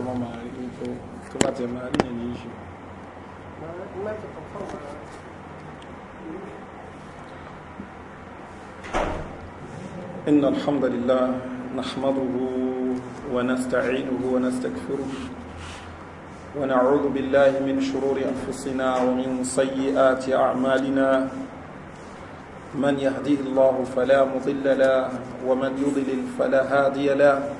إن الحمد لله نحمده ونستعينه ونستكفره ونعوذ بالله من شرور أنفسنا ومن سيئات أعمالنا من يهديه الله فلا مضل له ومن يضلل فلا هادي له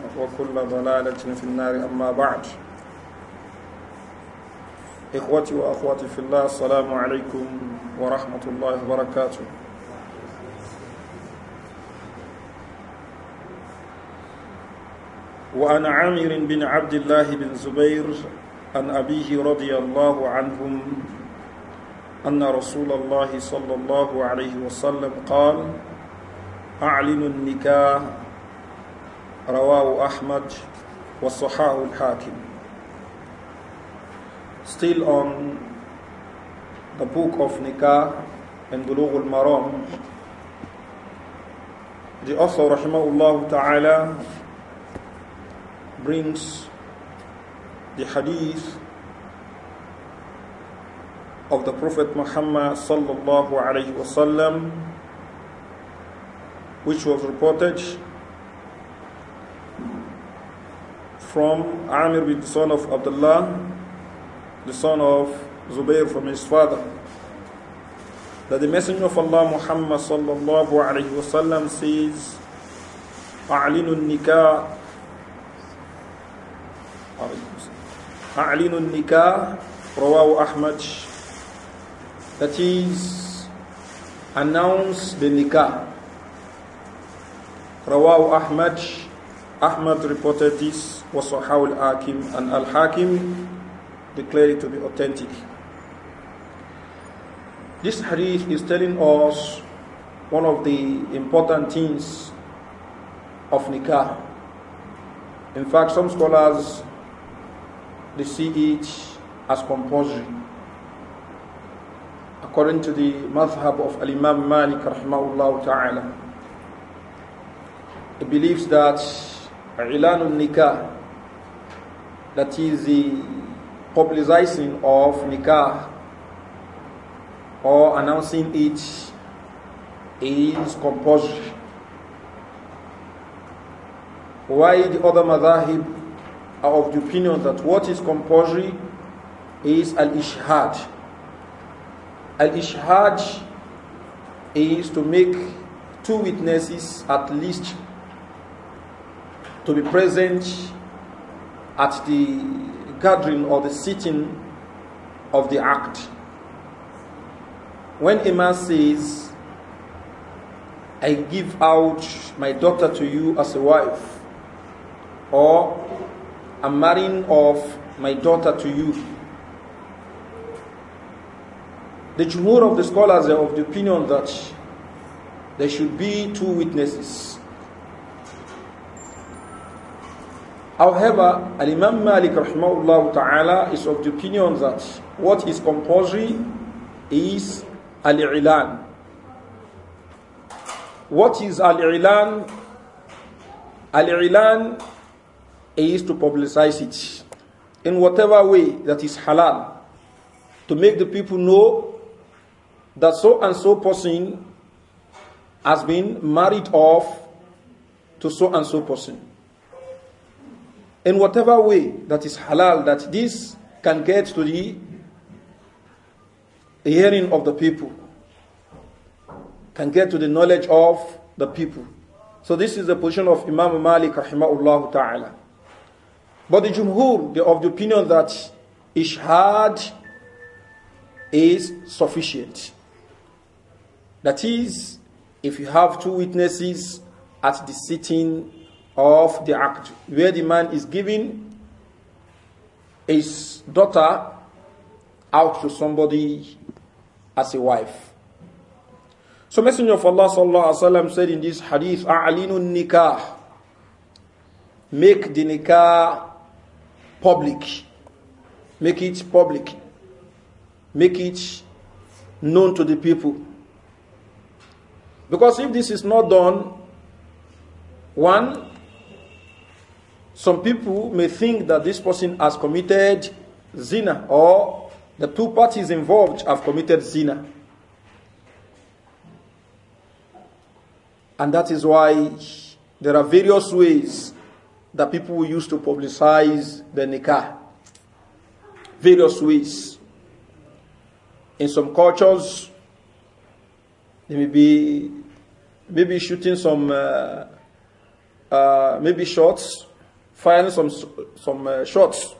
وكل ضلالة في النار أما بعد إخوتي وأخواتي في الله السلام عليكم ورحمة الله وبركاته وأنا عامر بن عبد الله بن زبير عن أبيه رضي الله عنهم أن رسول الله صلى الله عليه وسلم قال أعلن النكاح رواه أحمد وصحاه الحاكم Still on the book of Nikah and Bulugh al-Maram the author rahimahullah ta'ala brings the hadith of the Prophet Muhammad sallallahu alayhi wasallam which was reported from Amir with the son of Abdullah, the son of Zubayr from his father. That the Messenger of Allah Muhammad sallallahu alayhi wasallam says, أعلن النكاء, أعلن النكاء, رواه أحمد that is announce the nikah رواه أحمد. Ahmad reported this, Hājī Hakim, and Al Hakim declared it to be authentic. This hadith is telling us one of the important things of nikah. In fact, some scholars they see it as compulsory. According to the madhab of Al Imam Malik rahmahullah ta'ala, he believes that ilanun nikah, that is the publicizing of nikah or announcing it is compulsory. Why the other madhahib are of the opinion that what is compulsory is al-ishhad. Al-ishhad is to make two witnesses at least to be present at the gathering or the sitting of the act. When Imam says, I give out my daughter to you as a wife, or I'm marrying off my daughter to you. The jumhur of the scholars are of the opinion that there should be two witnesses However, Al-Imam Malik rahimahullah ta'ala is of the opinion that what is compulsory is Al-Ilan. What is Al-Ilan? Al-Ilan is to publicize it in whatever way that is halal to make the people know that so and so person has been married off to so and so person in whatever way that is halal, that this can get to the hearing of the people, can get to the knowledge of the people. So this is the position of Imam Malik rahimahullah ta'ala. But the Jumhur, they of the opinion that Ishhad is sufficient. That is, if you have two witnesses at the sitting of the act, where the man is giving his daughter out to somebody as a wife. So Messenger of Allah sallallahu alaihi wasallam said in this hadith, "A'linun nikah." Make the nikah public. Make it public. Make it known to the people. Because if this is not done, one, some people may think that this person has committed zina or the two parties involved have committed zina. And that is why there are various ways that people use to publicize the nikah. Various ways. In some cultures, they may be maybe shooting some, uh, uh, maybe shots firing some, some uh, shots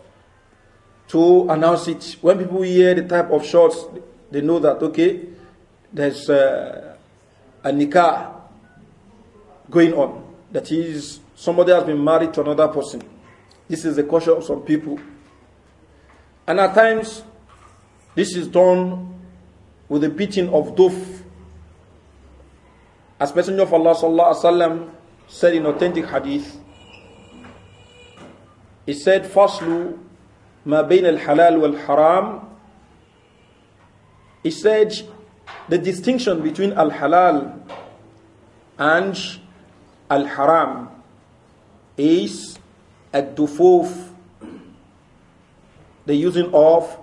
to announce it. When people hear the type of shots, they know that, okay, there's uh, a nikah going on. That is, somebody has been married to another person. This is the culture of some people. And at times, this is done with the beating of doof. As Messenger of Allah sallallahu alaihi wasallam said in authentic hadith, he said, Faslu ma bain al halal wal haram. He said, the distinction between al halal and al haram is at dufuf, the using of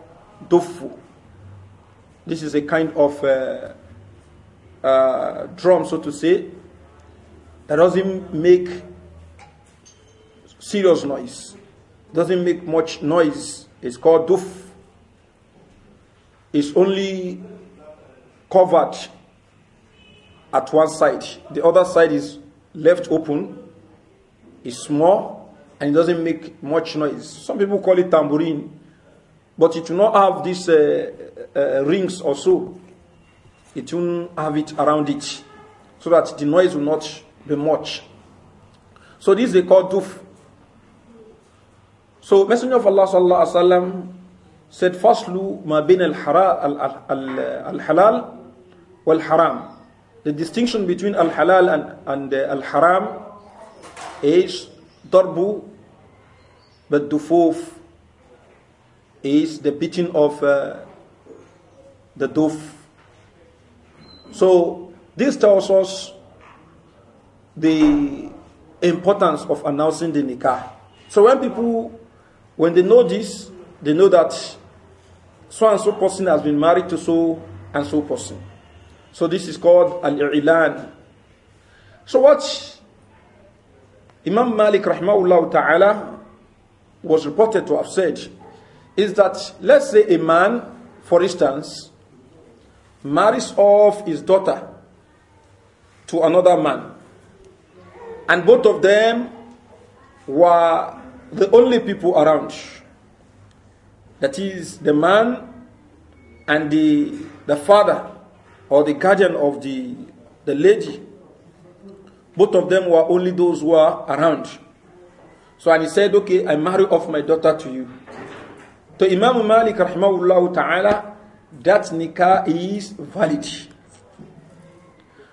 dufu. This is a kind of uh, uh, drum, so to say, that doesn't make serious noise. doesn't make much noise. It's called doof. It's only covered at one side. The other side is left open. It's small and it doesn't make much noise. Some people call it tambourine, but it will not have these uh, uh, uh rings or so. It will have it around it so that the noise will not be much. So this they call doof. So Messenger of Allah sallallahu alaihi wasallam said, "Faslu ma bin uh, al halal wal haram." The distinction between al halal and, and uh, al haram is darbu, but dufuf is the beating of uh, the doof. So this tells us the importance of announcing the nikah. So when people when they know this, they know that so and so person has been married to so and so person. So this is called al-i'lan. So what Imam Malik rahimahullah ta'ala was reported to have said is that let's say a man, for instance, marries off his daughter to another man, and both of them were the only people around. That is the man and the, the father or the guardian of the, the lady. Both of them were only those who were around. So and he said, okay, I marry off my daughter to you. To Imam Malik rahimahullah ta'ala, that nikah is valid.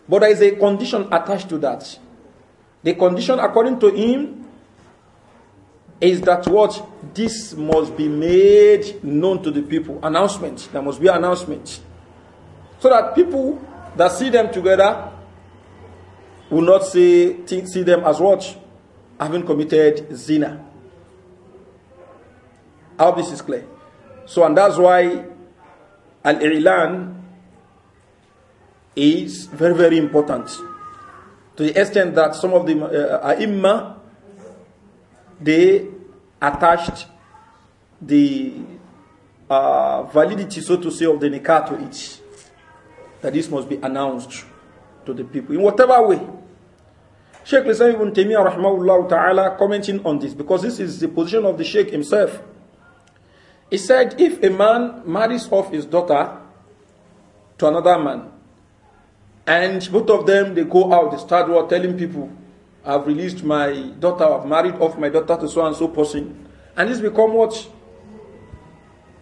But there is a condition attached to that. The condition according to him is that what this must be made known to the people. Announcement. There must be announcement. So that people that see them together will not see, see them as what? Having committed zina. How this is clear. So, and that's why Al Ilan is very, very important. To the extent that some of the uh, they attached the uh, validity, so to say, of the nikah to it. That this must be announced to the people in whatever way. Sheikh Lisan ibn Taymiyyah rahmahullah ta'ala commenting on this because this is the position of the Sheikh himself. He said, if a man marries off his daughter to another man, and both of them they go out, they start telling people I've released my daughter, I've married off my daughter to so and so person. And this become what?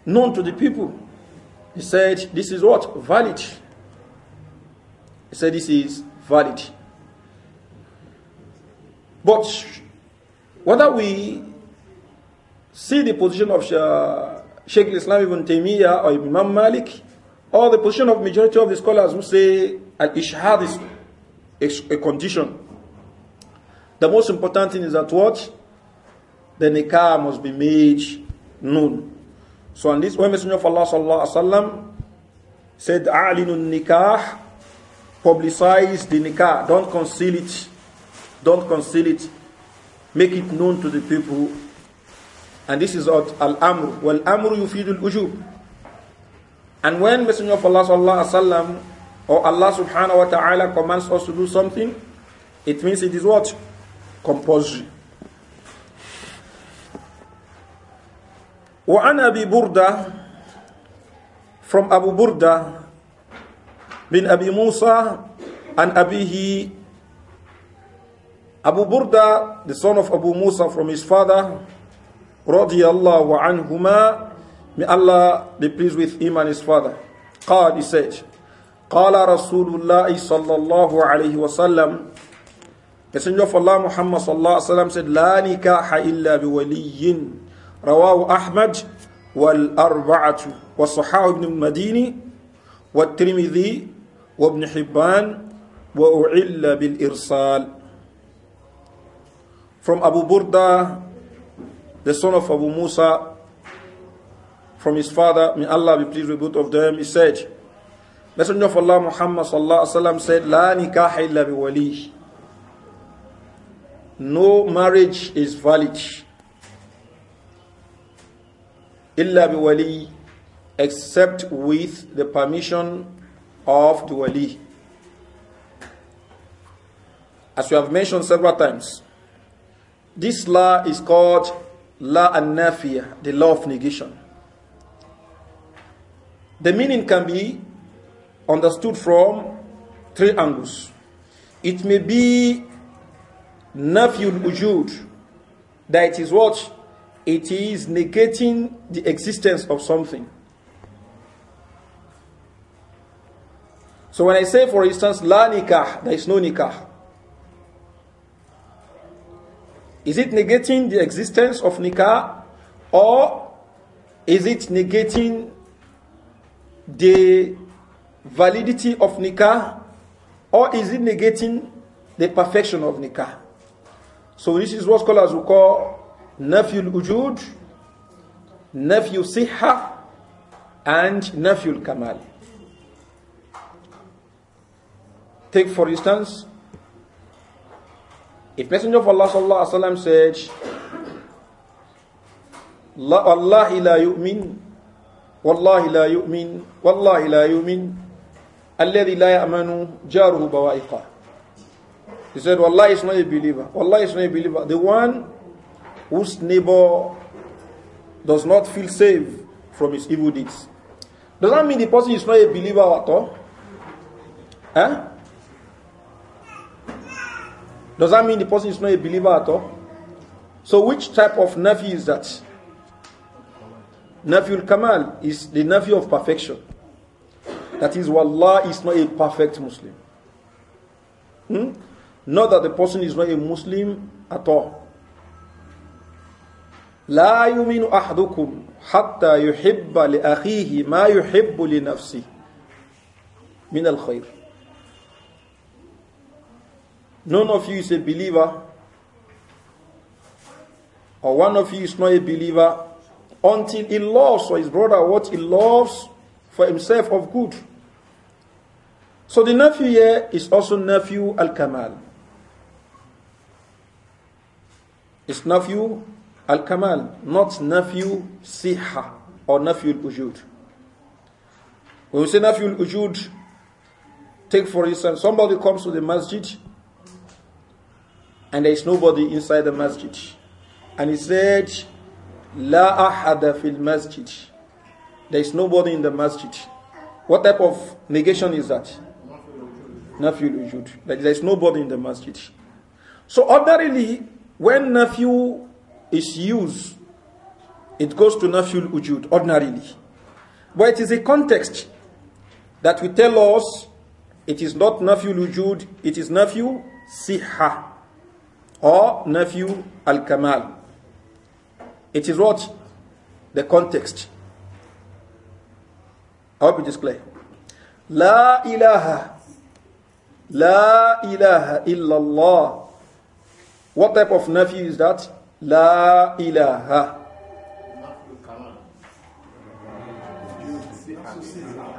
Known to the people. He said, This is what? Valid. He said, This is valid. But whether we see the position of Sheikh Islam ibn Taymiyyah or Imam Malik, or the position of majority of the scholars who say al ishhad is a condition the most important thing is that what? The nikah must be made known. So on this, when Messenger of Allah sallallahu alaihi wasallam said, "Alinun nikah," publicize the nikah. Don't conceal it. Don't conceal it. Make it known to the people. And this is what al-amr. Well, feed yufidul ujub. And when Messenger of Allah sallallahu alaihi wasallam or Allah subhanahu wa taala commands us to do something, it means it is what compulsory. وعن أبي بردة from أبو بردة بن أبي موسى عن أبيه Abu Burda, the son of Abu Musa from his father, radiyallahu anhuma, may Allah be pleased with him and his father. قال, he said, قال رسول الله صلى الله عليه وسلم Messenger of Allah Muhammad sallallahu alaihi wasallam said, "La nikaha illa biwaliyin." Rawahu Ahmad wal arba'atu wa Sahih ibn Madini wa Tirmidhi wa From Abu Burda, the son of Abu Musa, from his father, may Allah be pleased with both of them, he said, Messenger of Allah Muhammad sallallahu alaihi wasallam said, "La nikaha illa biwaliyin." no marriage is valid illa bi wali except with the permission of the wali as we have mentioned several times this law is called la an the law of negation the meaning can be understood from three angles it may be nafyul wujud that it is what it is negating the existence of something so when i say for instance la nikah there is no nikah is it negating the existence of nikah or is it negating the validity of nikah or is it negating the perfection of nikah so this is what scholars will call nafyul ujud, nafyul siha, and nafyul kamal. Take for instance, if Messenger of Allah sallallahu alaihi wasallam said, "Allah la yu'min, wallahi la yu'min, wallahi la yu'min, alladhi la ya'manu jaruhu bawa'iqah." He said, Allah is not a believer. Allah is not a believer. The one whose neighbor does not feel safe from his evil deeds. Does that mean the person is not a believer at all? Huh? Eh? Does that mean the person is not a believer at all? So which type of nephew is that? Nephew Kamal is the nephew of perfection. That is, Wallah is not a perfect Muslim. Hmm? Not that the person is not a Muslim at all. لا يؤمن أحدكم حتى يحب لأخيه ما يحب لنفسه من الخير. None of you is a believer or one of you is not a believer until he loves for his brother what he loves for himself of good. So the nephew here is also nephew Al Kamal. It's nafyu al-kamal, not nafyu siha or nafyu al-ujud. When we say nafyu al-ujud, take for instance, somebody comes to the masjid and there is nobody inside the masjid. And he said, La ahada fil masjid. There is nobody in the masjid. What type of negation is that? Nafil ujud. There is nobody in the masjid. So ordinarily, when nafyu is used, it goes to nafyul ujud ordinarily. But it is a context that will tell us it is not nafyul ujud; it is nafyu siha or nafyu al kamal. It is what? The context. I hope it is clear. La ilaha. La ilaha illallah. What type of nafi is that? La ilaha.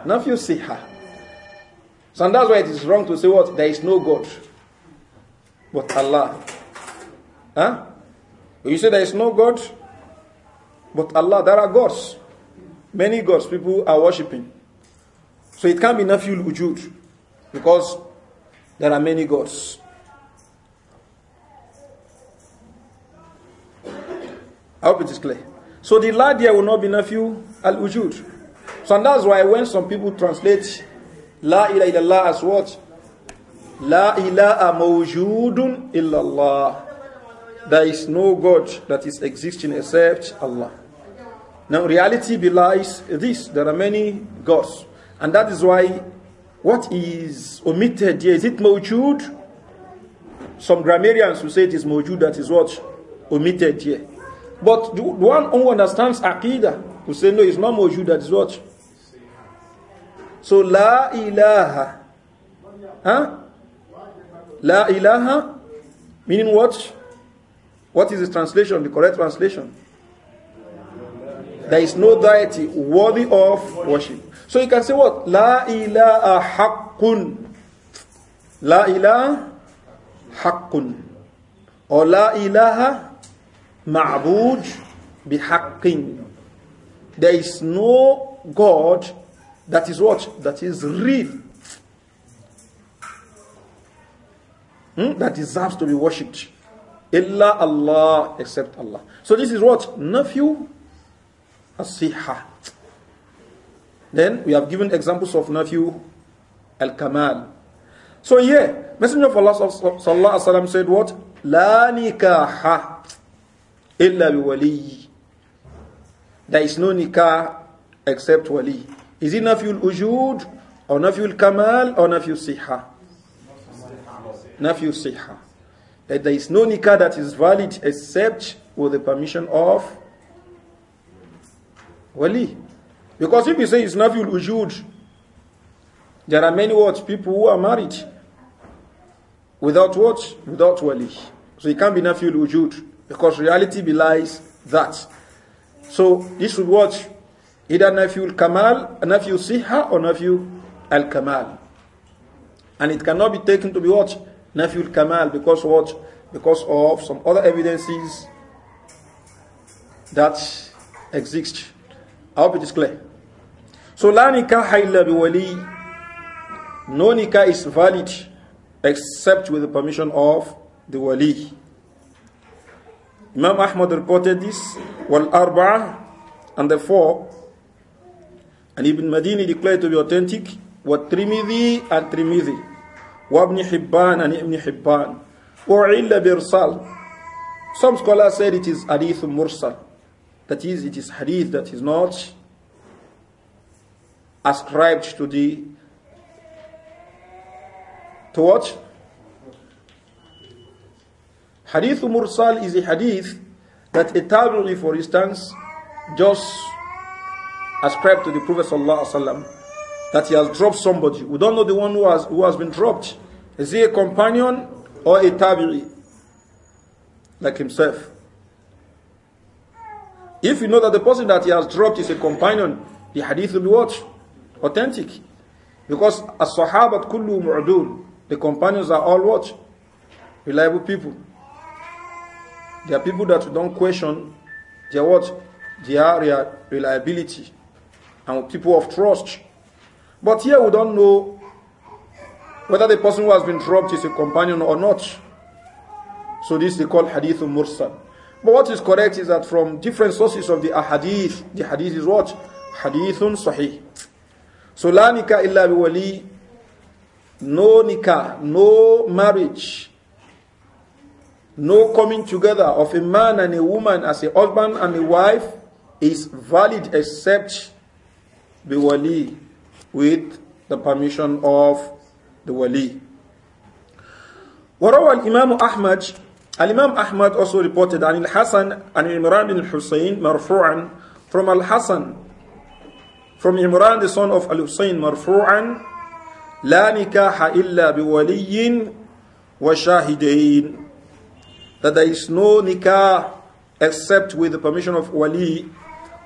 Nafi siha. So that's why it is wrong to say what? There is no God but Allah. Huh? You say there is no God but Allah. There are gods. Many gods people are worshipping. So it can't be nafiul wujud because there are many gods. I hope it is clear. So the la there will not be nephew al wujud. So and that's why when some people translate la ilaha illallah as what? La ilaha mawjudun illallah. There is no God that is existing except Allah. Now reality belies this. There are many gods. And that is why what is omitted here, is it mawjud? Some grammarians who say it is mawjud that is what? Omitted here. But the one who understands Aqidah will say, no, it's not Mawjud, that is what? So, La ilaha. Huh? La ilaha, meaning what? What is the translation, the correct translation? There is no deity worthy of worship. So you can say what? La ilaha haqqun. La ilaha haqqun. Or la ilaha ma'bud bihaqqin. There is no God that is what? That is real. Hmm? That deserves to be worshipped. Illa Allah, except Allah. So this is what? Nafyu as Then we have given examples of nafyu al-kamal. So yeah, Messenger of Allah sallallahu alaihi wasallam said what? La nikaha illa wali. There is no nikah except wali. Is it nafyul ujud or nafyul kamal or nafyul siha? Nafyul siha. That there is no nikah that is valid except with the permission of wali. Because if you say it's nafyul ujud, there are many what people who are married without what? Without wali. So it can't be nafyul ujud. Because reality belies that. So this should watch either nephew Kamal, see Siha, or nephew Al Kamal. And it cannot be taken to be watch nephew Kamal, because what? Because of some other evidences that exist. I hope it is clear. So la nikah illa biwali. No nikah is valid except with the permission of the wali. Imam Ahmad reported this, wal arba'ah, and the four, and Ibn Madini declared to be authentic, wa Trimidi and Trimidi, wa Ibn Hibban and Ibn Hibban, wa illa birsal. Some scholars said it is hadith mursal, that is, it is hadith that is not ascribed to the to what? Hadith Mursal is a hadith that a tabi'i, for instance, just ascribed to the Prophet that he has dropped somebody. We don't know the one who has, who has been dropped. Is he a companion or a tabi'i? Like himself. If you know that the person that he has dropped is a companion, the hadith will be what? Authentic. Because as-sahabat kullu mu'dun. The companions are all what? Reliable people. There are people that don't question their what? Their reliability and people of trust. But here we don't know whether the person who has been dropped is a companion or not. So this they call hadith mursal. But what is correct is that from different sources of the ahadith, the hadith is what? Hadith sahih. So la nikah illa biwali, no nikah, no marriage no coming together of a man and a woman as a husband and a wife is valid except the wali with the permission of the wali. وروى الإمام أحمد الإمام أحمد also reported عن الحسن عن عمران بن الحسين مرفوعا from الحسن from Imran the son of Al-Husayn مرفوعا لا نكاح إلا بولي وشاهدين that there is no nikah except with the permission of wali,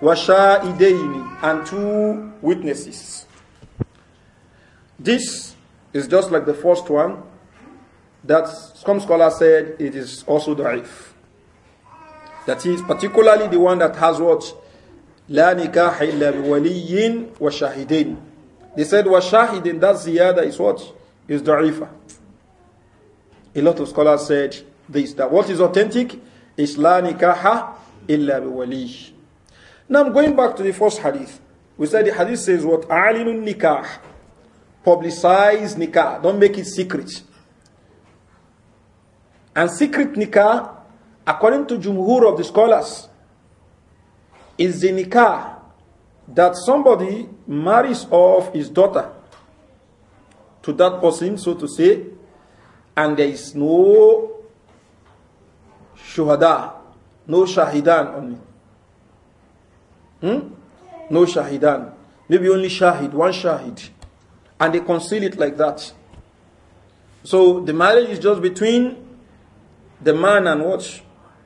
washa'idaini, and two witnesses. This is just like the first one that some scholars said it is also da'if. That is particularly the one that has what? nikah نكاح wali yin وشاهدين. They said That's that ziyada is what? Is da'ifa. A lot of scholars said this that what is authentic is la nikaha illa biwali. Now I'm going back to the first hadith. We said the hadith says what alinun nikah, publicize nikah, don't make it secret. And secret nikah, according to jumhur of the scholars, is the nikah that somebody marries off his daughter to that person, so to say, and there is no shuhada, no shahidan only. Hmm? No shahidan. Maybe only shahid, one shahid. And they conceal it like that. So the marriage is just between the man and what?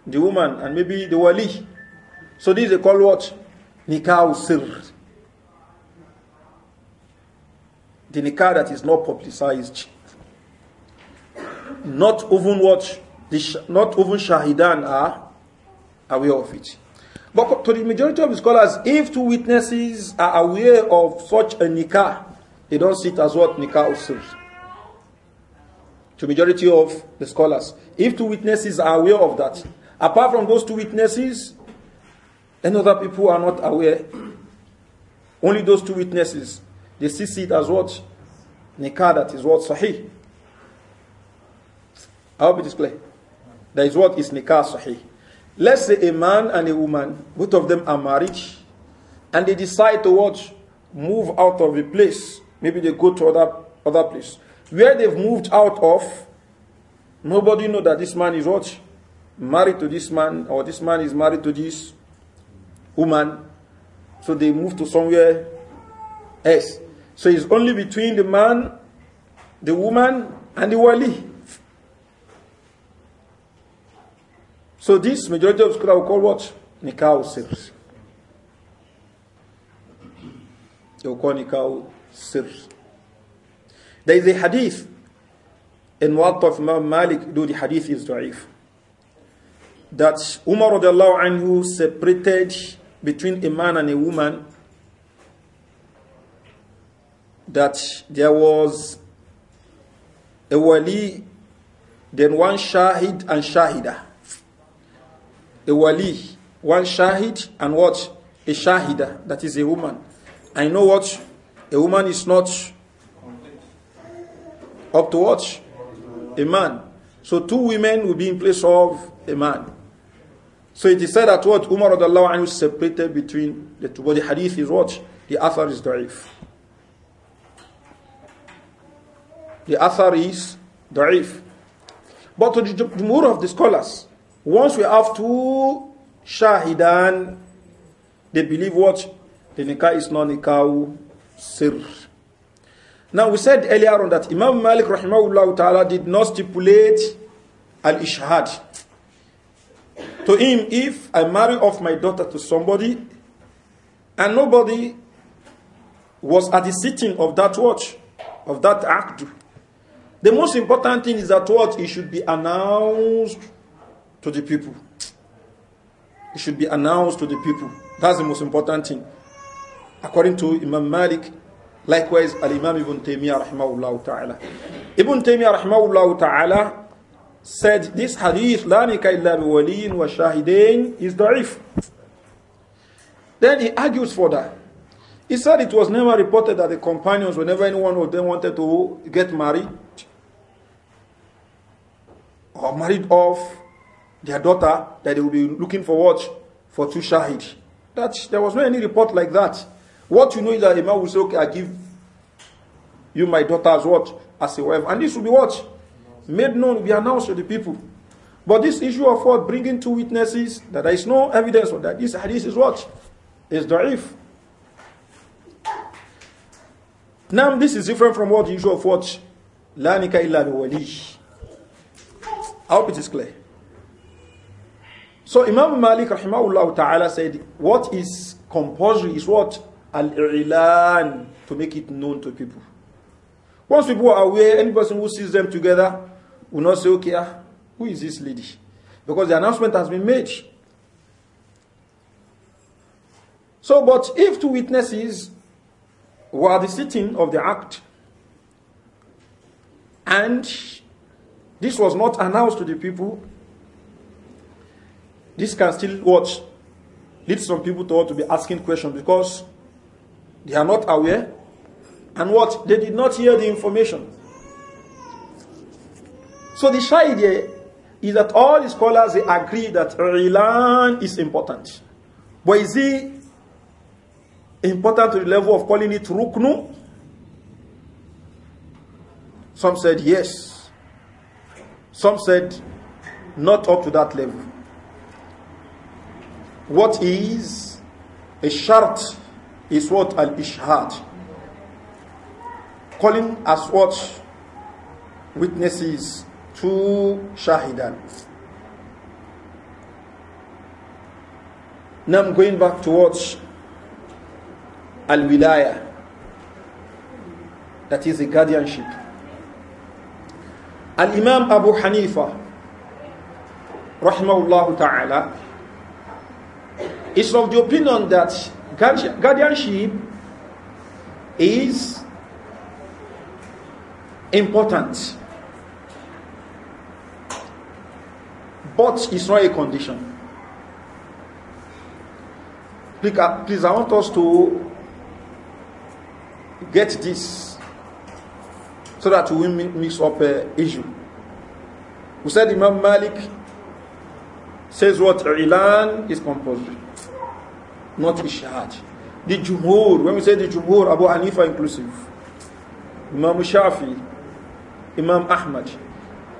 The woman and maybe the wali. So this they call what? Nikah sir. The nikah that is not publicized. Not even what? the, not even shahidan are aware of it. But to the majority of the scholars, if two witnesses are aware of such a nikah, they don't see it as what nikah usul. To majority of the scholars, if two witnesses are aware of that, apart from those two witnesses, any other people are not aware. Only those two witnesses, they see it as what nikah that is what sahih. I hope it is clear. That is what is nikah sahih. Let's say a man and a woman, both of them are married, and they decide to what? Move out of a place. Maybe they go to other, other place. Where they've moved out of, nobody know that this man is what? Married to this man, or this man is married to this woman. So they move to somewhere else. So it's only between the man, the woman, and the wali. So this majority of scholars will call what? nikau sir. They will call nikau sir. There is a hadith in Muwatta of Imam Malik, though the hadith is da'if, that Umar anhu separated between a man and a woman that there was a wali, then one shahid and shahida a wali, one shahid, and what? A shahida, that is a woman. I know what? A woman is not up to what? A man. So two women will be in place of a man. So it is said that what Umar anhu separated between the two. But the hadith is what? The author is da'if. The author is da'if. But to the jumhur of the scholars, once we have two shahidan, they believe what? The nikah is not nikah sir. Now we said earlier on that Imam Malik rahimahullah ta'ala did not stipulate al-ishhad. To him, if I marry off my daughter to somebody and nobody was at the sitting of that watch, of that act, the most important thing is that what it should be announced to the people. It should be announced to the people. That's the most important thing. According to Imam Malik, likewise Al Imam Ibn Taymiyyah rahimahullah ta'ala. Ibn Taymiyyah rahimahullah ta'ala said this hadith la nika illa biwaliyin wa is da'if. Then he argues for that. He said it was never reported that the companions, whenever anyone of them wanted to get married or married off, their daughter that they will be looking for what? For two shahid. That there was no any report like that. What you know is that Imam will say, okay, I give you my daughter's watch what? As a wife. And this will be what? Made known, be announced to the people. But this issue of what? Bringing two witnesses, that there is no evidence of that. This hadith is what? Is da'if. Now, this is different from what the issue of what? La nika illa I hope it is clear. So Imam Malik rahimahullah ta'ala said, what is compulsory is what? Al-i'lan, to make it known to people. Once people are aware, any person who sees them together will not say, okay, ah, who is this lady? Because the announcement has been made. So, but if two witnesses were the sitting of the act, and this was not announced to the people, this can still what lead some people to to be asking questions because they are not aware and what they did not hear the information. So the shy idea is that all the scholars they agree that rilan is important. But is it important to the level of calling it Ruknu? Some said yes. Some said not up to that level. What is a shart is what al ishhad. Calling as what witnesses to shahidan. Now I'm going back to al wilaya. That is a guardianship. Al Imam Abu Hanifa, rahmahullah ta'ala, is of the opinion that guardianship is important, but it's not a condition. Uh, please, I want us to get this so that we mix up uh, issue. We said Imam Malik says what Ilan is compulsory. not Ishihad. The Jumhur, when we say the Jumhur, Abu Hanifa inclusive, Imam Shafi, Imam Ahmad,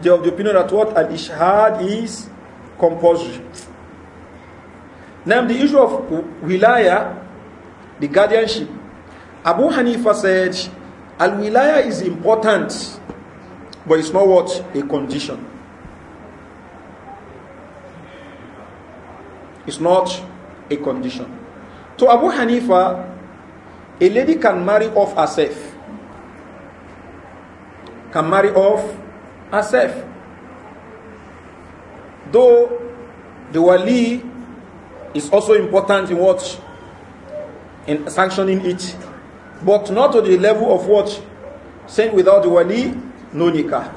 they have the opinion that what al Ishihad is compulsory. Now, the issue of wilaya, the guardianship, Abu Hanifa said, Al wilaya is important, but it's not what? A condition. It's not a condition. To Abu Hanifa, a lady can marry off herself. Can marry off herself. Though the wali is also important in what? In sanctioning it. But not to the level of what? Saying without the wali, no nikah.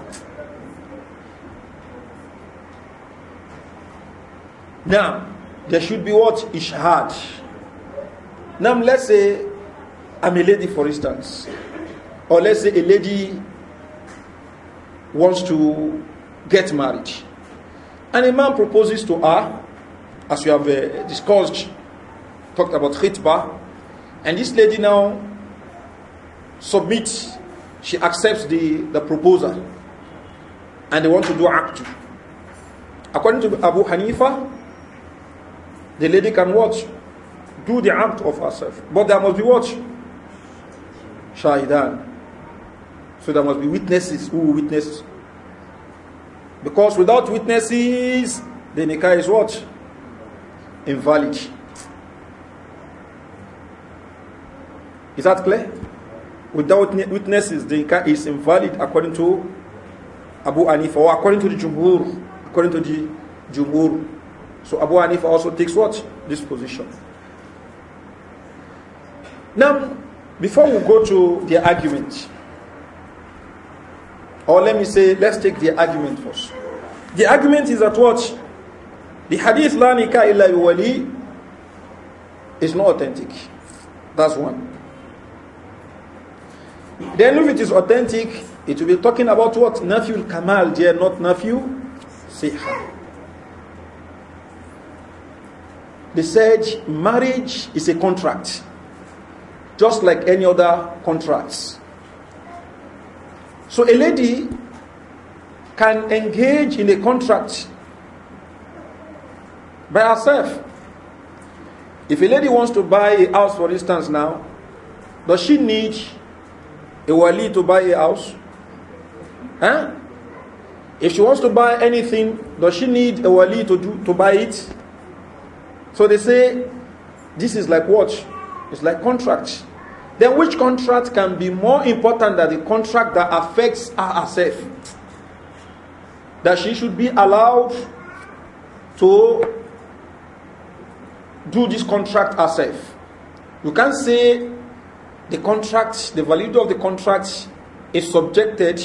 Now, there should be what? Ishhad. Now, let's say I'm a lady, for instance, or let's say a lady wants to get married, and a man proposes to her, as we have uh, discussed, talked about khitbah, and this lady now submits, she accepts the, the proposal, and they want to do act. According to Abu Hanifa, the lady can watch do the act of herself. But there must be what? Shahidan. So there must be witnesses who witness. Because without witnesses, the nikah is what? Invalid. Is that clear? Without witnesses, the nikah is invalid according to Abu Anifa or according to the Jumhur. According to the Jumhur. So Abu Anifa also takes what? This position. Now, before we go to the argument, or let me say, let's take the argument first. The argument is that what? The hadith, La nika illa wali, is not authentic. That's one. Then if it is authentic, it will be talking about what? nephew Kamal, dear, not Nafyu Siha. They said marriage is a contract just like any other contracts. So a lady can engage in a contract by herself. If a lady wants to buy a house, for instance, now, does she need a wali to buy a house? Huh? If she wants to buy anything, does she need a wali to do to buy it? So they say this is like what? It's like contract. Then which contract can be more important than the contract that affects her herself? That she should be allowed to do this contract herself. You can't say the contract, the validity of the contract is subjected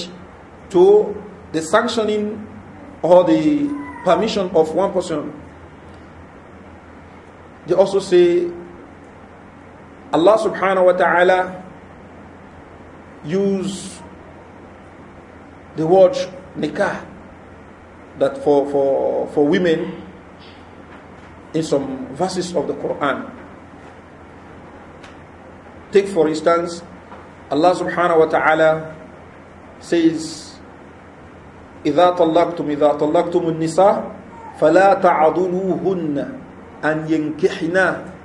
to the sanctioning or the permission of one person. They also say Allah subhanahu wa ta'ala use the word nikah that for, for, for women in some verses of the Quran. Take for instance, Allah subhanahu wa ta'ala says, إِذَا طَلَّقْتُمْ إِذَا طَلَّقْتُمُ النِّسَاءَ فَلَا تَعَضُلُوهُنَّ أَنْ يَنْكِحْنَا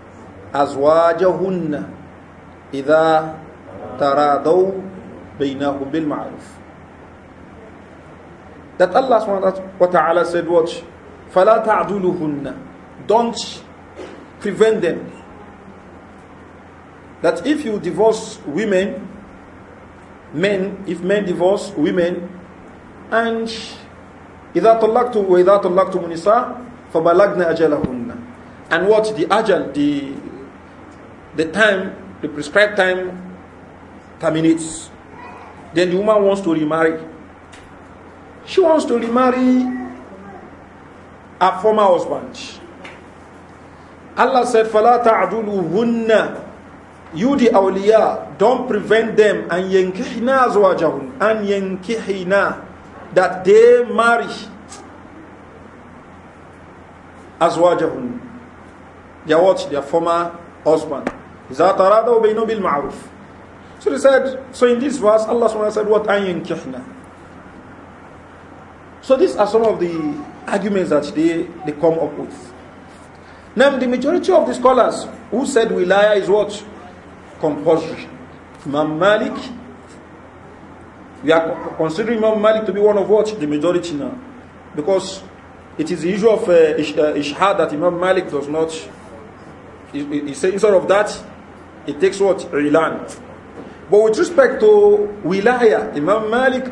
أزواجهن إذا تراضوا بينهم بالمعروف That Allah سبحانه wa ta'ala said what? فَلَا تَعْدُلُهُنَّ Don't prevent them. That if you divorce women, men, if men divorce women, and إِذَا طَلَّقْتُمْ وَإِذَا طَلَّقْتُمُ نِسَاءَ فَبَلَغْنَ أَجَلَهُنَّ And what? The ajal, the the time, the prescribed time terminates. Then the woman wants to remarry. She wants to remarry her former husband. Allah said, فَلَا تَعْدُلُهُنَّ You the awliya, don't prevent them and يَنْكِحْنَا زُوَاجَهُنْ and يَنْكِحْنَا That they marry azwajahun. Their what? Their former husband. بِالْمَعْرُوفِ So they said, so in this verse, Allah taala said, what أَنْ So these are some of the arguments that they, they come up with. Now, the majority of the scholars who said wilaya is what? Compulsory. Imam Malik, we are considering Imam Malik to be one of what? The majority now. Because it is the issue of uh, ish, uh, that Imam Malik does not. He, he, he, instead of that, It takes what? Ilan. But with respect to wilaya, Imam Malik,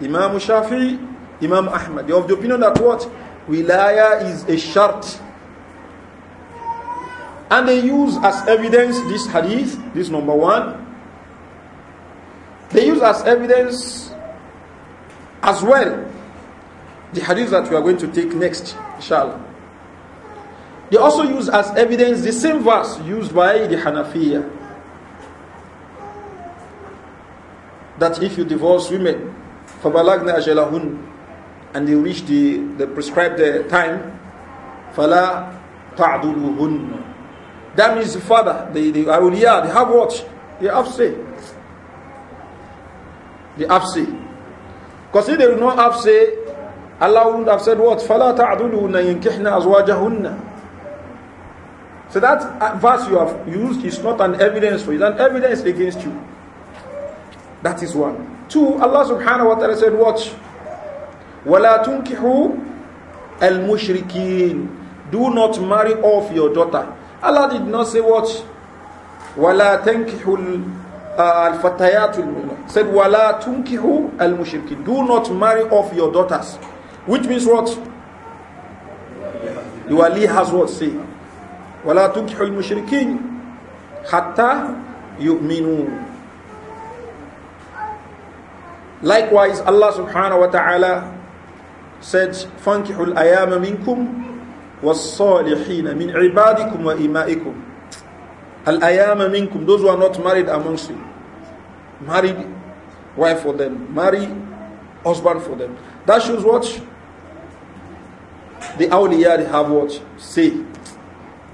Imam Shafi, Imam Ahmad, you have the opinion that what? Wilaya is a shart. And they use as evidence this hadith, this number one. They use as evidence as well the hadith that we are going to take next, inshallah. They also use as evidence the same verse used by the Hanafiya. That if you divorce women, فَبَلَغْنَا أَجَلَهُنَّ and they reach the, the prescribed uh, time, فَلَا تَعْدُلُهُنَّ That means the father, the, the awliya, they have what? They have seen, They have seen, Because if they do not have seen, Allah would have said what? فَلَا تَعْدُلُهُنَّ يَنْكِحْنَ أَزْوَاجَهُنَّ So that verse you have used is not an evidence for you, it's an evidence against you. That is one. Two, Allah subhanahu wa ta'ala said, Watch. tunkihu al الْمُشْرِكِينَ Do not marry off your daughter. Allah did not say what? وَلَا al uh, fatayatul الْمُؤْمِنَةِ Said, tunkihu al الْمُشْرِكِينَ Do not marry off your daughters. Which means what? The Ali has what? Say. ولا tunkihul mushrikin hatta yu'minu likewise allah subhanahu wa ta'ala said fankihul ayama minkum والصالحين من عبادكم وإمائكم الأيام منكم those who are not married amongst you married wife for them marry husband for them that shows what the awliya they have what say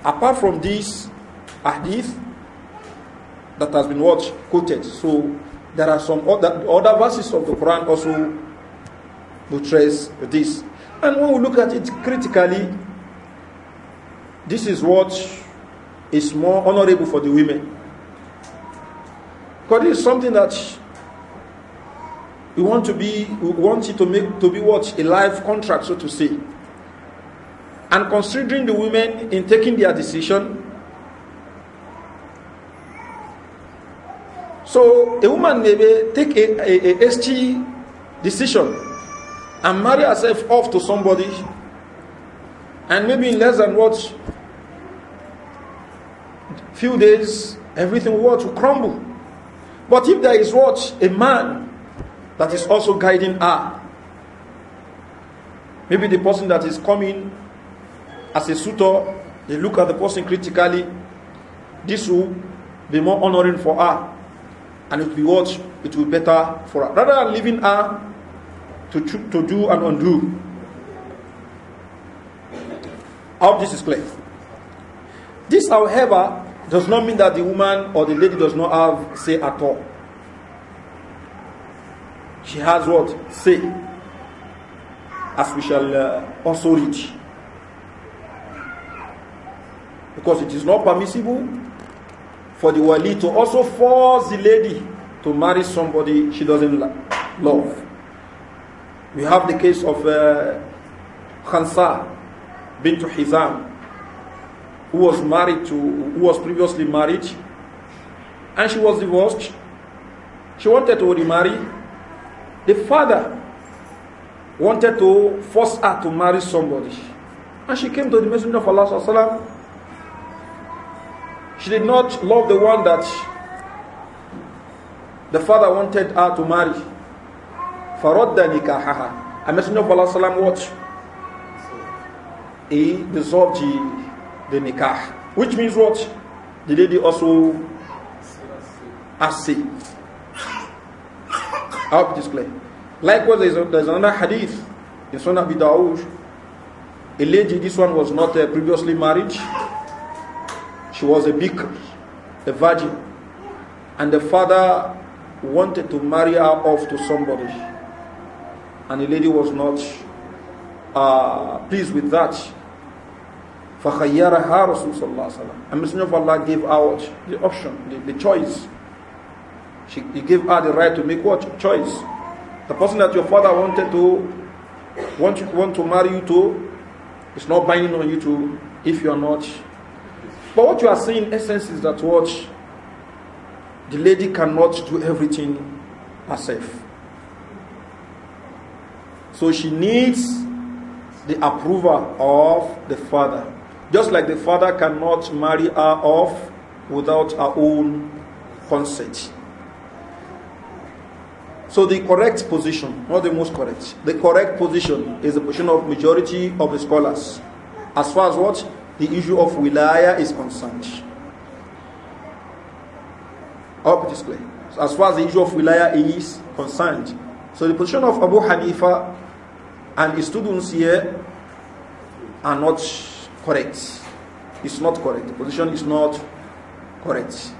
apart from this hadith that has been what quoted so there are some other, other verses of the quran also buttress this and when we look at it critically this is what is more honorable for the women because it's something that we want to be we want it to make to be what a life contract so to say and considering the women in taking their decision. So a woman may take a, a, a ST decision and marry herself off to somebody, and maybe in less than what few days everything will to crumble. But if there is what a man that is also guiding her, maybe the person that is coming as a suitor, they look at the person critically, this will be more honoring for her and it will be what it will be better for her rather than leaving her to, to do and undo. I hope this is clear. This, however, does not mean that the woman or the lady does not have say at all. She has what? Say. As we shall uh, also reach. Because it is not permissible for the wali to also force the lady to marry somebody she doesn't love. We have the case of uh, Khansa bint Hizam, who was married to, who was previously married, and she was divorced. She wanted to remarry. The father wanted to force her to marry somebody, and she came to the Messenger of Allah sallallahu she did not love the one that the father wanted her to marry. Faradda nikahaha. A messenger of Allah salam what? He dissolved the, the nikah. Which means what? The lady also as I hope it is clear. Likewise, there's, a, there's another hadith in Sunnah Bidawush. A lady, this one was not uh, previously married. She was a bikr, a virgin. And the father wanted to marry her off to somebody. And the lady was not uh, pleased with that. فَخَيَّرَهَا رَسُولُ صَلَّى اللَّهُ عَلَيْهِ And Messenger of Allah gave out the option, the, the choice. She, he gave her the right to make what? Choice. The person that your father wanted to want, want to marry you to is not binding on you to if you are not but what you are saying, in essence, is that what the lady cannot do everything herself. So she needs the approval of the father. Just like the father cannot marry her off without her own consent. So the correct position, not the most correct, the correct position is the position of majority of the scholars. As far as what? the issue of wilaya is concerned. I hope it is clear. So as far as the issue of wilaya is concerned. So the position of Abu Hanifa and his students here are not correct. It's not correct. The position is not correct.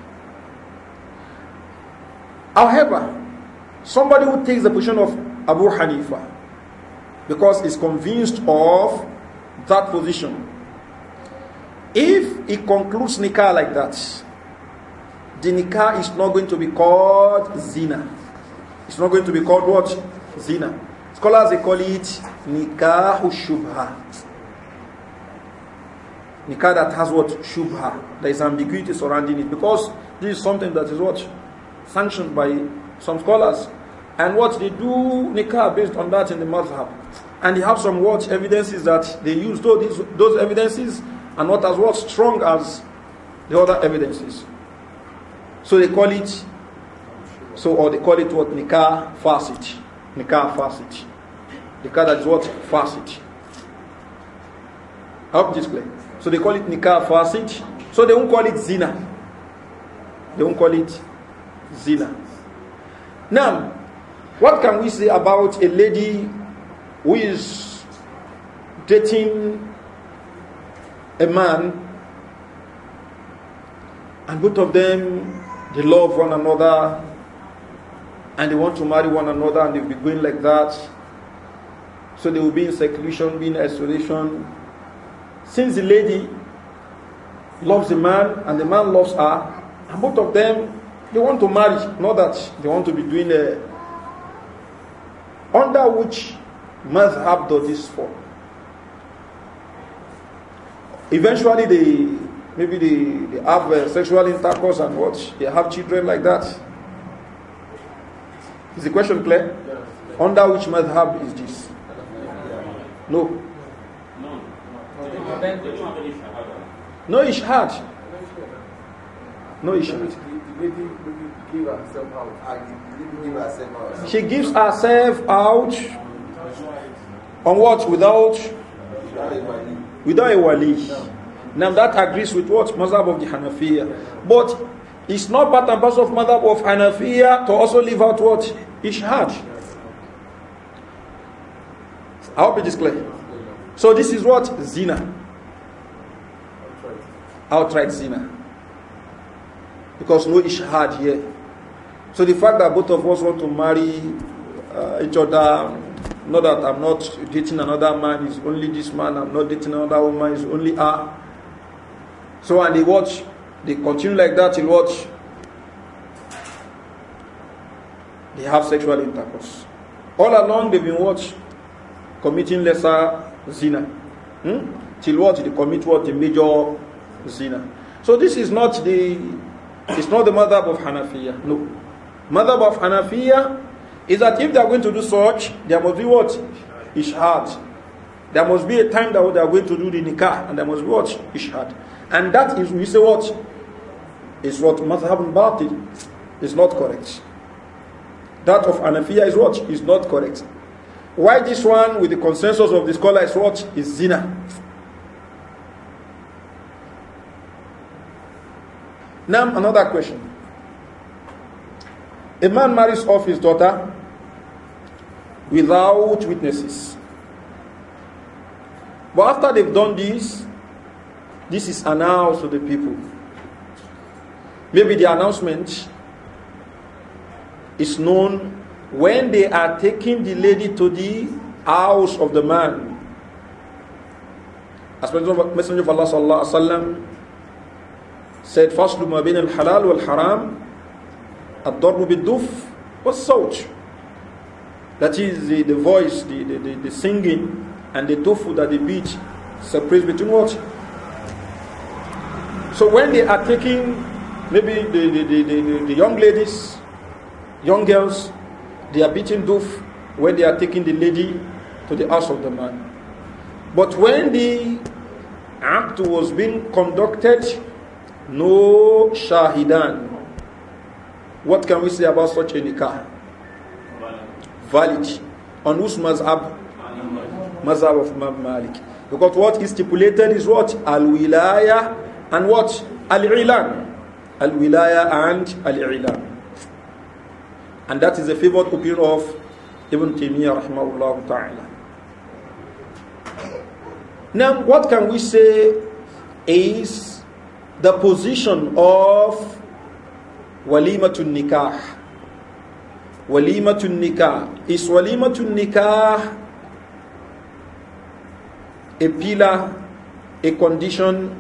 However, somebody who takes the position of Abu Hanifa because is convinced of that position he concludes nikah like that, the nikah is not going to be called zina. It's not going to be called what? Zina. Scholars they call it nikah shubha. Nikah that has what? Shubha. There is ambiguity surrounding it because this is something that is what? Sanctioned by some scholars. And what they do nikah based on that in the madhab. And they have some what evidences that they use. Though these, those evidences and not as what strong as the other evidences. So they call it, so or they call it what nikah fasit, nikah fasit, nikah that is what fasit. I hope this clear. So they call it nikah fasit. So they won't call it zina. They won't call it zina. Now, what can we say about a lady who is dating a man and both of them they love one another and they want to marry one another and they'll be going like that so they will be in seclusion be in isolation since the lady loves the man and the man loves her and both of them they want to marry not that they want to be doing a uh, under which mazhab does this fall Eventually, they maybe they, they have uh, sexual intercourse and what they have children like that. Is the question clear? Yes. Under which madhab is this? No. No ishhad. No ishhad. No herself She gives herself out on what? Without without a wali. Now that agrees with what? Mazhab of the Hanafiya. But it's not part and parcel of Mazhab of Hanafiya to also leave out what? Ishhad. I hope it is clear. So this is what? Zina. Outright zina. Because no ishhad here. So the fact that both of us want to marry uh, each other Not that I'm not dating another man, it's only this man, I'm not dating another woman, it's only her. So and they watch, they continue like that till watch. They have sexual intercourse. All along they've been watch committing lesser zina. Hmm? Till what they commit what the major zina. So this is not the it's not the mother of Hanafiya. No. mother of Hanafiya is that if they are going to do such, there must be what? Ishhad. There must be a time that they are going to do the nikah, and there must be what? Ishhad. And that is, we say what? Is what must madhab batil is not correct. That of Anafiya is what? Is not correct. Why this one with the consensus of the scholar is what? Is zina. Now another question. A man marries off his daughter without witnesses. But after they've done this, this is announced to the people. Maybe the announcement is known when they are taking the lady to the house of the man. As Messenger of Allah sallallahu alaihi said, "Faslu ma bin al halal wal haram, ad-darbu bid-duf was sawj." That is the, the voice, the, the, the, the singing, and the tofu that they beat separates between what? So when they are taking maybe the, the, the, the, the young ladies, young girls, they are beating doof when they are taking the lady to the house of the man. But when the act was being conducted, no shahidan. What can we say about such a nikah? valid. On whose mazhab? Mazhab of Imam Malik. Because what is stipulated is what? Al-wilaya and what? Al-ilan. Al-wilaya and al-ilan. And that is a favored opinion of Ibn Taymiyyah al ta'ala. Now, what can we say is the position of walimatun nikah walimatun nikah. Is walimatun nikah a pillar, a condition,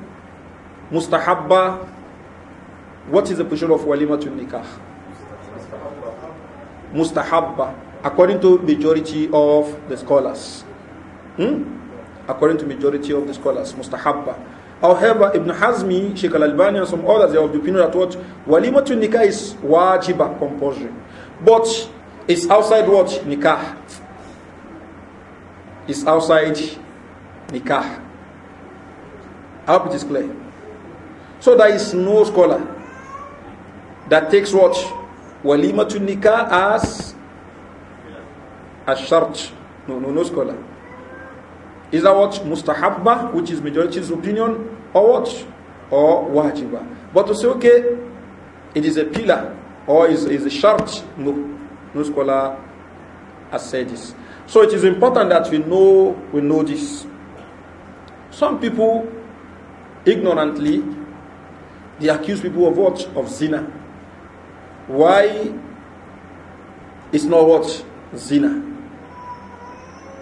mustahabba? What is the position of walimatun nikah? Mustahabba, according to majority of the scholars. Hmm? According to majority of the scholars, mustahabba. However, Ibn Hazmi, Sheikh Al-Albani and some others, they have the opinion that what walimatun nikah is wajiba, compulsory. but it's outside what? Nikah. is outside Nikah. I hope it is clear. So there is no scholar that takes what? Walima to Nikah as a shart. No, no, no scholar. Is that what? Mustahabba, which is majority's opinion, or what? Or wajiba. But to say, okay, it is a pillar Or is, is it No. No scholar has said this. So it is important that we know we know this. Some people ignorantly they accuse people of what? Of zina. Why it's not what? Zina.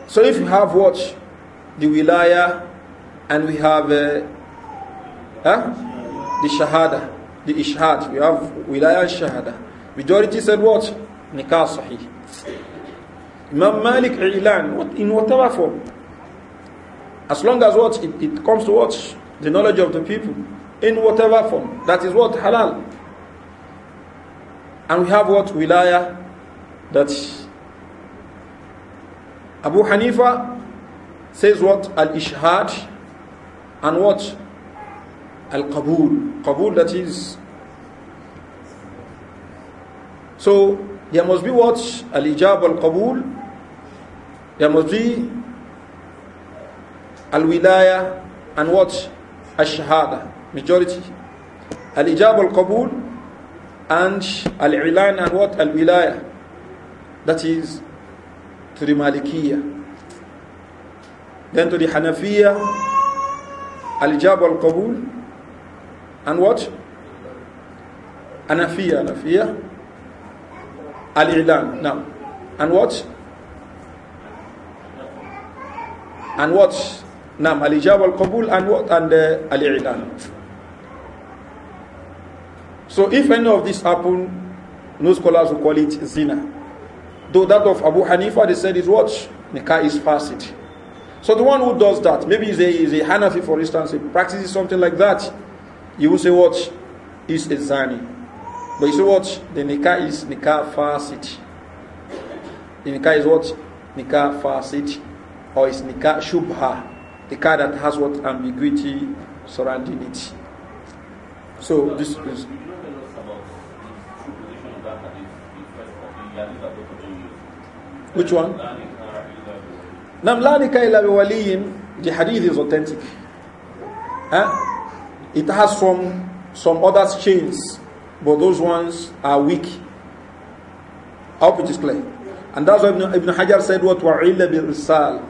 So if you have what? The wilaya and we have uh, huh? the shahada the ishhad. We have wilaya shahada. Majority said what? Nikah sahih. Imam Malik ilan what, in whatever form. As long as what it, it comes to what the knowledge of the people in whatever form. That is what halal. And we have what wilaya that Abu Hanifa says what al ishhad and what القبول قبول that is. So, there must be what? Al-Ijab al There must be Al-Wilaya and what? Al-Shahada. Majority. Al-Ijab al and Al-Ilan and what? Al-Wilaya. That is to the مالكية Then to the Hanafiya, Al-Ijab al and what? Anafiya, Anafiya, Al-Ilan. Now, and what? And what? Nam Al-Ijab al-Qabul and what? And uh, Al-Ilan. So if any of this happen, no scholars will call it zina. Though that of Abu Hanifa, they said is what? Nikah is fasid. So the one who does that, maybe he's a, he's a Hanafi for instance, he practices something like that, you will say what is a zani. But you say what? The nikah is nikah city." The nikah is what? Nikah city, Or is nikah shubha. car that has what ambiguity surrounding it. So this is. Which one? Nam la nikah illa bi waliyin. The hadith is authentic. Huh? It has some some other chains, but those ones are weak. I hope it is clear. And that's why Ibn, Ibn Hajar said what wa'illa bil risal.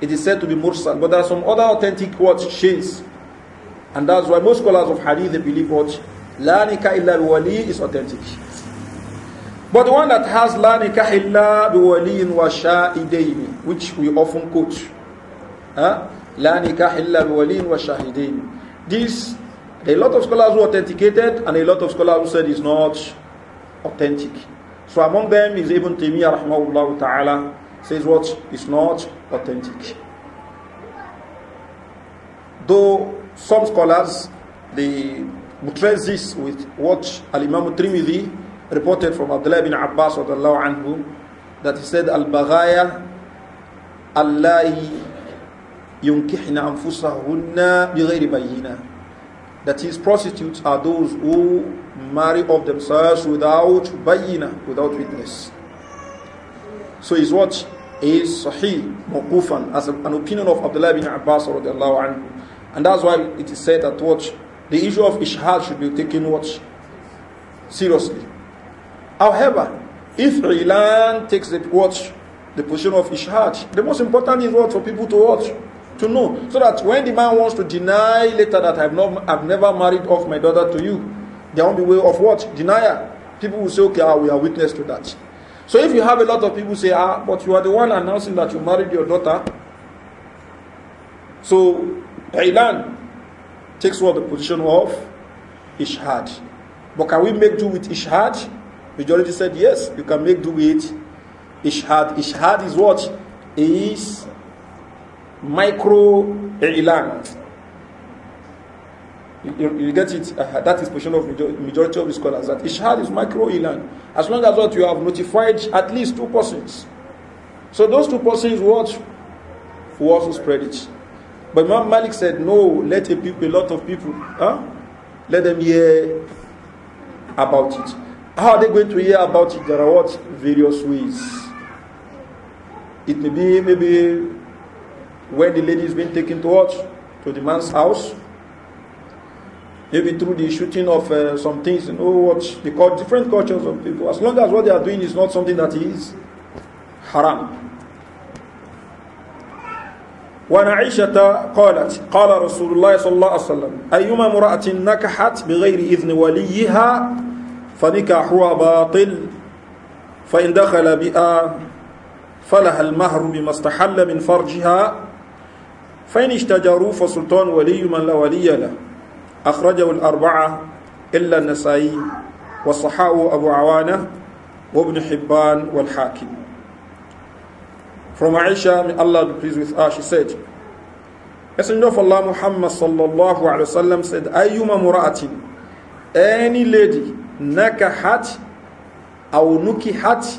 It is said to be mursal, but there are some other authentic words, chains. And that's why most scholars of hadith they believe what la nikah illa wali is authentic. But the one that has la nikah illa biwaliyin wa shahidaini, which we often quote, huh? la nikah illa biwaliyin wa shahidaini. This, a lot of scholars who authenticated and a lot of scholars who said it's not authentic. So among them is Ibn Taymiyyah rahmahullah ta'ala says what is not authentic. Though some scholars, they buttress this with what Al-Imam Trimidi reported from Abdullah bin Abbas anhu, that he said, Al-Baghaya Allahi yunkihna anfusahunna bighayri bayyina. That is, prostitutes are those who marry of themselves without bayyina, without witness. So his watch is sahih, muqufan, as an opinion of Abdullah bin Abbas anhu. And that's why it is said that watch, the issue of ishhad should be taken watch seriously. However, if Ilan takes the watch, the position of ishhad, the most important is what for people to watch to know so that when the man wants to deny later that I've not I've never married off my daughter to you, there won't be way of what? Denial. People will say, okay, ah, we are witness to that. So if you have a lot of people say, ah, but you are the one announcing that you married your daughter. So Ilan takes what the position of Ishhad. But can we make do with Ishhad? Majority said yes, you can make do with Ishhad. Ishhad is what? Is micro island, you, you, get it uh, that is portion of major, majority of the scholars that ishad is micro island. as long as what you have notified at least two persons so those two persons watch who also spread it but Imam Malik said no let a people a lot of people huh? let them hear about it how are they going to hear about it there are what various ways it may be maybe where the lady is being taken to what? To the man's house. Maybe through the shooting of uh, some things, you know what? They call different cultures of people, as long as what they are doing is not something that is haram. وأن عائشة قالت قال رسول الله صلى الله عليه وسلم أيما امرأة نكحت بغير إذن وليها فنكاحها باطل فإن دخل بها فلها المهر بما استحل من فرجها فإن اشتجروا فسلطان ولي من لا ولي له أخرجوا الأربعة إلا النسائي وصحاء أبو عوانة وابن حبان والحاكم From Aisha, may Allah be pleased with her, she said, Messenger of Allah Muhammad sallallahu alayhi wa sallam said, Ayyuma mura'atin, any lady, nakahat, aw nukihat,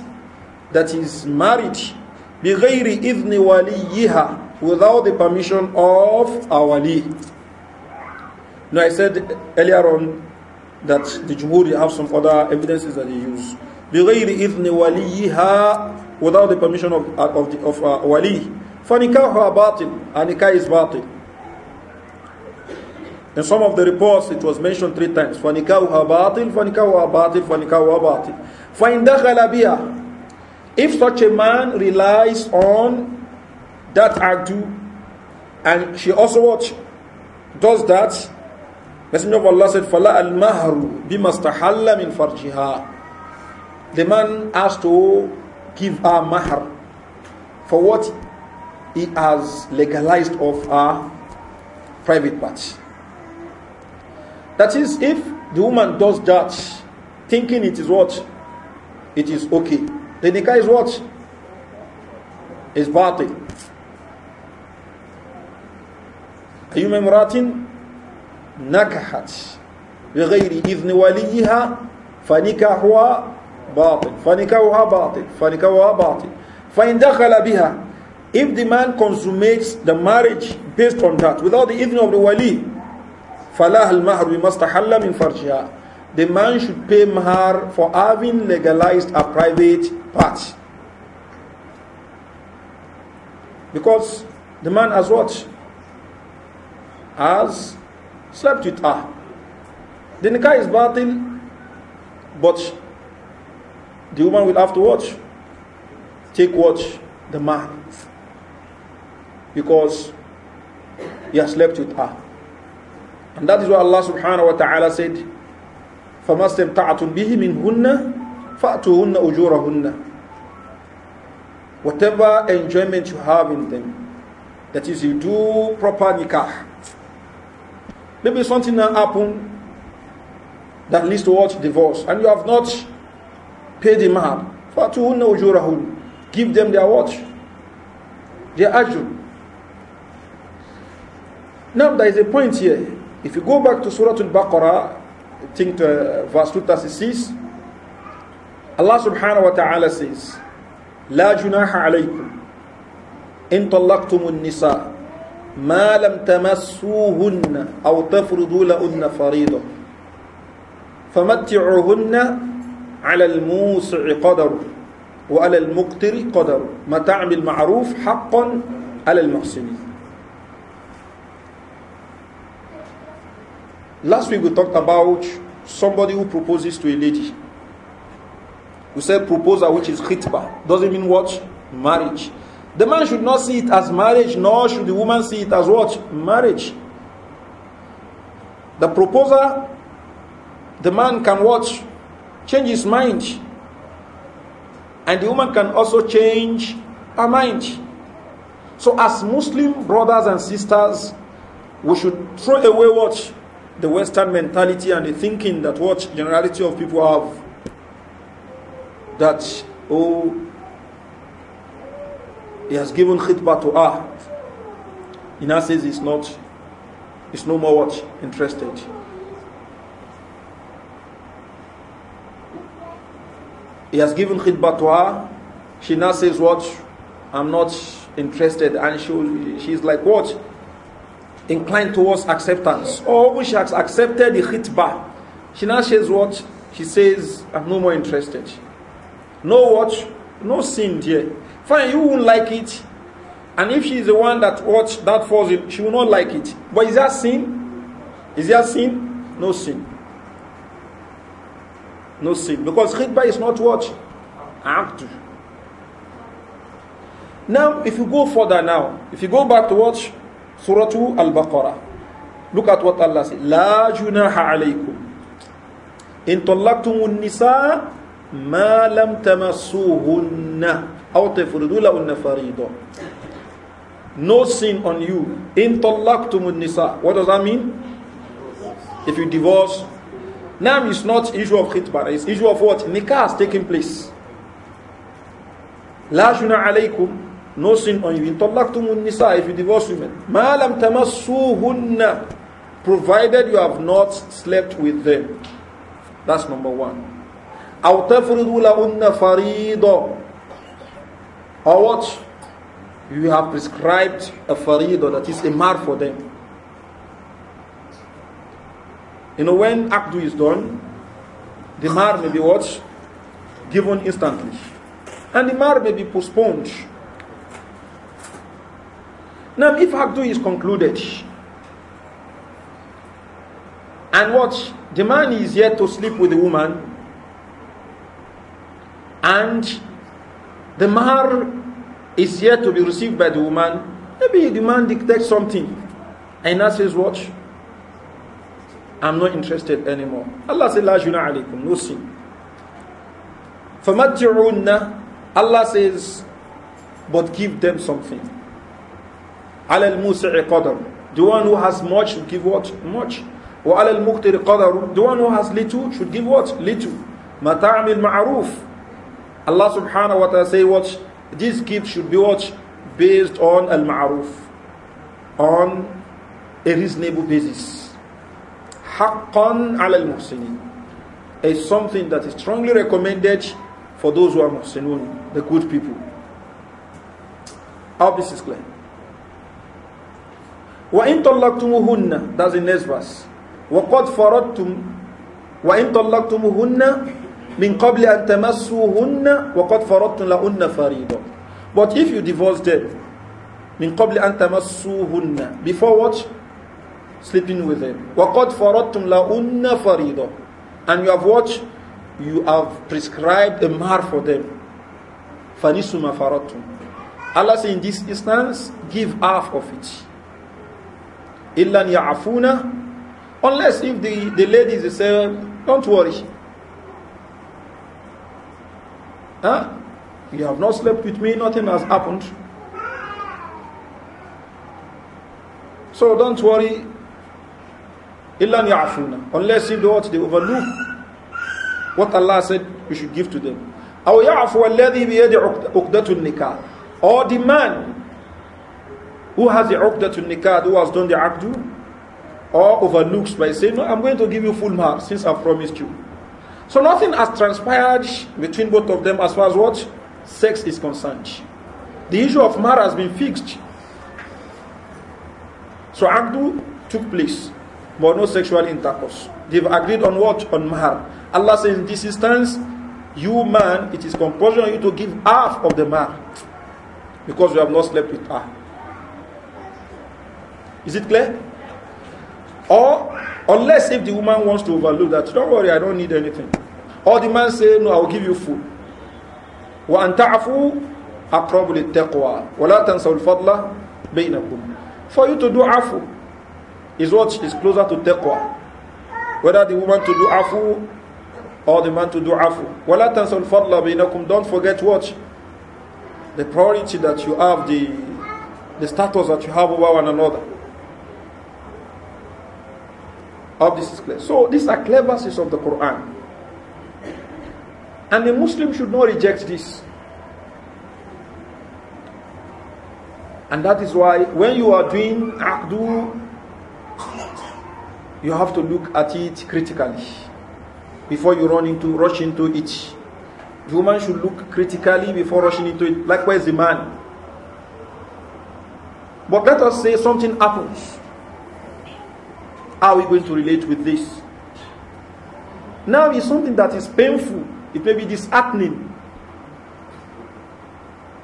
that is married, بغير إذن وليها without the permission of our wali. Now I said earlier on that the Jumhuri have some other evidences that they use. بغير إذن وليها without the permission of, of, the, of uh, wali. فنكاحها باطل and is batil. In some of the reports it was mentioned three times. فنكاحها باطل فنكاحها باطل فنكاحها باطل. فإن دخل بها If such a man relies on that do, and she also what does that. Messenger of Allah said, "Fala al mahru bimastahalla min farjiha." The man has to give her mahr for what he has legalized of her private parts. That is, if the woman does that, thinking it is what, it is okay. The nikah is what is party. أيما امرأة نكحت بغير إذن وليها فنكاحها باطل فنكاحها باطل فنكاحها باطل فإن دخل بها if the man consummates the marriage based on that without the إذن of the ولي فلاه الْمَهْرُ بِمَسْتَحَلَّ مِنْ فَرْجِهَا The man should pay mahar for having legalized a private part. Because the man has watched has slept with her. The nikah is batil, but the woman will have to watch, take watch the man because he has slept with her. And that is what Allah subhanahu wa ta'ala said, min اسْتَمْتَعْتُمْ بِهِ مِنْهُنَّ فَأْتُوهُنَّ أُجُورَهُنَّ Whatever enjoyment you have in them, that is, you do proper nikah, Maybe something now happened that leads towards divorce, and you have not paid the who knows, أُجُورَهُنَّ Give them their watch, their ajur. Now there is a point here. If you go back to Surah Al-Baqarah, I think to, uh, verse 236, Allah subhanahu wa ta'ala says, junaha جناح in إن طلقتم nisa." ما لم تمسوهن أو تفرضوا لهن فريضة فمتعوهن على الموسع قدر وعلى المقتر قدر تعمل معروف حقا على المحسنين Last week we talked about somebody who proposes to a lady. We said proposal which is khitbah. Doesn't mean what? Marriage. The man should not see it as marriage, nor should the woman see it as what? Marriage. The proposer, the man can watch, change his mind. And the woman can also change her mind. So, as Muslim brothers and sisters, we should throw away what? The Western mentality and the thinking that what generality of people have. That, oh, he has given khitbah to her. He now says he's not, he's no more what interested. He has given khitbah to her. She now says what? I'm not interested. And she, she's like what? Inclined towards acceptance. Or oh, when she has accepted the khitbah, she now says what? She says, I'm no more interested. No what? No sin here. Fine, you won't like it. And if she is the one that watch that falls, she will not like it. But is that sin? Is that sin? No sin. No sin. Because khidbah is not what? Act. Now, if you go further now, if you go back to watch Surah Al-Baqarah, look at what Allah says. La junaha alaykum. In talaqtumun nisa ma lam tamassuhunna. أو تفرضوا لهن فريضة no sin on you إن طلقتم النساء. what does that mean if you divorce now it's not issue of khitbah it's issue of what nikah is taking place لا جنى عليكم no sin on you إن طلقتم النساء. if you divorce women ما لم تمسوهن provided you have not slept with them that's number one أو تفرضوا لهن فريضة Or what? You have prescribed a farido that is a mar for them. You know, when Akdu is done, the mar may be what? Given instantly. And the mar may be postponed. Now, if Akdu is concluded, and what? The man is yet to sleep with the woman, and the mahar is yet to be received by the woman. Maybe the man dictates something. And now says, Watch, I'm not interested anymore. Allah says, La alaykum, no sin. Allah says, but give them something. The one who has much should give what? Much. The one who has little should give what? Little. Allah subhanahu wa ta'ala say what? This gift should be watched Based on al-ma'ruf. On a reasonable basis. Haqqan ala al-muhsinin. Is something that is strongly recommended for those who are muhsinun, the good people. How this is clear. وَإِن طَلَّقْتُمُهُنَّ That's the next verse. وَقَدْ Wa وَإِن طَلَّقْتُمُهُنَّ min qabli an tamassuhunna wa qad faradtum lahunna farida but if you divorce them min qabli an tamassuhunna before what sleeping with them wa qad faradtum lahunna farida and you have what you have prescribed a mar for them fanisuma faradtum Allah says in this instance give half of it illan ya'afuna unless if the the ladies say don't worry Huh? You have not slept with me, nothing has happened. So don't worry. Unless you do what they overlook what Allah said you should give to them. or the man who has the uqdatun nikah, who has done the akdu, or overlooks by saying, No, I'm going to give you full marks since I promised you. So nothing has transpired between both of them as far as what sex is concerned. The issue of marriage has been fixed. So Abdu took place, but no sexual intercourse. They've agreed on what? On mahar. Allah says in this instance, you man, it is compulsory on you to give half of the mahar because you have not slept with her. Is it clear? Or unless if the woman wants to overlook that, don't worry, I don't need anything. Or the man say, no, I will give you food. وَأَن تَعْفُوا أَقْرَبُ لِلتَّقْوَى وَلَا تَنْسَوْا fadla بَيْنَكُمْ For you to do afu is what is closer to taqwa. Whether the woman to do afu or the man to do afu. وَلَا fadla الْفَضْلَ بَيْنَكُمْ Don't forget what? The priority that you have, the, the status that you have over one another. of this is clear. So these are clever of the Quran. And the Muslim should not reject this. And that is why when you are doing Aqdu, you have to look at it critically before you run into rush into it. The woman should look critically before rushing into it. Likewise, the man. But let us say something happens. How are we going to relate with this? Now is something that is painful it may be disheartening.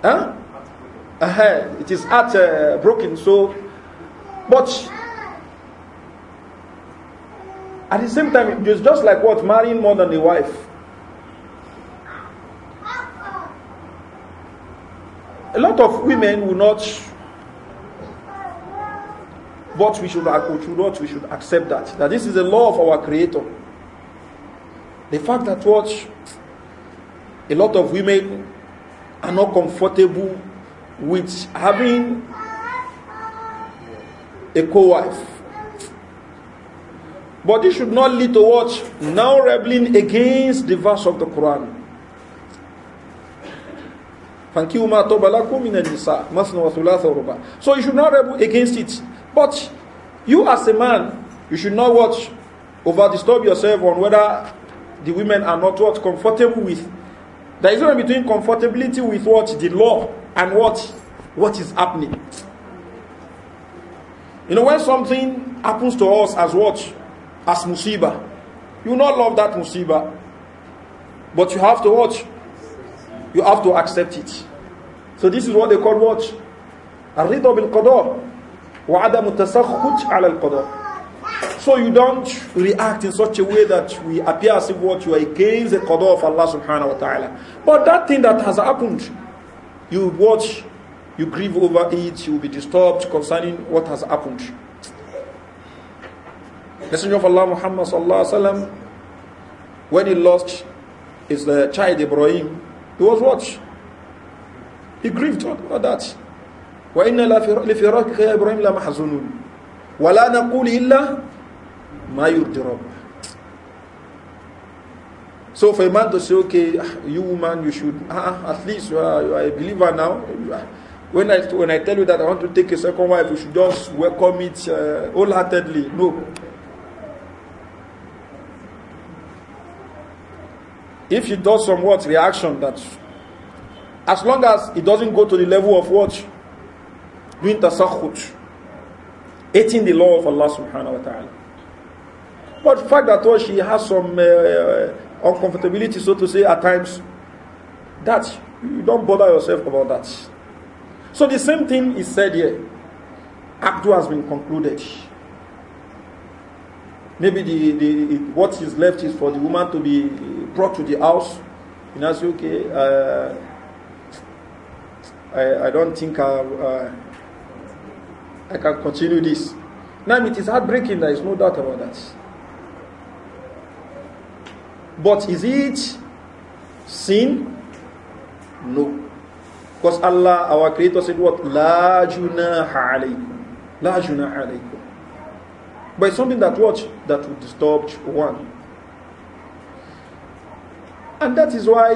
Huh? Uh-huh. It is heart uh, broken. So, but at the same time, it's just like what marrying more than a wife. A lot of women will not. But we should, we should not. We should accept that that this is the law of our Creator. The fact that what a lot of women are not comfortable with having a co-wife. But this should not lead to what? Now rebelling against the verse of the Quran. So you should not rebel against it. But you as a man, you should not watch over disturb yourself on whether the women are not what comfortable with there is no between comfortability with what the law and what what is happening. You know, when something happens to us as what? As musiba, you not love that musiba. But you have to watch. You have to accept it. So this is what they call watch. الرضا بالقضاء وعدم التسخط al qadar. So you don't react in such a way that we appear as if what you are against the qadr of Allah subhanahu wa ta'ala. But that thing that has happened, you watch, you grieve over it, you will be disturbed concerning what has happened. Messenger of Allah Muhammad sallallahu alaihi wasallam, when he lost his child Ibrahim, he was what? He grieved over that. وإن لفراقك يا إبراهيم لمحزونون ولا نقول إلا ما يرضي ربك So for a man to say, okay, you woman, you should, uh, at least you are, you are a believer now. When I, when I tell you that I want to take a second wife, you should just welcome it uh, wholeheartedly. No. If you do some what reaction that, as long as it doesn't go to the level of what doing tasakhut, hating the law of Allah subhanahu wa ta'ala. But the fact that well, she has some uh, uh, uncomfortability, so to say, at times, that you don't bother yourself about that. So the same thing is said here. Act two has been concluded. Maybe the, the what is left is for the woman to be brought to the house. You know, say, okay, uh, I, I don't think I. Uh, I can continue this. Now, it is heartbreaking, there is no doubt about that. But is it sin? No. Because Allah, our Creator, said what? La junaha alaykum. La junaha alaykum. But it's something that what? That would disturb one. And that is why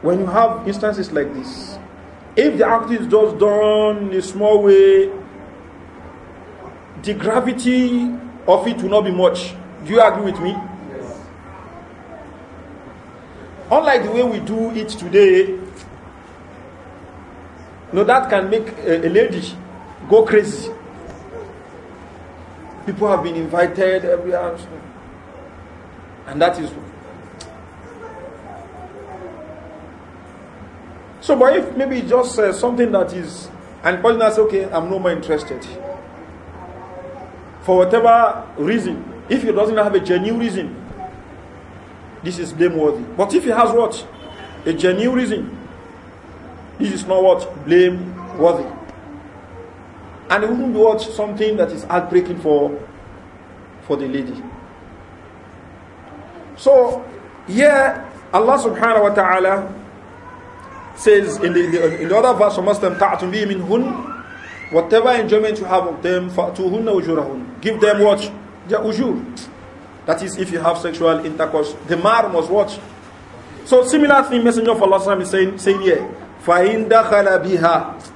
when you have instances like this, If the act is just done in a small way, the gravity of it will not be much. Do you agree with me? Yes. Unlike the way we do it today, no, that can make a, a lady go crazy. People have been invited every hour. And that is So, but if maybe just uh, something that is, and partner says, okay, I'm no more interested. For whatever reason, if he doesn't have a genuine reason, this is blameworthy. But if he has what? A genuine reason, this is not what? Blameworthy. And he wouldn't watch something that is heartbreaking for, for the lady. So, here, yeah, Allah subhanahu wa ta'ala says in the, in the, in the other verse from Muslim, ta'atun bi min hun, whatever enjoyment you have of them, fa'atuhunna ujurahun. Give them what? Their ujur. That is, if you have sexual intercourse, the mar must watch. So similar thing, Messenger of Allah is saying, saying here, فَإِنْ دَخَلَ بِهَا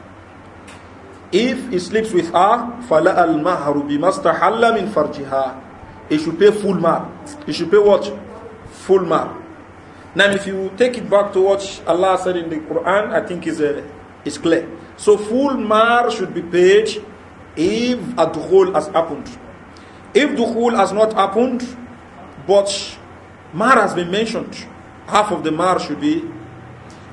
If he sleeps with her, فَلَا الْمَهْرُ بِمَا Hala مِنْ فَرْجِهَا He should pay full mar. He should pay what? Full mar. Now, if you take it back to what Allah said in the Quran, I think is uh, is clear. So full mar should be paid if a dukhul has happened. If dukhul has not happened, but mar has been mentioned, half of the mar should be.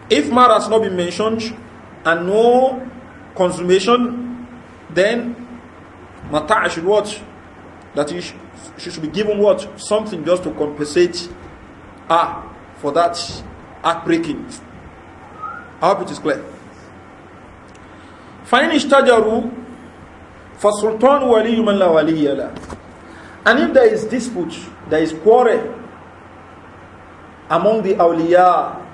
If mar has not been mentioned and no consummation, then mata' should what? That she should be given what? Something just to compensate. Ah, for that heartbreaking. I hope it is clear. فَإِنْ for Sultan, وَلِيُّ مَنْ لَا Wali لَهُ And if there is dispute, there is quarrel among the awliya,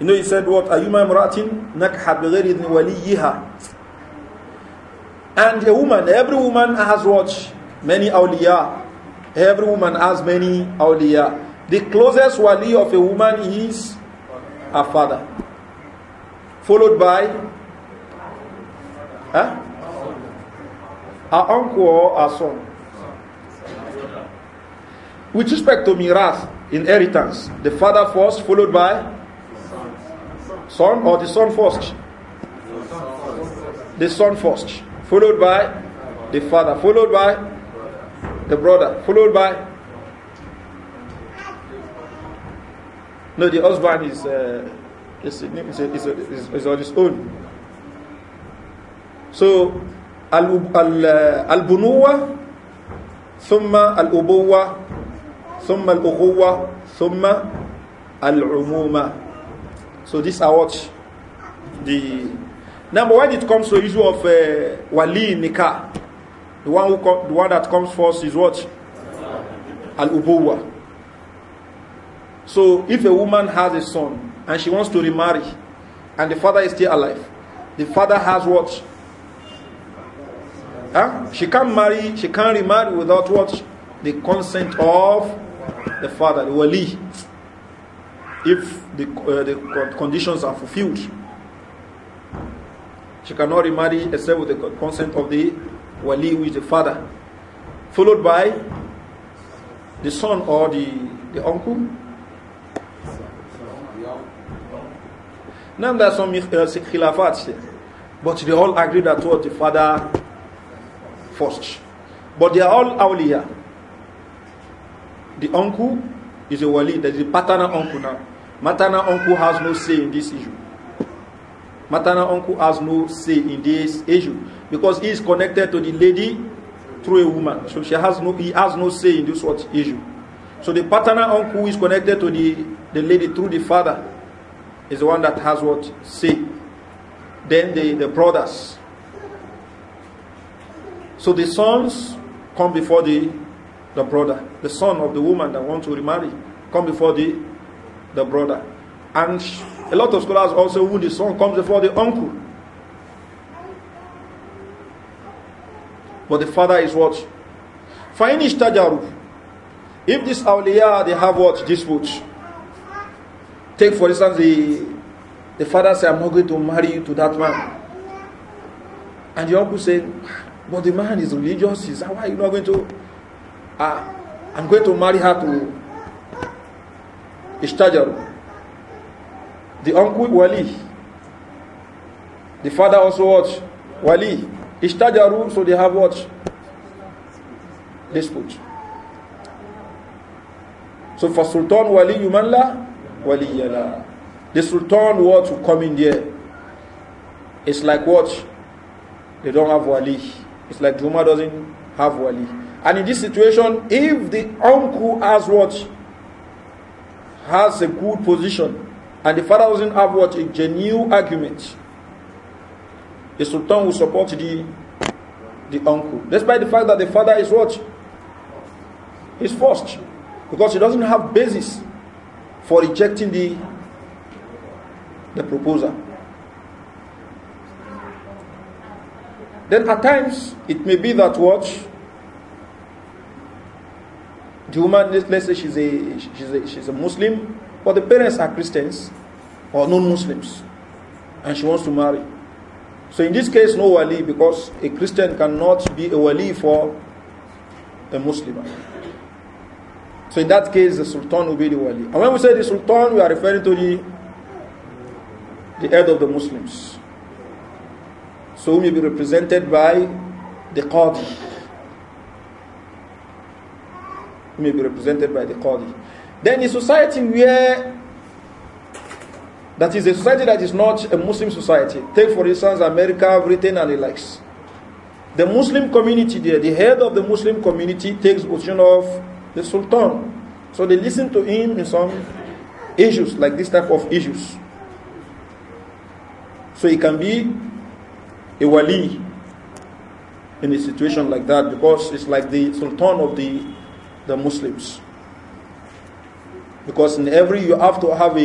you know he said what? أَيُّمَا امْرَأَةٍ نَكْحَ بِغَيْرِ وَلِيِّهَا And a woman, every woman has watched Many awliya. Every woman has many awliya. The closest wali of a woman is her father, followed by huh? her uncle or her son. With respect to miras, inheritance, the father first, followed by son or the son first? The son first, followed by the father, followed by the brother, followed by No, the husband is, uh, is, is, is, is, is on his own. So, uh, al-bunuwa, thumma al-ubuwa, thumma al-ukhuwa, thumma al-umuma. So this I watch the number when it comes to issue of uh, wali nikah, the one who the one that comes first is what al ubuwa. So if a woman has a son and she wants to remarry and the father is still alive, the father has what? Huh? She can't marry, she can't remarry without what? The consent of the father, the wali. If the, uh, the conditions are fulfilled, she cannot remarry except with the consent of the wali, who is the father, followed by the son or the, the uncle Now there are some uh, khilafat here. But they all agree that what the father first. But they are all awliya. The uncle is a wali, that is the paternal uncle now. Maternal uncle has no say in this issue. Maternal uncle has no say in this issue because he is connected to the lady through a woman. So she has no he has no say in this what issue. So the paternal uncle is connected to the, the lady through the father. is the one that has what? See, Then the, the brothers. So the sons come before the, the brother. The son of the woman that wants to remarry come before the, the brother. And a lot of scholars also when the son comes before the uncle. But the father is what? Finish tajaru. If this awliya, they have what? Dispute. Take, for instance, the, the father say I'm not going to marry you to that man. And the uncle say, But the man is religious. He say Why are you not going to? Uh, I'm going to marry her to Ishtajaru. The uncle Wali. The father also watch Wali. Ishtajaru, so they have watch Dispute. So for Sultan Wali Yumanla, waliyala. The sultan were to come in there. It's like what? They don't have wali. It's like Juma doesn't have wali. And in this situation, if the uncle has what? Has a good position, and the father doesn't have what? A genuine argument. The sultan will support the the uncle. Despite the fact that the father is what? is forced. Because he doesn't have basis for rejecting the, the proposal. Then at times, it may be that what the woman, let's say she's a, she's a, she's a Muslim, but the parents are Christians or non-Muslims, and she wants to marry. So in this case, no wali, because a Christian cannot be a wali for a Muslim. So in that case, the Sultan will be the Wali. And when we say the Sultan, we are referring to the, the head of the Muslims. So he may be represented by the Qadi. He may be represented by the Qadi. Then a society where that is a society that is not a Muslim society. Take for instance America, Britain and the likes. The Muslim community there, the head of the Muslim community takes position of the sultan. So they listen to him in some issues, like this type of issues. So he can be a wali in a situation like that because it's like the sultan of the, the Muslims. Because in every you have to have a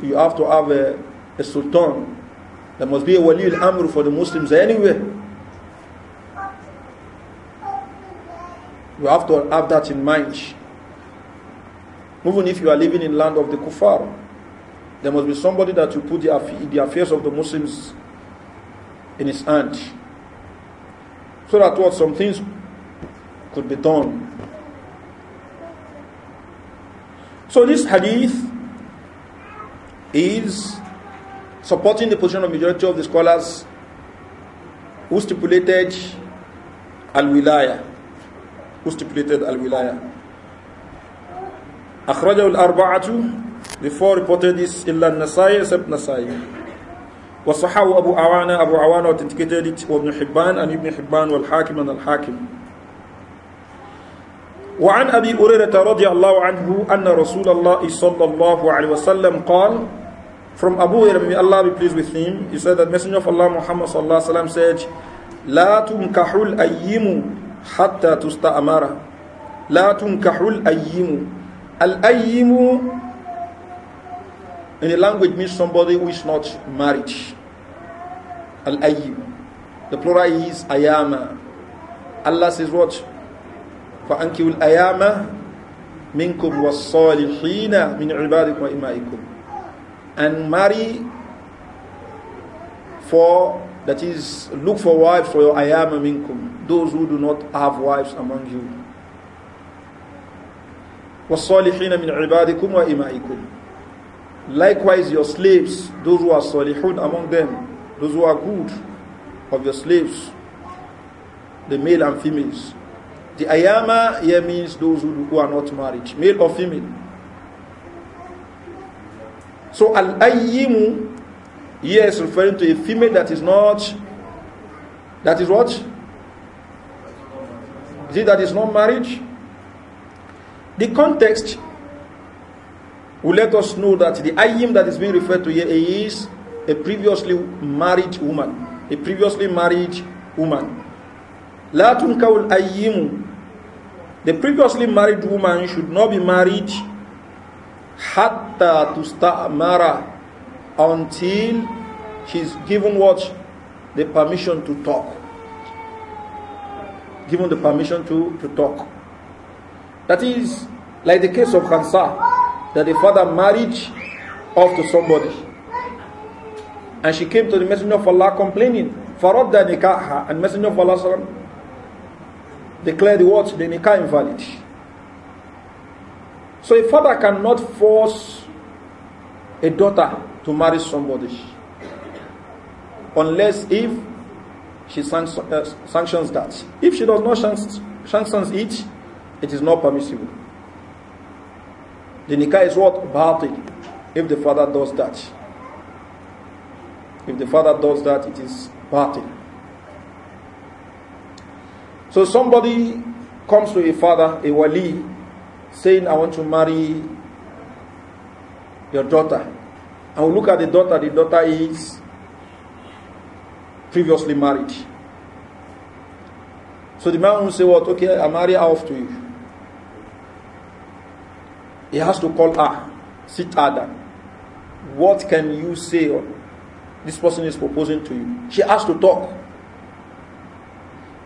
you have to have a, a sultan. There must be a wali al-amr for the Muslims anywhere. You have to have that in mind. Even if you are living in land of the kuffar, there must be somebody that you put the, the affairs of the Muslims in his hand. So that what some things could be done. So this hadith is supporting the position of majority of the scholars who stipulated al-wilaya who stipulated al-wilaya. Akhrajahu al-arba'atu, the four reported this illa nasai except Nasai. وصححه أبو عوانة أبو عوانة authenticated it وابن حبان and ابن حبان والحاكم and الحاكم وعن أبي هريرة رضي الله عنه أن رسول الله صلى الله عليه وسلم قال From Abu Hurairah, may Allah be pleased with him, he said that Messenger of Allah Muhammad الله عليه وسلم said, لا تنكحوا الأيم حتى تستأمر لا تنكح الأيم الأيم in the language means somebody who is not married الأيم the plural is أيام Allah says what فأنكحوا الأيام منكم والصالحين من عبادكم وإمائكم and marry for that is look for wife for your أيام منكم those who do not have wives among you. وَالصَّالِحِينَ مِنْ عِبَادِكُمْ وَإِمَائِكُمْ Likewise your slaves, those who are salihun among them, those who are good of your slaves, the male and females. The ayama here means those who, who are not married, male or female. So al-ayyimu here is referring to a female that is not, that is what? Is it that it's not marriage? The context will let us know that the ayim that is being referred to here is a previously married woman. A previously married woman. La tunkawul ayyimu. The previously married woman should not be married hatta mara until she's given what? The permission to talk given the permission to, to talk. That is like the case of Khansa, that the father married off to somebody. And she came to the Messenger of Allah complaining, Faradda nikaha, and Messenger of Allah salam, declared the words, the nikah invalid. So a father cannot force a daughter to marry somebody unless if she uh, sanctions that. If she does not sanction it, it is not permissible. The nikah is what? Batil. If the father does that. If the father does that, it is batil. So somebody comes to a father, a wali, saying, I want to marry your daughter. I will look at the daughter. The daughter is previously married. So the man will say, What? Okay, I marry her off to you. He has to call her, sit her down. What can you say? This person is proposing to you. She has to talk.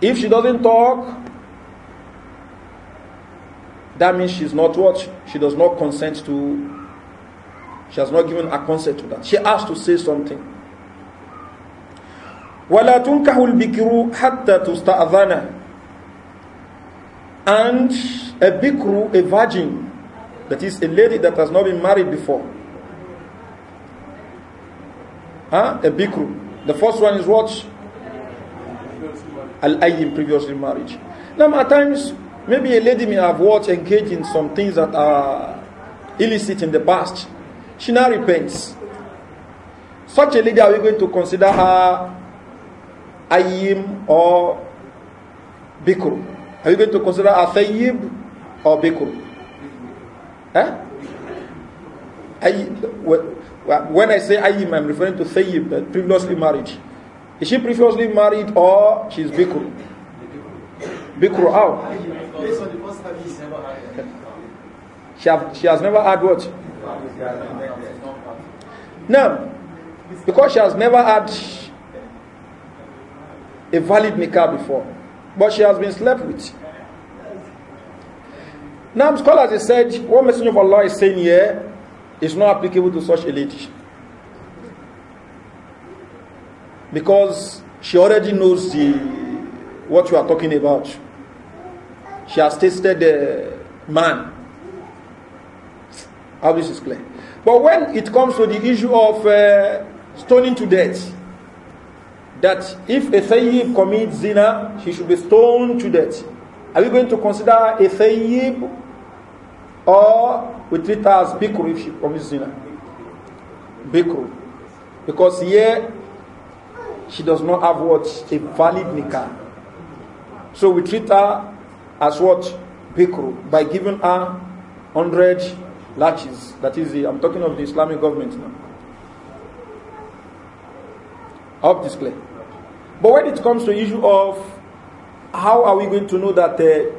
If she doesn't talk, that means she's not what? She does not consent to, she has not given a consent to that. She has to say something. wala tunkahu al-bikru hatta tusta'dhana and a bikru a virgin that is a lady that has not been married before huh? a bikru the first one is what al-ayyim previously marriage now at times maybe a lady may have watched engaged in some things that are illicit in the past she now repents such a lady are we going to consider her ayim or bikr? Are you going to consider a thayyib or bikr? Huh? When I say ayim, I'm referring to thayyib, previously married. Is she previously married or she's bikr? Bikr, how? She, have, she has never had what? Now, because she has never had a valid nikah before, but she has been slept with. Now, scholars have said what Messenger of Allah is saying here is not applicable to such a lady. Because she already knows the, what you are talking about. She has tasted the man. How this is clear. But when it comes to the issue of uh, stoning to death, that if a thayyib commits zina, he should be stoned to death. Are we going to consider a thayyib or we treat her as bikru if she commits zina? Bikru. Because here she does not have what? A valid nikah. So we treat her as what? Bikru. By giving her 100 lashes. That is the, I'm talking of the Islamic government now. I hope this clear. But when it comes to the issue of how are we going to know that uh,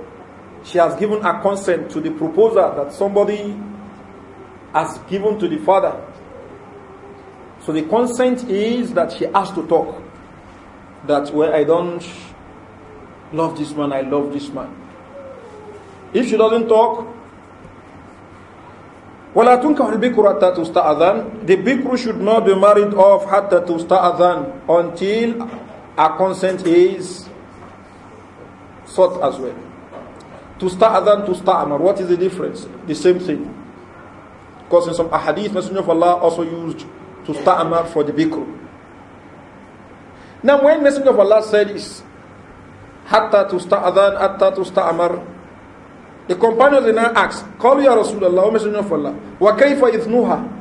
she has given her consent to the proposal that somebody has given to the father? So the consent is that she has to talk. That where well, I don't love this man, I love this man. If she doesn't talk, well, I think حتى the bikru should not be married off حتى تستأذن until our consent is sought as well. To start adhan, to start amar. What is the difference? The same thing. Because in some ahadith, Messenger of Allah also used to start amar for the bikr. Now, when Messenger of Allah said this, hatta to start adhan, hatta to start amar, the companions then not ask, Call Ya Rasulullah, O Messenger of Allah, wa kayfa ithnuha?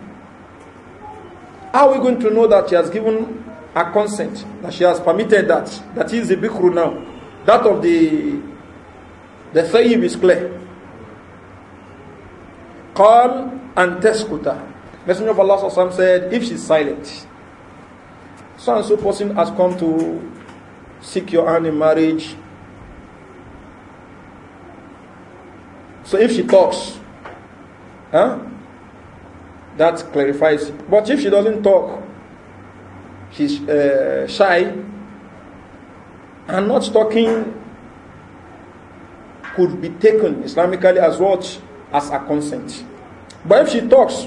How are we going to know that he has given her consent, that she has permitted that. That is the bikru now. That of the the thayyib is clear. Call and teskuta. Messenger of Allah said, if she's silent, so and so person has come to seek your hand in marriage. So if she talks, huh? That clarifies. But if she doesn't talk, she's uh, shy and not talking could be taken Islamically as what? As a consent. But if she talks,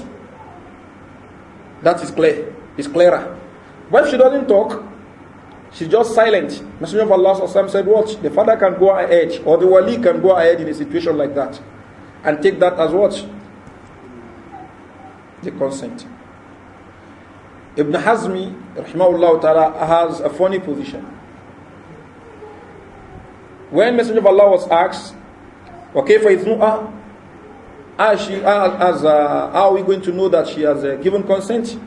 that is clear. It's clearer. But if she doesn't talk, she's just silent. Messenger of Allah said, What? The father can go ahead, or the wali can go ahead in a situation like that. And take that as what? The consent. Ibn Hazmi rahimahullah ta'ala, has a funny position. When Messenger of Allah was asked, "Okay, for as she, as, uh, how are we going to know that she has uh, given consent?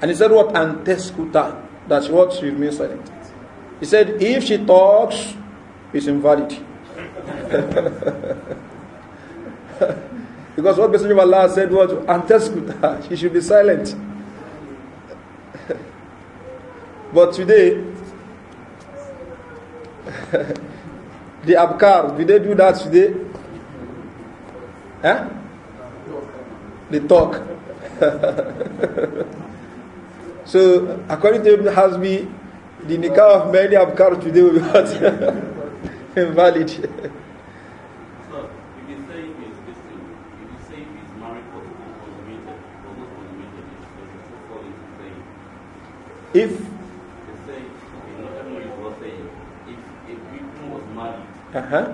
And he said, what? And That's what she means silent. He said, if she talks, it's invalid. because what Messenger of Allah said was, and She should be silent. But today, the abkar, do they do that today? Huh? The talk. so, according to Ibn Hazmi, the nikah of many abkar today will be what? invalid. If Uh-huh.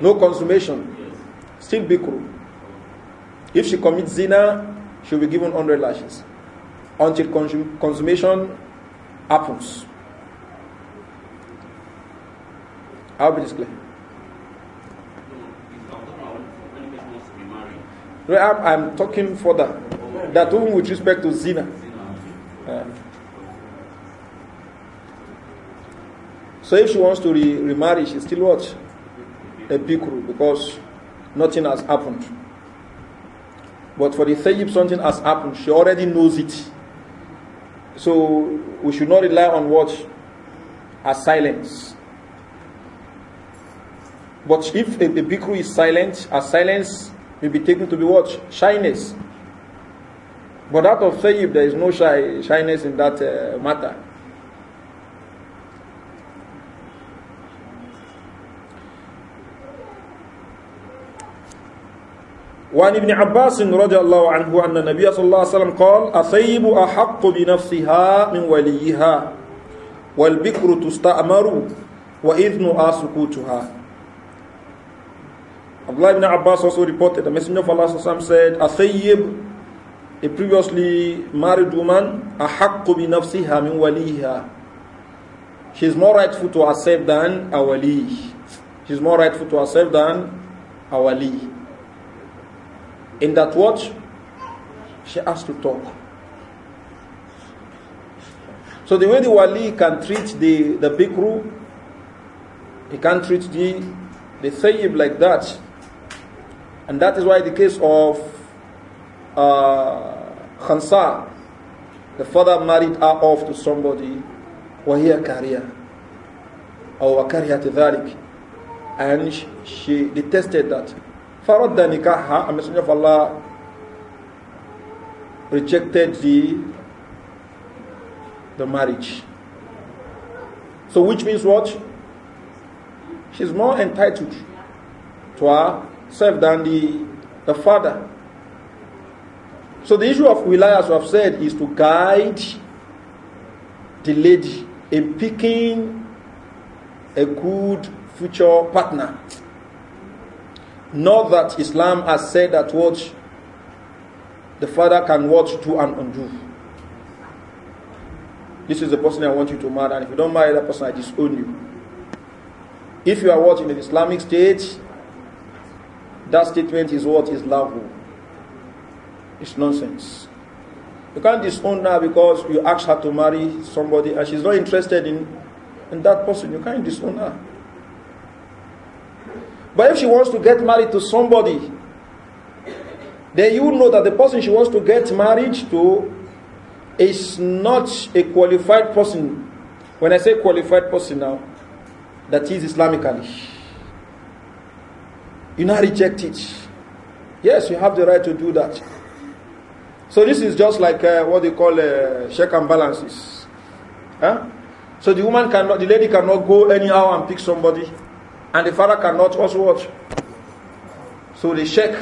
No consummation. Yes. Still bikru. If she commits zina, she'll be given 100 lashes until consum consummation happens. I'll be clear. No, I'm, I'm talking further. That woman with respect to zina. Uh, So if she wants to re remarry, she still what? A bikru because nothing has happened. But for the thayyib, something has happened. She already knows it. So we should not rely on what? a silence. But if a, a bikru is silent, a silence may be taken to be what? Shyness. But out of thayyib, there is no shy, shyness in that uh, matter. وعن ابن عباس رضي الله عنه أن النبي صلى الله عليه وسلم قال أثيب أحق بنفسها من وليها والبكر تستأمر وإذن سكوتها Abdullah ibn Abbas also reported the Messenger of Allah said, Athayyib, a previously married woman, أحق بنفسها من وليها. She is more rightful to herself than a wali. She is more rightful to herself than a wali. in that watch, she has to talk. So the way the wali can treat the, the bikru, he can't treat the, the thayyib like that. And that is why the case of uh, Khansa, the father married her off to somebody, وَهِيَ kariya, or وكرهت ذلك and she detested that فَرَدَّ نِكَاحَ A messenger of Allah rejected the, the marriage. So which means what? She's more entitled to herself than the, the father. So the issue of wilaya, as we have said, is to guide the lady in picking a good future partner. Not that Islam has said that what the father can watch to and undo. This is the person I want you to marry, and if you don't marry that person, I disown you. If you are watching an Islamic state, that statement is what is love. It's nonsense. You can't disown her because you asked her to marry somebody and she's not interested in, in that person. You can't disown her. But if she wants to get married to somebody, then you know that the person she wants to get married to is not a qualified person. When I say qualified person now, that is Islamically. You now reject it. Yes, you have the right to do that. So this is just like uh, what they call uh, check and balances. Huh? So the woman cannot, the lady cannot go anyhow and pick somebody. And the father cannot also watch. So they shake.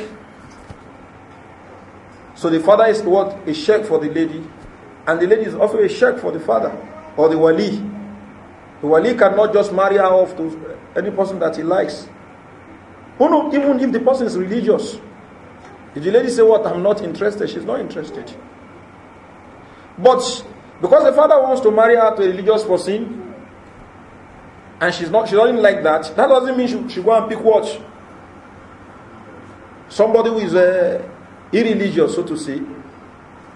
So the father is what? A sheikh for the lady. And the lady is also a sheikh for the father or the wali. The wali cannot just marry her off to any person that he likes. Oh no, even if the person is religious. If the lady say what I'm not interested, she's not interested. But because the father wants to marry her to a religious person, and she's not she doesn't like that that doesn't mean she, she go and pick what somebody who is uh, irreligious so to say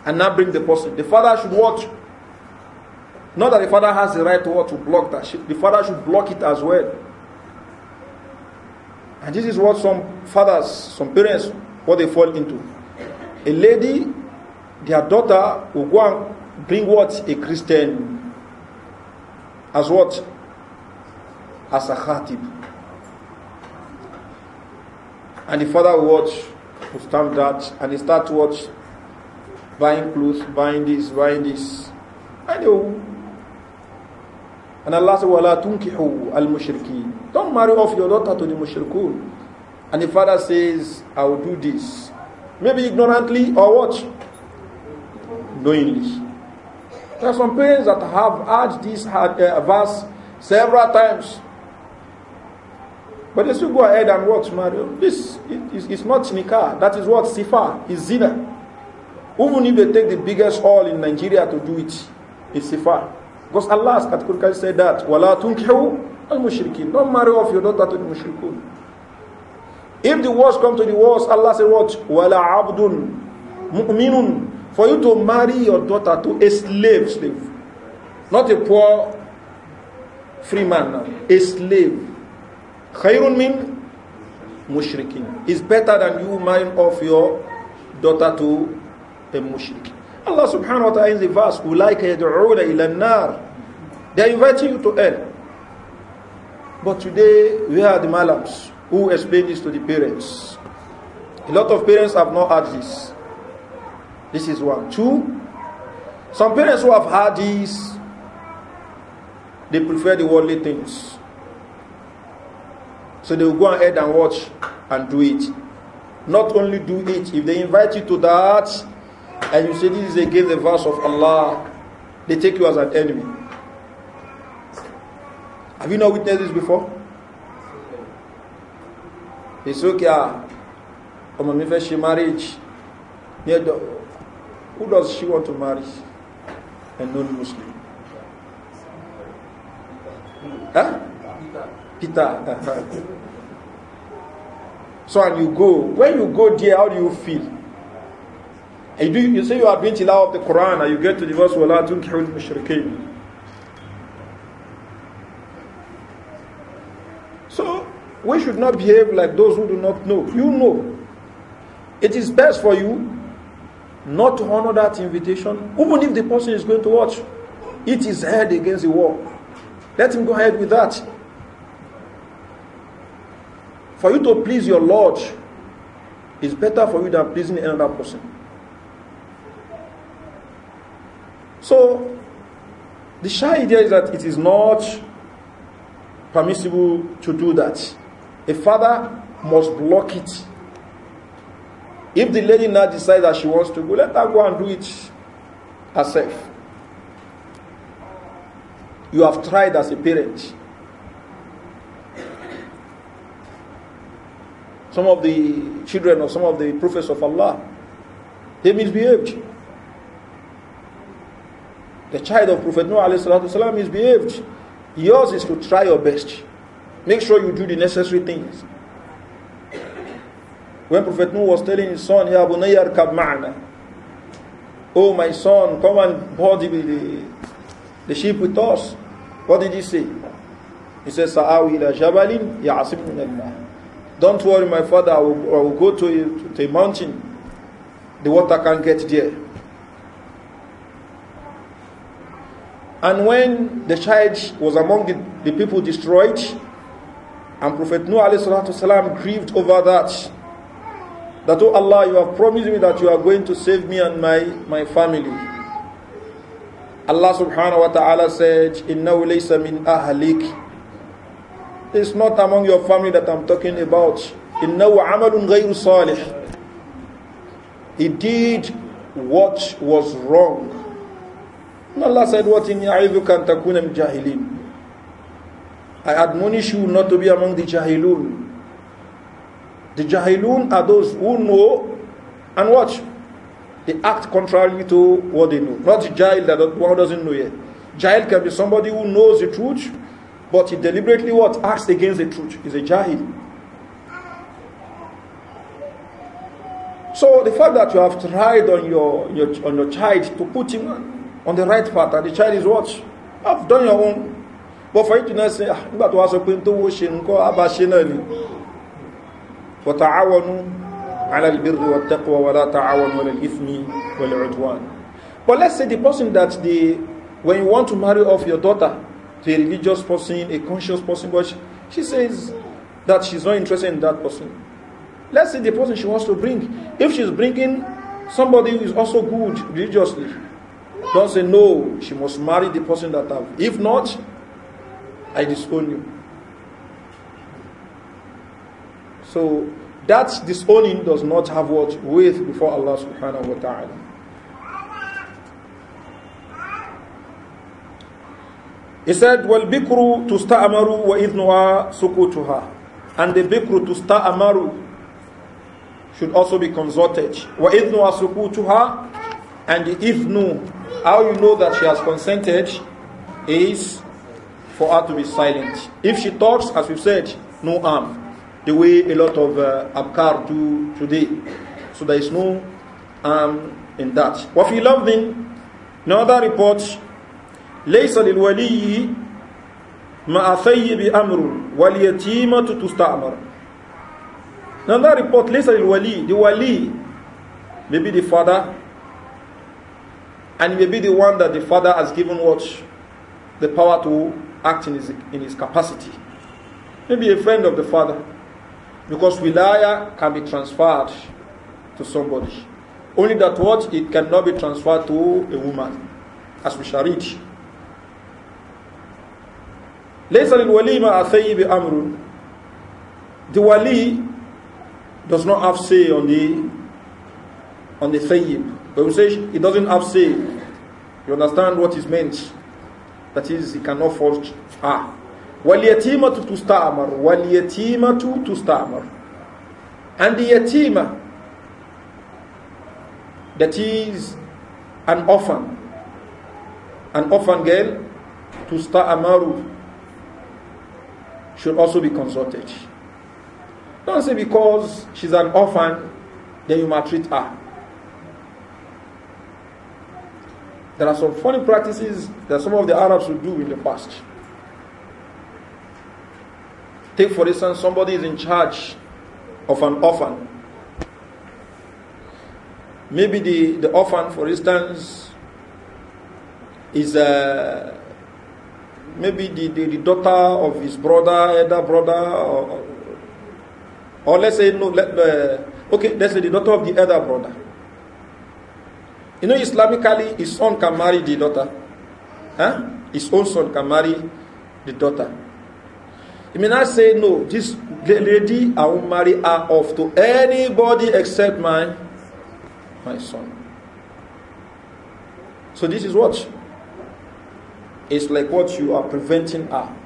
and not bring the person the father should watch not that the father has the right to what to block that she, the father should block it as well and this is what some fathers some parents what they fall into a lady their daughter will go and bring what a christian as what as a khatib. And the father watch to stamp that, and he start to watch buying clothes, buying this, buying this. I know. And Allah said, وَلَا تُنْكِحُوا الْمُشْرِكِينَ Don't marry off your daughter to the mushrikun. And the father says, I will do this. Maybe ignorantly or what? Knowingly. There are some parents that have heard this uh, verse several times. But they you go ahead and watch, Mario, This is not Nika. That is what sifa is zina. Even if they take the biggest hall in Nigeria to do it, it's sifa. Because Allah categorically said that wala tunkihu al mushrikin. Don't marry off your daughter to the mushrikun. If the worst come to the worst, Allah said what wala abdun mu'minun. For you to marry your daughter to a slave, slave, not a poor free man, a slave khairun min mushrikin is better than you marrying off your daughter to a mushrik. Allah subhanahu wa ta'ala in the verse, Ulaika yad'una ila nar. They are inviting you to hell. But today, we are the malams who explain this to the parents. A lot of parents have not heard this. This is one. Two, some parents who have heard this, they prefer the worldly things. So they will go ahead and watch and do it. Not only do it, if they invite you to that and you say this is against the verse of Allah, they take you as an enemy. Have you not witnessed this before? It's okay. Ah. Ọmọ mi fẹ́ marriage. Who does she want to marry? A non-Muslim. Huh? Peter that time. So and you go. When you go there, how do you feel? And you, do, you say you are being tilawah of the Quran and you get to the verse وَلَا تُنْكِحُ mushrikeen." So we should not behave like those who do not know. You know. It is best for you not to honor that invitation, even if the person is going to watch. It is head against the wall. Let him go ahead with that. For you to please your Lord is better for you than pleasing another person. So, the shy idea is that it is not permissible to do that. A father must block it. If the lady now decides that she wants to go, let her go and do it herself. You have tried as a parent. some of the children of some of the prophets of Allah. They misbehaved. The child of Prophet Noah والسلام, misbehaved. Yours is to try your best. Make sure you do the necessary things. When Prophet Noah was telling his son, Ya Bunayyar Kab Ma'ana, Oh, my son, come and board the, the sheep with us. What did he say? He said, Sa'awi ila jabalin ya'asibun al Ma." Don't worry, my father, I will, I will go to a, to a mountain. The water can't get there. And when the child was among the, the people destroyed, and Prophet Noah والسلام, grieved over that, that, oh Allah, you have promised me that you are going to save me and my, my family. Allah subhanahu wa ta'ala said, إِنَّهُ لَيْسَ مِنْ أَهْلِكِ it's not among your family that I'm talking about. He did what was wrong. And Allah said, What in يَعِذُكَ أَن تَكُونَ I admonish you not to be among the jahilun. The jahilun are those who know and watch. They act contrary to what they know. Not the jahil that one doesn't know yet. Jahil can be somebody who knows the truth But he deliberately what? Acts against the truth. He's a jahil. So the fact that you have tried on your, your, on your child to put him on the right path and the child is what? I've done your own. But for you to not say, ah, but was tó wá sọ pé tó wó ṣe nǹkan àbá ṣe náà ni. Wa ta'awanu ala al-birri wa taqwa wa la ta'awanu ala al-ithmi wal udwan. But let's say the person that the when you want to marry off your daughter to a religious person, a conscious person, but she, she says that she's not interested in that person. Let's see the person she wants to bring. If she's bringing somebody who is also good religiously, don't say no, she must marry the person that have If not, I disown you. So that disowning does not have what weight before Allah subhanahu wa ta'ala. He said, Well, Bikru to sta'amaru wa idnuha sukutuha. And the Bikru to sta'amaru should also be consulted. Wa idnuha sukutuha. And the Ifnu, how you know that she has consented is for her to be silent. If she talks, as we've said, no harm. The way a lot of uh, abkar do today. So there is no harm in that. we love in other reports, ليس للولي مع ثيب أمر واليتيمة تستعمر Now that report ليس للولي the wali may the father and maybe the one that the father has given what the power to act in his, in his capacity maybe a friend of the father because wilaya can be transferred to somebody only that what it cannot be transferred to a woman as we shall read ليس للولي مع الثيب أمر The wali does not have say on the on the thayyib. But we say he doesn't have say. You understand what is meant? That is, he cannot forge. Ah. وَالْيَتِيمَةُ تُسْتَعْمَرُ وَالْيَتِيمَةُ تُسْتَعْمَرُ And the yatima, that is an orphan, an orphan girl, تُسْتَعْمَرُ should also be consulted. Don't say because she's an orphan, then you maltreat her. There are some funny practices that some of the Arabs would do in the past. Take, for instance, somebody is in charge of an orphan. Maybe the, the orphan, for instance, is uh, maybe the, the, the daughter of his brother, elder brother, or, or let's say no, let, uh, okay, let's say the daughter of the elder brother. You know, Islamically, his son can marry the daughter. Huh? His own son can marry the daughter. He may not say, no, this lady, I won't marry her off to anybody except my, my son. So this is what? It's like what you are preventing are.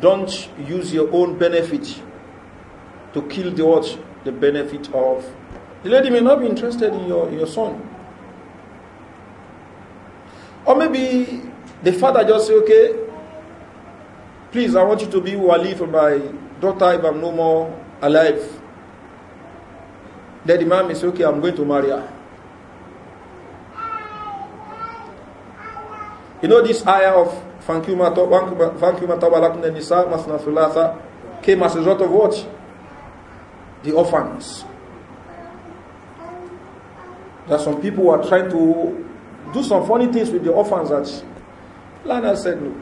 Don't use your own benefit to kill the what? The benefit of. The lady may not be interested in your, your son. Or maybe the father just say, okay, please, I want you to be wali for my daughter if I'm no more alive. Then the man may say, okay, I'm going to marry her. You know this ayah of Fankuma Tabalakun came as a result of what? The orphans. There are some people who are trying to do some funny things with the orphans that Lana said no.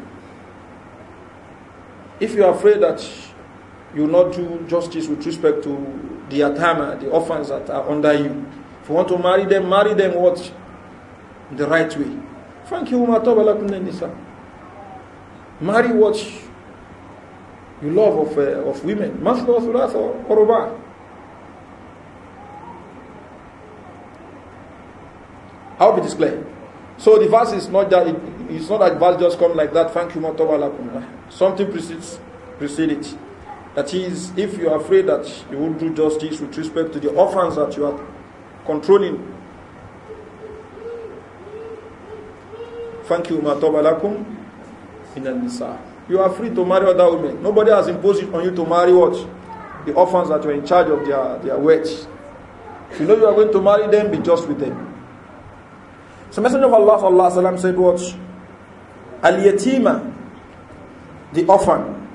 If you are afraid that you will not do justice with respect to the atama, the orphans that are under you, if you want to marry them, marry them what? The right way. Thank you, taba lakum min nisa. Marry what you love of, uh, of women. Masla, thulatha, or ruba. I hope it is clear. So the verse is not that it, it's not that verse just come like that. Thank you, Matawalakum. Something precedes precedes it. That is, if you are afraid that you won't do justice with respect to the orphans that you are controlling, Thank you, tobalakum minan nisa. You are free to marry other women. Nobody has imposed it on you to marry what? The orphans that were in charge of their, their wealth. If you know you are going to marry them, be just with them. So Messenger of Allah sallallahu said what? Al-yatima, the orphan,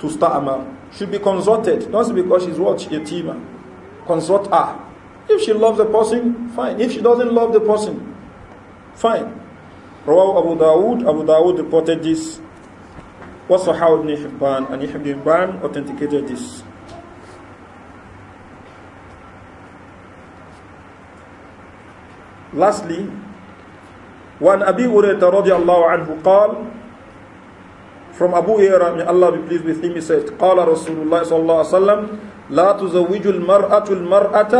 to start a man, should be consulted. Not because she's what? Yatima. Consult her. If she loves the person, fine. If she doesn't love the person, fine. Rawahu Abu Dawood. Abu Dawood reported this. Wasahaw ibn Hibban and Ibn Hibban authenticated this. Lastly, وعن أبي هريرة رضي الله عنه قال From Abu Hurairah, may Allah be pleased with him, he said, قال رسول الله صلى الله عليه وسلم لا تزوج المرأة المرأة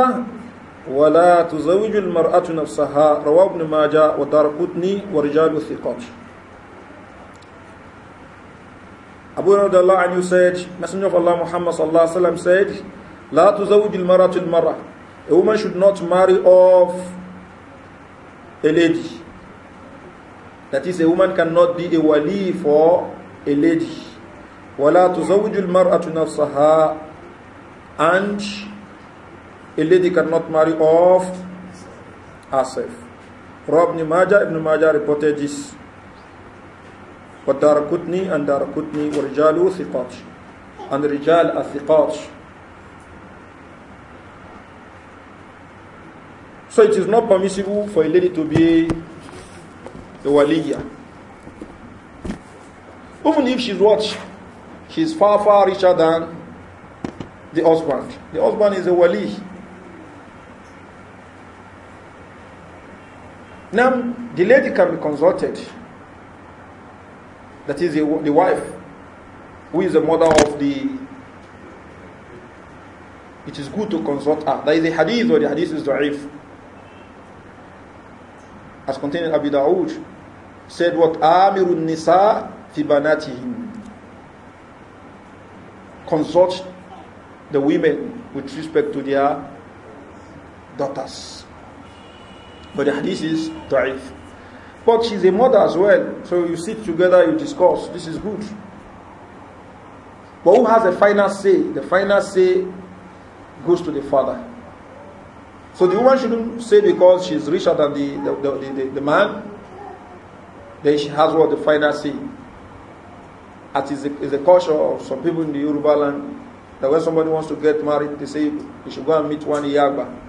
ولا تزوج المرأة نفسها رواه ابن ماجه ودار قطني ورجال الثقات Abu Radallah and you said, Messenger of Allah Muhammad sallallahu alaihi wasallam said, لا تزوج المرأة المرأة A woman should not marry off a lady. That is, a woman cannot be a wali for a lady. ولا تزوج المرأة نفسها And a lady cannot marry off herself. Rob Ibn Majah, Ibn Majah reported this. وَالدَّارَكُتْنِي Kutni دَارَكُتْنِي وَرِجَالُ ثِقَاتِ And رِجَال الثِقَاتِ So it is not permissible for a lady to be a waliya. Even if she's what? She's far, far richer than the husband. The husband is a wali. Now, the lady can be consulted. That is the, the wife, who is the mother of the. It is good to consult her. There is a hadith, or the hadith is da'if. As contained in Abu Dawood, said what? Amirun Nisa fi banatihim. Consult the women with respect to their daughters. But the hadith is da'if. But she's a mother as well. So you sit together, you discuss. This is good. But who has the final say? The final say goes to the father. So the woman shouldn't say because she's richer than the, the, the, the, the man, then she has what the final say. That is is a culture of some people in the Yoruba land that when somebody wants to get married, they say you should go and meet one Iyagba.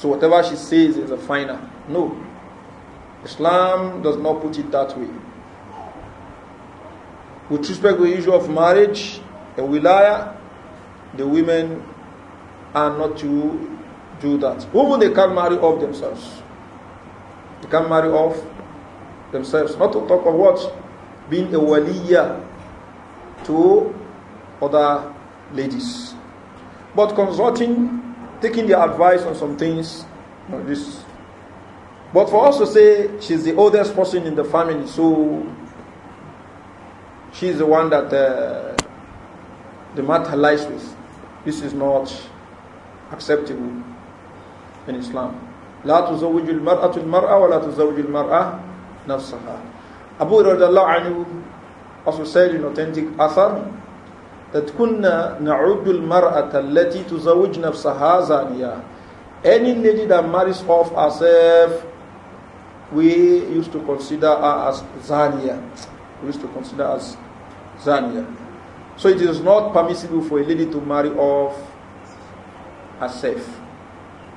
So whatever she says is a final. No. Islam does not put it that way. With respect to the issue of marriage, a wilaya, the women are not to do that. Women, they can marry off themselves. They can marry off themselves. Not to talk of what? Being a waliya to other ladies. But consulting taking their advice on some things. You know, this. But for us to say she's the oldest person in the family, so she's the one that uh, the matter lies with. This is not acceptable in Islam. لا تزوج المرأة المرأة ولا تزوج المرأة نفسها. Abu radiallahu anhu also said in authentic Athar that kunna marat mar'ata allati tuzawwij nafsaha zaniya. Any lady that marries off herself, we used to consider her as zaniya. We used to consider as zaniya. So it is not permissible for a lady to marry off herself.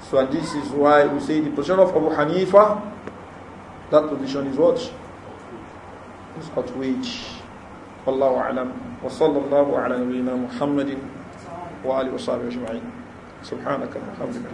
So and this is why we say the position of Abu Hanifa, that position is what? Is outrage. Allahu Alam. وصلى الله على نبينا محمد وآله وصحبه أجمعين سبحانك وبحمدك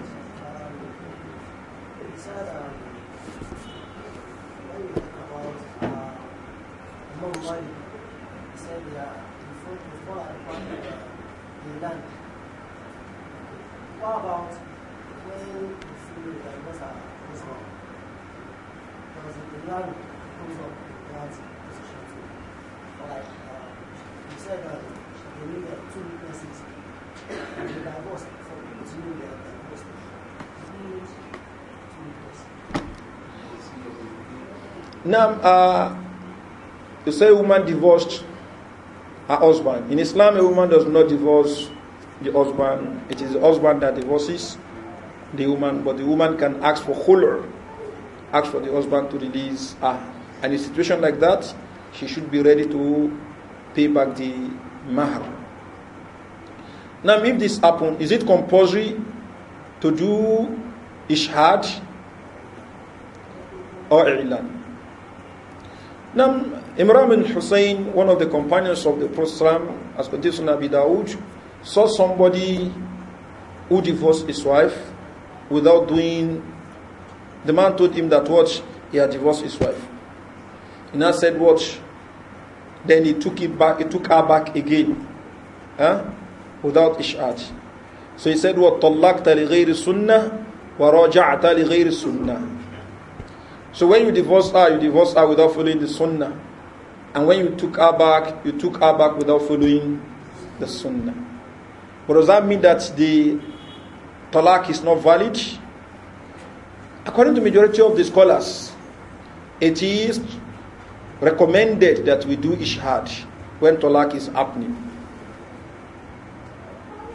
Thank you. said that they knew there uh, two witnesses. And they divorced for people to know they are divorced. Now, uh, you say a woman divorced her husband. In Islam, a woman does not divorce the husband. It is the husband that divorces the woman, but the woman can ask for khulr, ask for the husband to release her. And in a situation like that, she should be ready to pay back the mahar. Now, if this happens, is it compulsory to do ishhad or i'lan? Now, Imran bin Hussein, one of the companions of the Prophet, as per this Nabi Dawood, saw somebody who divorced his wife without doing. The man told him that watch he had divorced his wife. He now said, watch. Then he took it back, he took her back again. Huh? Without ishaat. So he said, وَطَلَّقْتَ لِغَيْرِ سُنَّةِ وَرَجَعْتَ لِغَيْرِ سُنَّةِ So when you divorce her, you divorce her without following the sunnah. And when you took her back, you took her back without following the sunnah. But does that mean that the talak is not valid? According to majority of the scholars, it is recommended that we do ishhad when talak is happening.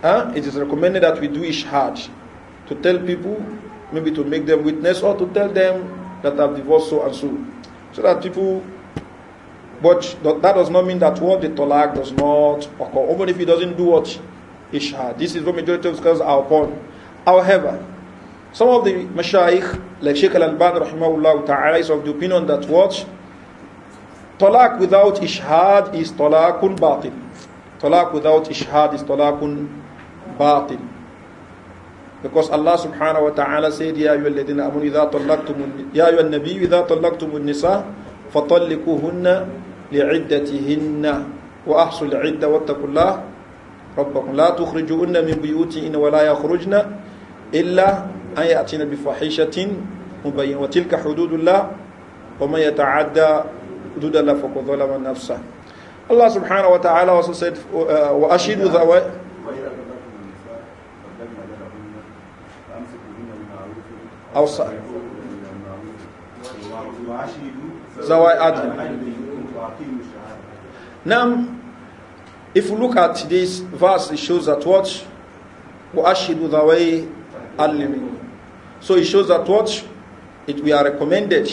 Huh? It is recommended that we do ishhad to tell people, maybe to make them witness or to tell them that I've divorced so and so. So that people, but that does not mean that what the talak does not occur, even if he doesn't do what ishhad. This is what majority of scholars are upon. However, some of the mashayikh, like Sheikh Al-Alban, rahimahullah ta'ala, is of the opinion that what Talaq without ishhad is talaqun batil. Talaq without ishhad is talaqun batil. Because Allah subhanahu wa ta'ala said, Ya ayyuha alladhina amanu idha talaqtumun Ya ayyuha an-nabiyyu idha talaqtumun nisa fatalliquhunna li'iddatihinna wa ahsul 'idda wattaqullaha rabbakum la tukhrijuhunna min buyutihinna wa la yakhrujna illa an ya'tina bi fahishatin mubayyinatin wa tilka hududullah wa man yata'adda dudala faqad zalama nafsa. Allah subhanahu wa ta'ala also said wa ashidu dhawa أوصى زواي عدل Now, if you look at this verse, it shows that what? وَأَشْهِدُ ذَوَيْ أَلِّمِينَ So it shows that what? It, we are recommended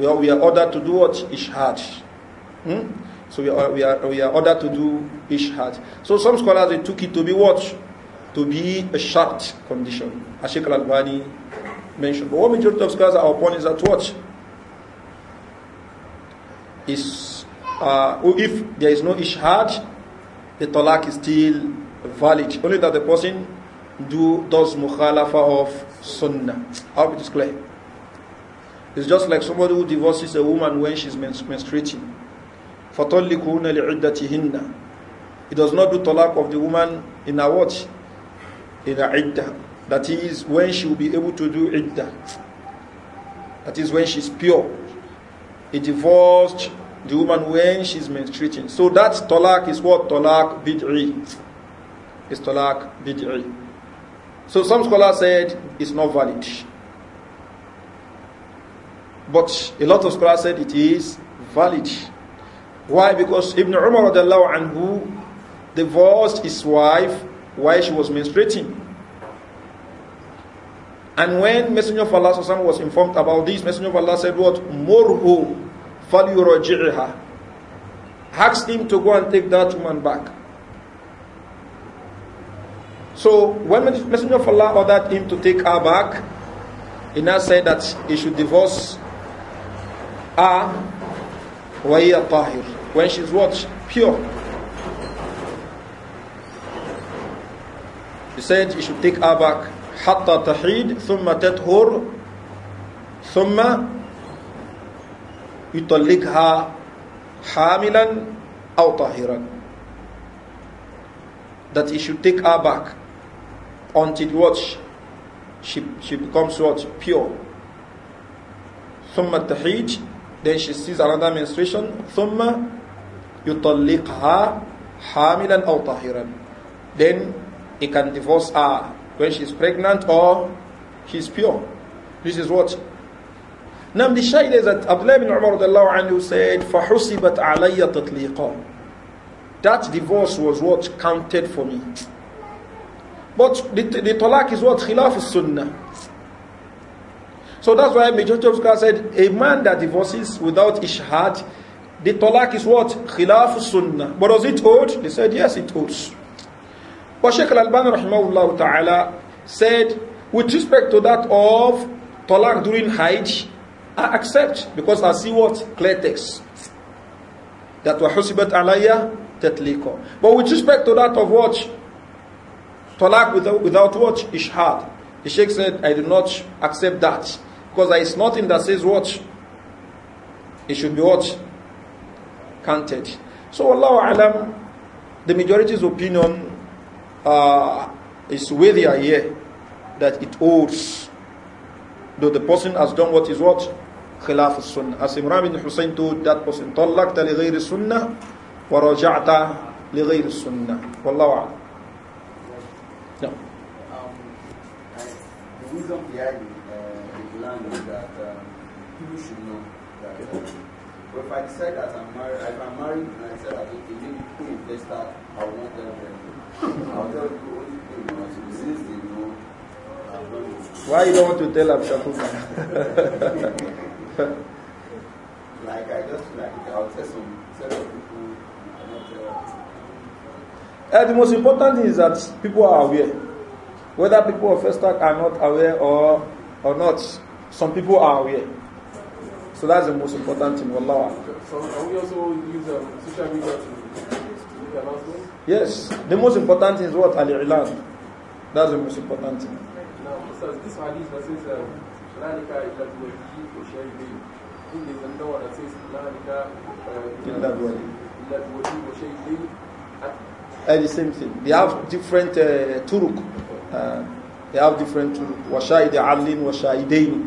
we are, we are ordered to do what? Ishhad. Hmm? So we are, we, are, we are ordered to do Ishhad. So some scholars they took it to be what? To be a shart condition, as Sheikh Al-Albani mentioned. But what majority of scholars are upon is that what? Is, uh, oh, if there is no Ishhad, the talak is still valid. Only that the person do does mukhalafa of sunnah. I hope it is clear. It's just like somebody who divorces a woman when she's menstruating. فَطَلِّكُهُنَّ لِعِدَّتِهِنَّ It does not do talaq of the woman in a what? In a idda. That is when she will be able to do idda. That is when she's pure. He divorced the woman when she's menstruating. So that talaq is what talaq bid'i. It's talaq bid'i. So some scholars said it's not valid. But a lot of scholars said it is valid. Why? Because Ibn Umar anhu divorced his wife while she was menstruating. And when Messenger of Allah was informed about this, Messenger of Allah said, What? Morhu falyuraji'ha. Asked him to go and take that woman back. So when Messenger of Allah ordered him to take her back, he now said that he should divorce are وهي طاهر when she is what? Pure. He said you should take her back حتى تحيد ثم تطهر ثم يطلقها حاملا أو طاهرا that he should take her back until what she, she becomes what pure ثم التحيج Then she sees another menstruation. ثُمَّ يُطَلِّقْهَا حَامِلًا أَوْ طَاهِرًا Then he can divorce her when she's pregnant or she's pure. This is what? Now the shade is that Abdullah ibn Umar anhu said, فَحُسِبَتْ عَلَيَّ تَطْلِيقًا That divorce was what counted for me. But the, the talaq is what? خلاف السنة. So that's why majority of scholars said a man that divorces without ishhad, the talak is what? Khilaf sunnah. But does it hold? They said yes, it holds. But Sheikh Al-Albani rahimahullah ta'ala said with respect to that of talak during Hajj, I accept because I see what? Clear text. That husibat عَلَيَّ تَتْلِيقًا But with respect to that of what? Talak without, without what? Ishhad. The Sheikh said, I do not accept that. Because there is nothing that says what? It should be what? Counted. So Allah Alam, the majority's opinion uh, is worthier here that it holds. Though the person has done what is what? khilaf السنة as Imran bin Hussein told that person طلقت لغير السنة ورجعت لغير السنة والله أعلم no. um, the wisdom behind it that um, people should know that. Um, but if I decide that I'm married, if I'm married and I decide that okay, maybe co-investor, I will not tell them. I'll tell you only people they know, Why you don't want to tell Abshafuka? like I just like I'll tell some several people. Uh, the most important thing is that people are aware. Whether people of first are not aware or, or not, some people are aware. So that's the most important thing. Wallah. So are we also use um, social media to announcement? Yes. The most important thing is what? Al-Ilan. That's the most important thing. Now, so this hadith that says, Lalika um, illa duwadi wa shaydi. In that says, Lalika uh, illa duwadi. Illa duwadi wa Uh, the same thing. They have different uh, turuk. Uh, they have different turuk. Washaid alin, washaidain.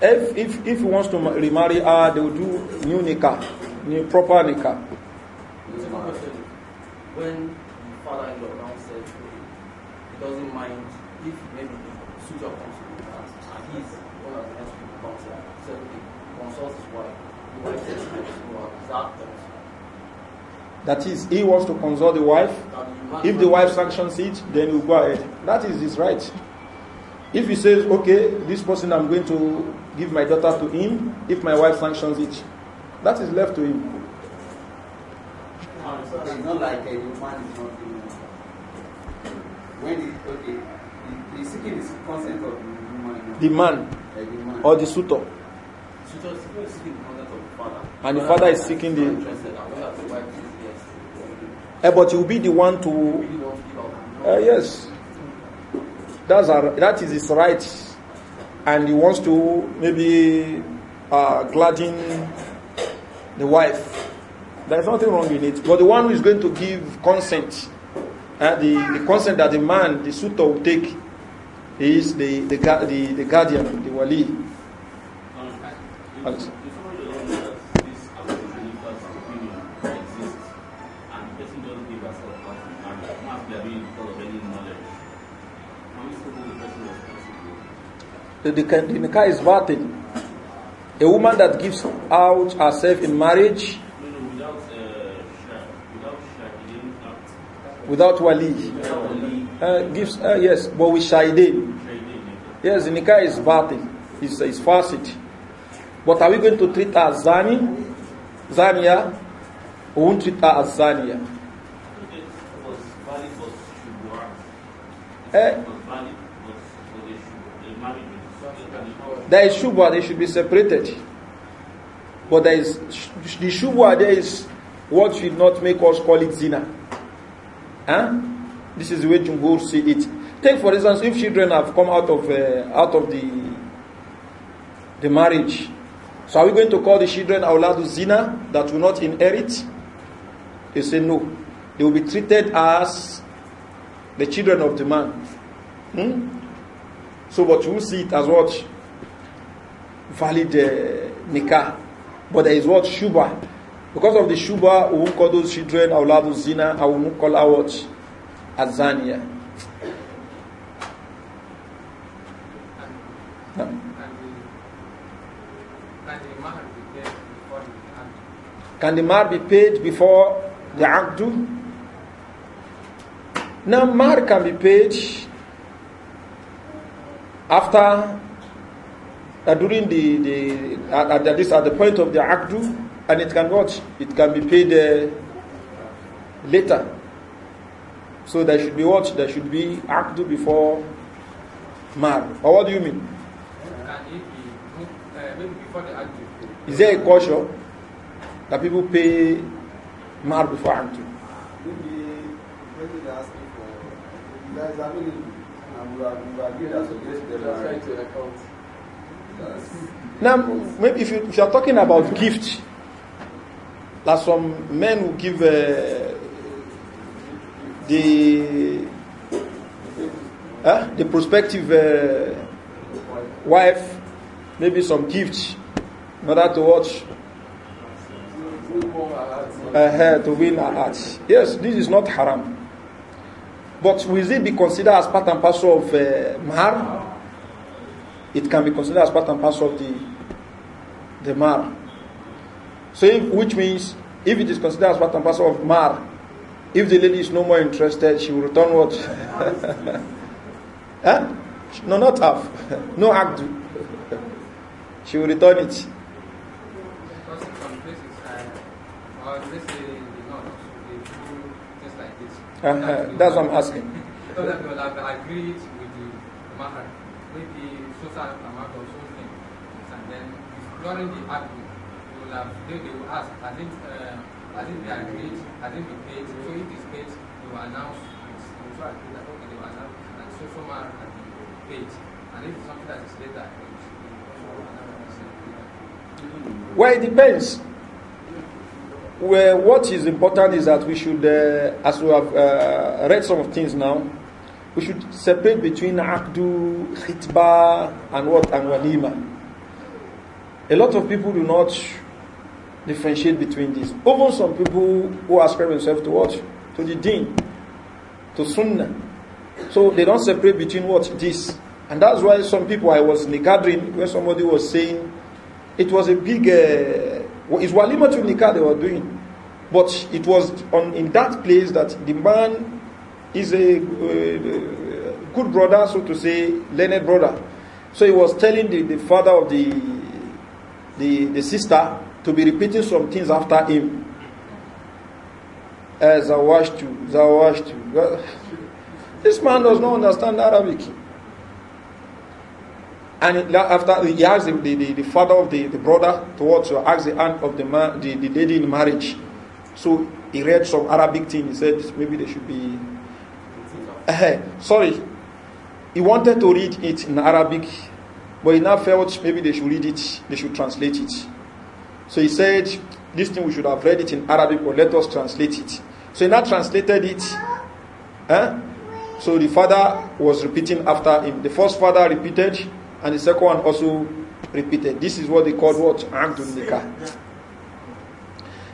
If, if, if he wants to remarry her, they will do new nikah, new proper nikah. When father-in-law now said he doesn't mind if maybe suitor comes to the house and he's one of the next people comes here, so he consults his wife. The wife says he that that is, he wants to consult the wife. If the wife sanctions it, then he'll go ahead. That is his right. If he says, okay, this person I'm going to give my daughter to him if my wife sanctions it. That is left to him. Ah, so it's not like a human is not human. When it, okay, he's seeking the consent of the human. The man, the man. or the suitor. suitor is seeking the consent of the father. And the father is seeking the. Uh, but you'll be the one to. Uh, yes. That's our, that is his right and he wants to maybe uh, gladden the wife. There is nothing wrong in it. But the one who is going to give consent, uh, the, the consent that the man, the suitor, will take is the, the, the, the guardian, the wali. Okay. The, the, the nikah is batil. A woman that gives out herself in marriage no, no, without, uh, without, without wali, without wali. Uh, gives uh, yes, but with shaidin. Yes, the nikah is batil. It's, it's facet. But are we going to treat her as zani, zania, or won't treat her as zania? Uh, eh? There is shubha, they should be separated. But there is the shubha there is what should not make us call it zina. Huh? This is the way Jumhur see it. Take for instance, if children have come out of uh, out of the the marriage, so are we going to call the children awladu zina that will not inherit? They say no. They will be treated as the children of the man. Hmm? So, but you will see it as what valid uh, nikah. But there is what? Shubha. Because of the Shubha, we won't call those children Awladu Zina, I won't call our what? Azania. Can the mar be paid before the akdu? Now, mar can be paid after uh, during the, the at, at, this, at the point of the akdu, and it can what? It can be paid uh, later. So there should be what? There should be akdu before mar. Or what do you mean? Is there a caution that people pay mar before akdu? Maybe when they ask for, guys, I mean, I'm, I'm, I'm, I'm, I'm, I'm, now, maybe if you, if you are talking about gift, like some men will give uh, the uh, the prospective uh, wife maybe some gift in order to watch uh, to win her heart. Yes, this is not haram. But will it be considered as part and parcel of uh, mahar? it can be considered as part and parcel of the the mar. So, if, which means if it is considered as part and parcel of mar, if the lady is no more interested, she will return what? huh? No, not half. no act. she will return it. Uh -huh. That's what I'm asking. I that agreed with the mahar, maybe and then exploring the argument, you will have, they, they will ask, has it, uh, has it been agreed, has it been paid? So if it's paid, you will announce it. that, okay, they will announce so so much has been paid. And if it's something that is later, well, it depends. Well, what is important is that we should, uh, as we have uh, read some things now, we should separate between Akdu, Khitba, and what? And Walima. A lot of people do not differentiate between these. Even some people who ascribe themselves to what? To the deen, to Sunnah. So they don't separate between what? This. And that's why some people, I was in the gathering where somebody was saying it was a big, uh, it's Walima to Nikah they were doing. But it was on, in that place that the man is a good brother, so to say, learned brother. So he was telling the, the father of the, the, the sister to be repeating some things after him. As I watched you, as I watched you. This man does not understand Arabic. And after he asked the, the, the father of the, the brother towards to ask the aunt of the, man, the, the lady in marriage. So he read some Arabic thing. He said maybe they should be uh, sorry, he wanted to read it in Arabic, but he now felt maybe they should read it, they should translate it. So he said, This thing we should have read it in Arabic, but let us translate it. So he now translated it. Huh? Eh? So the father was repeating after him. The first father repeated, and the second one also repeated. This is what they called what? Akdun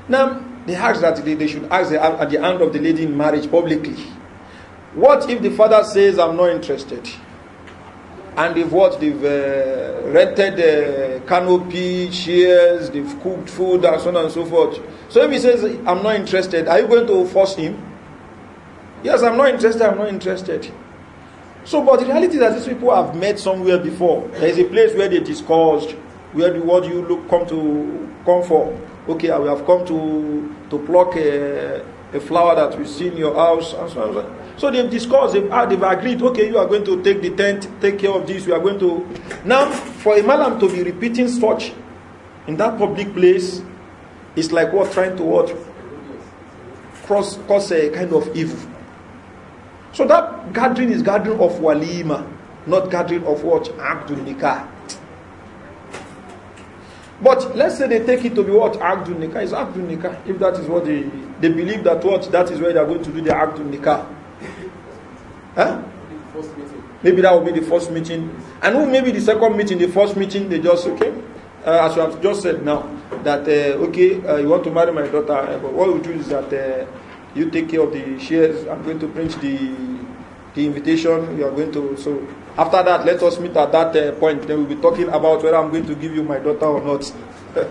Now, they asked that they, they should ask the, at the hand of the lady in marriage publicly. What if the father says, I'm not interested? And they've what? They've uh, rented the uh, canopy, chairs, they've cooked food, and so on and so forth. So if he says, I'm not interested, are you going to force him? Yes, I'm not interested, I'm not interested. So, but the reality is that these people have met somewhere before. There is a place where they discussed, where the word you look come to come for. Okay, I have come to to pluck a, a flower that we see in your house, and so on. So they've discussed, they've, ah, they've agreed, okay, you are going to take the tent, take care of this, We are going to. Now, for a malam to be repeating such in that public place It's like what trying to what? Cross, cause a kind of evil. So that gathering is gathering of walima, not gathering of what? Abdul Nikah. But let's say they take it to be what? Abdul Nikah. is Abdul Nikah. If that is what they, they believe that what? That is where they are going to do the Abdul Nikah. Huh? Maybe that will be the first meeting. And who maybe the second meeting, the first meeting, they just, okay, uh, as you have just said now, that, uh, okay, uh, you want to marry my daughter, uh, but what we do is that uh, you take care of the shares, I'm going to print the, the invitation, you are going to, so after that, let us meet at that uh, point, then we'll be talking about whether I'm going to give you my daughter or not.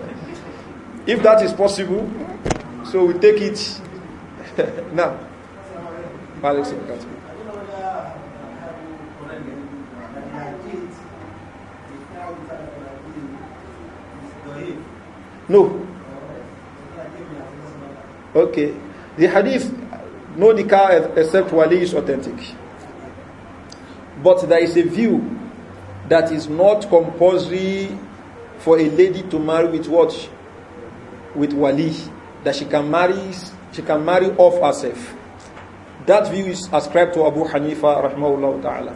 if that is possible, so we take it now. Alex No. Okay. The hadith, no nikah except wali is authentic. But there is a view that is not compulsory for a lady to marry with what? With wali. That she can marry, she can marry off herself. That view is ascribed to Abu Hanifa rahmahullah ta'ala.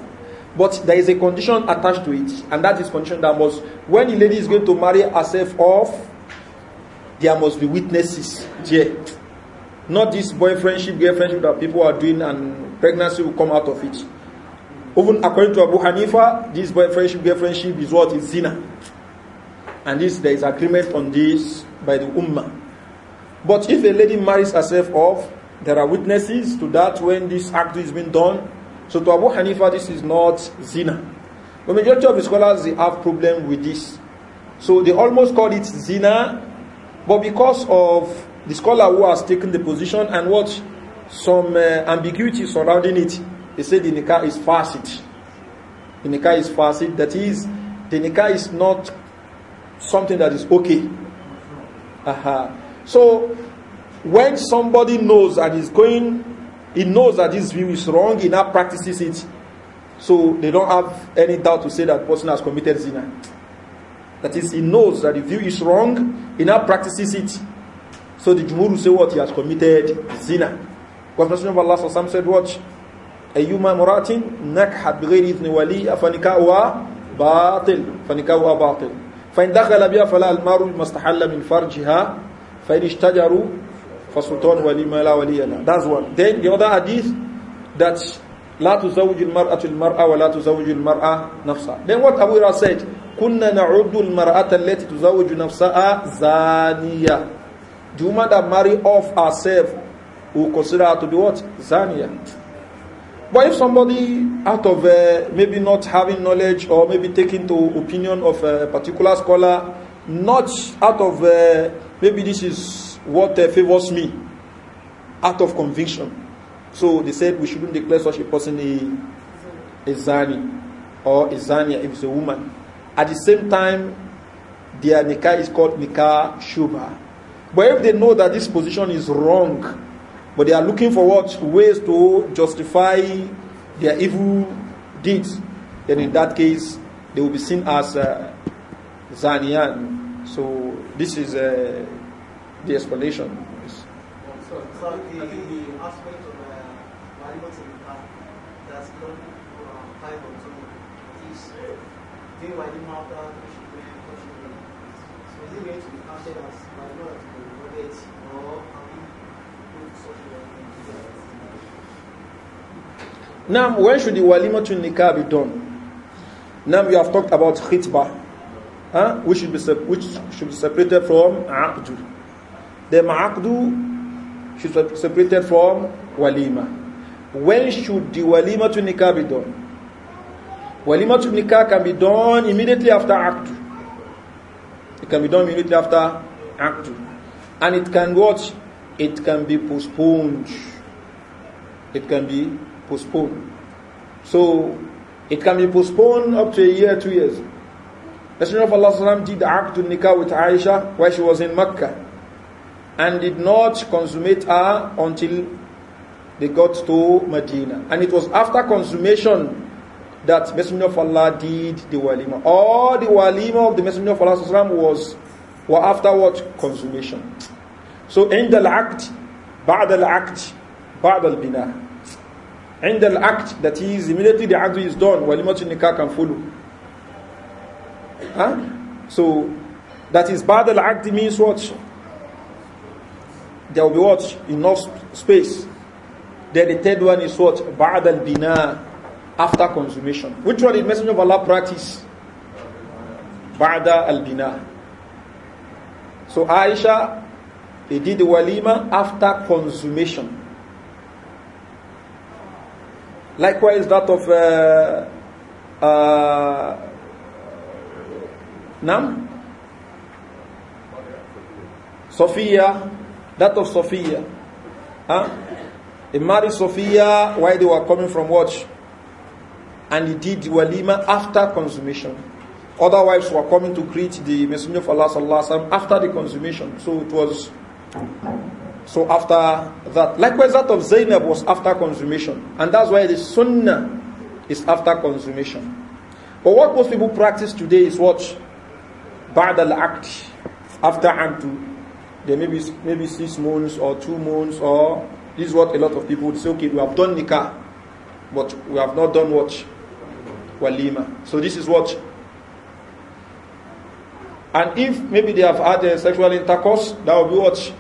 But there is a condition attached to it, and that is condition that must, when the lady is going to marry herself off, there must be witnesses there. Not this boyfriendship, girlfriendship that people are doing and pregnancy will come out of it. Even according to Abu Hanifa, this boyfriendship, girlfriendship is what is zina. And this there is agreement on this by the Ummah. But if a lady marries herself off, there are witnesses to that when this act is being done. So to Abu Hanifa, this is not zina. The majority of the scholars they have problem with this. So they almost call it zina But because of the scholar who has taken the position and what some uh, ambiguity surrounding it, they said the nikah is facet. The nikah is facet. That is, the nikah is not something that is okay. Uh-huh. So, when somebody knows and is going, he knows that this view is wrong, he now practices it. So, they don't have any doubt to say that person has committed zina. That is, he knows that the view is wrong, he now practices it. So the Jumhur say what? He has committed zina. Because Messenger of Allah Sassam said what? أيما مرات نكحت بغير إذن ولي فنكاؤها باطل فنكاؤها باطل فإن دخل بها فلا المار ما استحل من فرجها فإن اشتجروا فسلطان ولي ما لا la له That's one. Then the other hadith that لا تزوج المرأة المرأة ولا تزوج المرأة نفسها then what Abu Hurairah said كنا نعد المرأة التي تزوج نفسها زانية the woman that marry off herself will consider her to be what? زانية. But if somebody out of uh, maybe not having knowledge or maybe taking to opinion of a particular scholar, not out of uh, maybe this is what uh, favors me, out of conviction, So they said we shouldn't declare such a person a, a Zani or a Zania if it's a woman. At the same time, their Nikah is called Nikah Shuba. But if they know that this position is wrong, but they are looking for what ways to justify their evil deeds, then in that case, they will be seen as uh, Zanian. So this is uh, the explanation. So, so the, the aspect of that's the um, uh, So is it going to be counted as by law to be rewarded or are we going to now, when should the walima to nikah be done? Now we have talked about khitbah, huh? which, should be which should be separated from aqdu. The ma'aqdu should be separated from walima when should the walima to nikah be done? Walima to nikah can be done immediately after akdu. It can be done immediately after akdu. And it can what? It can be postponed. It can be postponed. So it can be postponed up to a year, two years. Messenger of Allah did akdu nikah with Aisha while she was in Mecca and did not consummate her until they got to Medina. And it was after consummation that Messenger of Allah did the walima. All the walima of the Messenger of Allah was were after what? Consummation. So عند العقد بعد العقد بعد البناء عند العقد that is immediately the عقد is done to nikah can follow. Huh? So that is بعد العقد means what? There will be what? Enough space then the third one is what? Ba'ad al-bina, after consummation. Which one did Messenger of Allah practice? Ba'da al-bina. So Aisha, they did the walima after consummation. Likewise that of uh, uh, Nam? Sophia, that of Sophia. Huh? He married Sophia while they were coming from watch. And he did the walima after consummation. Other wives were coming to greet the Messenger of Allah sallallahu after the consummation. So it was so after that. Likewise, that of Zainab was after consummation. And that's why the sunnah is after consummation. But what most people practice today is what? Ba'd al After antu. There may be, maybe six months or two months or this is what a lot of people would say, okay, we have done nikah, but we have not done what? Walima. So this is what. And if maybe they have had a sexual intercourse, that will be what?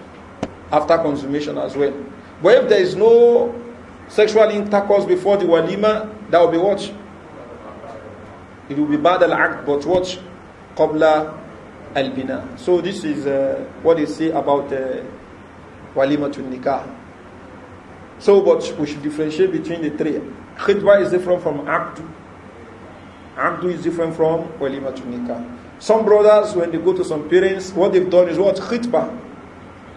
After consummation as well. But if there is no sexual intercourse before the walima, that will be what? It will be bad al act, but what? Qabla al bina. So this is uh, what they say about uh, walima to nikah. So, but we should differentiate between the three. Khidwa is different from Abdu. Abdu is different from Walima Tunika. Some brothers, when they go to some parents, what they've done is what? Khitbah.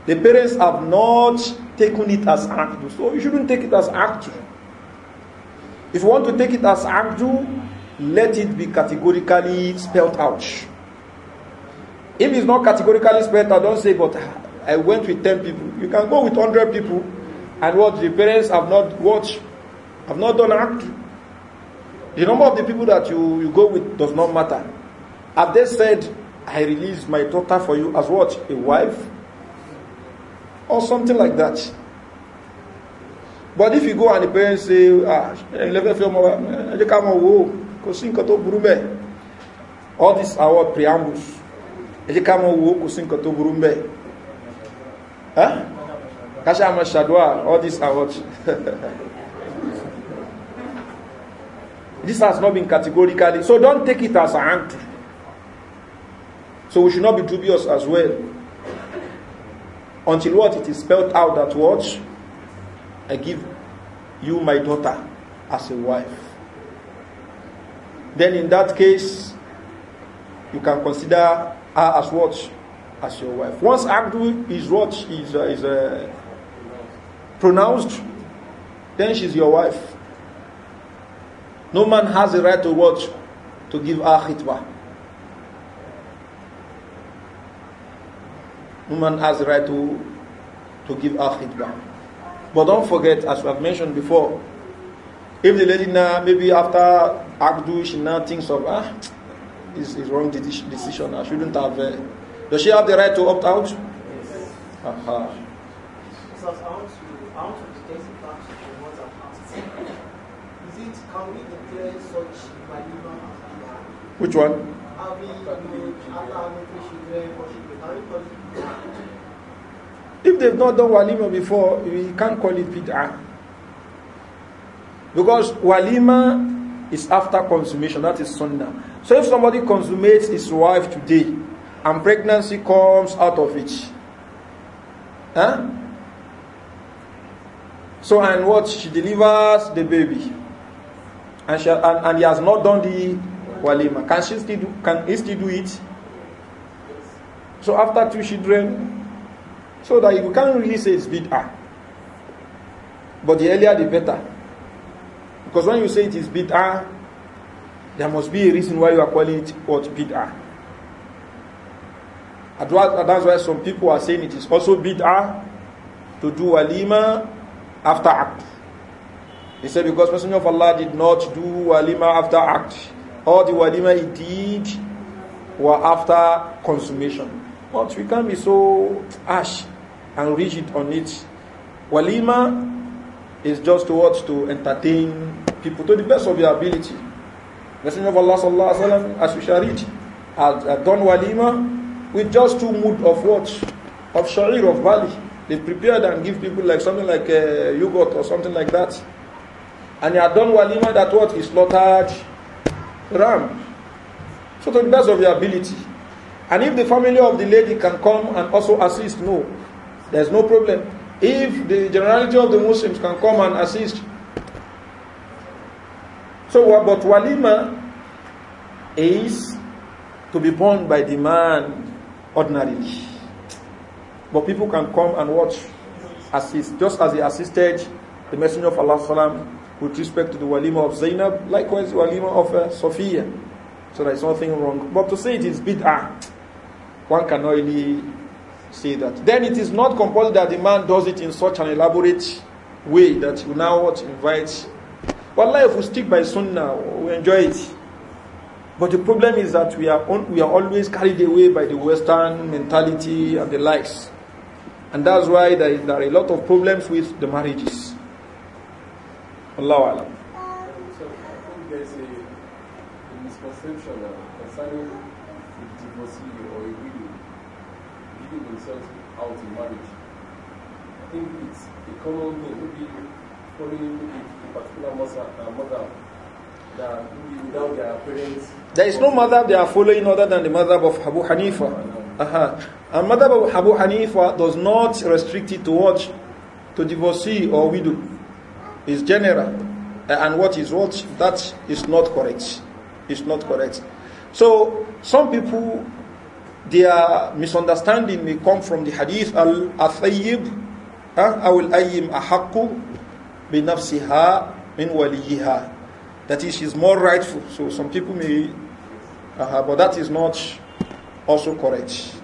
The parents have not taken it as Abdu. So, you shouldn't take it as Abdu. If you want to take it as Abdu, let it be categorically spelled out. If it's not categorically spelled out, don't say, but I went with 10 people. You can go with 100 people and what the parents have not watched, have not done act. The number of the people that you, you go with does not matter. Have they said, I release my daughter for you as what? A wife? Or something like that. But if you go and the parents say, ah, come all these are our preambles. come Huh? Kasha Mashadwa, all this are this has not been categorically. So don't take it as an act. So we should not be dubious as well. Until what? It is spelled out that what? I give you my daughter as a wife. Then in that case, you can consider her as what? As your wife. Once Abdul is what? Is, uh, is uh, pronounced, then she's your wife. No man has the right to watch to give her khitbah. No man has the right to, to give her khitbah. But don't forget, as we have mentioned before, if the lady now, maybe after Akdu, she now thinks of, ah, this is wrong decision, I shouldn't have. Uh, does she have the right to opt out? Yes. Uh -huh. I want to return back to the ones I've Is it, can we declare such Malima as Allah? Which one? Uh, if they've not done walima before, we can't call it bid'ah. Because walima is after consummation, that is sunnah. So if somebody consummates his wife today and pregnancy comes out of it, huh? So, and what? She delivers the baby. And, she, and, and he has not done the walima. Can she still do, can he still do it? So after two children, so that you can't really say it's bid'ah. But the earlier the better. Because when you say it is bid'ah, there must be a reason why you are calling it what bid'ah. That's why some people are saying it is also bid'ah to do walima after act. He said, because Messenger of Allah did not do walima after act. All the walima he did were after consummation. But we can't be so ash and rigid on it. Walima is just to what? To entertain people to the best of your ability. Messenger of Allah sallallahu alaihi wasallam, as we shall read, had, done walima with just two mood of what? Of sha'ir, of valley. They prepared and give people like something like uh, yogurt or something like that. And he had done walima that what? He slaughtered ram. So to the best of your ability. And if the family of the lady can come and also assist, no. There's no problem. If the generality of the Muslims can come and assist. So what but walima is to be borne by the man ordinarily. But people can come and watch, assist, just as he assisted the Messenger of Allah salam, with respect to the walima of Zainab, likewise the walima of uh, Sophia. So there is nothing wrong. But to say it is bid'ah, one cannot really say that. Then it is not compulsory that the man does it in such an elaborate way that you now what invite. But life will stick by sunnah, we enjoy it. But the problem is that we are, on, we are always carried away by the Western mentality and the likes. And that's why there, is, there are a lot of problems with the marriages. Allah Alam. So, I think there's a misconception concerning a divorcee or a widow giving themselves out in marriage. I think it's a common thing, maybe following a particular mother uh, that without their parents. There is no mother they are following other than the mother of Abu Hanifa. Uh huh. And Madhab Abu Hanifa does not restrict it to what? To divorcee or widow. It's general. Uh, and what is what? That is not correct. It's not correct. So some people, their misunderstanding may come from the hadith al-athayyib أو الأيم أحق binafsiha min وليها that is she's more rightful so some people may uh, huh. but that is not also correct.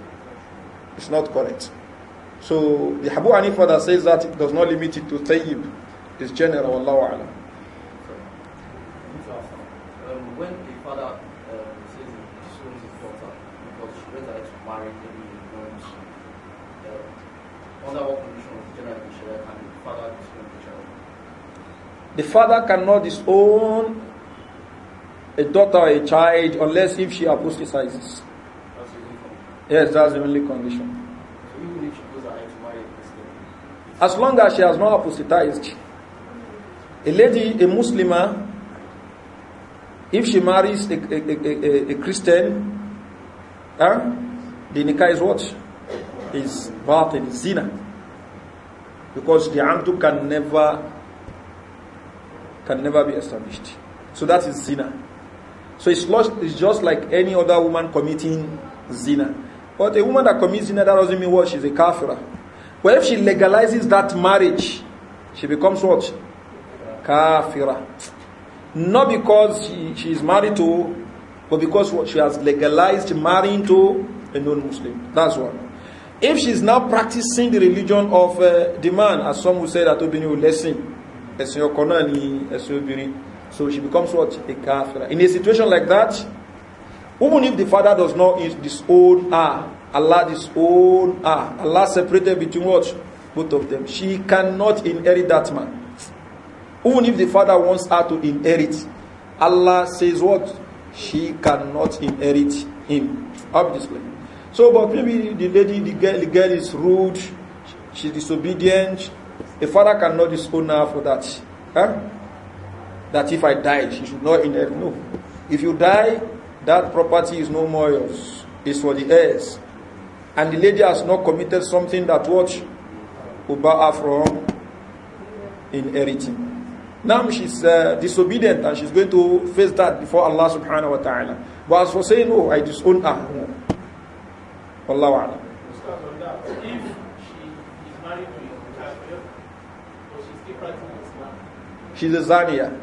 It's not correct. So the Abu Anifada that says that it does not limit it to tayyib is general, law. Sorry. Um, when the father um, his daughter because to marry uh, can disown the The father cannot disown a daughter or a child unless if she apostatizes. Yes, that's the only condition. even if she As long as she has not apostatized, a lady, a Muslimah, if she marries a, a, a, a Christian, huh, the nikah is what? Is batil, is zina. Because the amdu can never can never be established. So that is zina. So it's, lost, it's just like any other woman committing zina. But a woman that commits sin, that doesn't mean what? She's a kafira. But if she legalizes that marriage, she becomes what? Kafira. Not because she, she is married to, but because what she has legalized marrying to a non-Muslim. That's one. If she's now practicing the religion of uh, the man, as some will say that obìnrin ò lẹ́sìn, ẹ̀sìn So she becomes what? A kafira. In a situation like that, Even if the father does not disown her, ah, Allah disown her. Ah, Allah separated between what? Both of them. She cannot inherit that man. Even if the father wants her to inherit, Allah says what? She cannot inherit him. Obviously. So, but maybe the lady, the girl, the girl is rude, she's disobedient. A father cannot disown her for that. Huh? That if I die, she should not inherit. No. If you die, that property is no more yours. It's for the heirs. And the lady has not committed something that what will bar her from inheriting. Now she's uh, disobedient and she's going to face that before Allah subhanahu wa ta'ala. But as for saying, no, oh, I disown her, no. Allah. a'lam. If she is married to she's She's a Zania.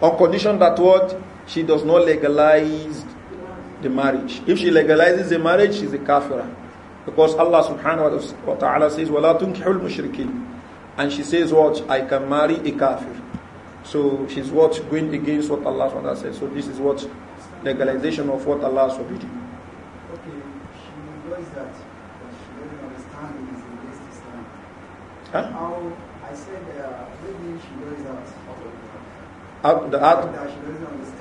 On condition that what? she does not legalize the marriage. If she legalizes the marriage, she's a kafira. Because Allah subhanahu wa ta'ala says, وَلَا تُنْكِحُ الْمُشْرِكِينَ And she says what? I can marry a kafir. So she's what? Going against what Allah subhanahu wa ta'ala says. So this is what? Legalization of what Allah has forbidden. Okay, she does that. But she doesn't understand Huh? How, I said, uh, maybe she knows that. the not understand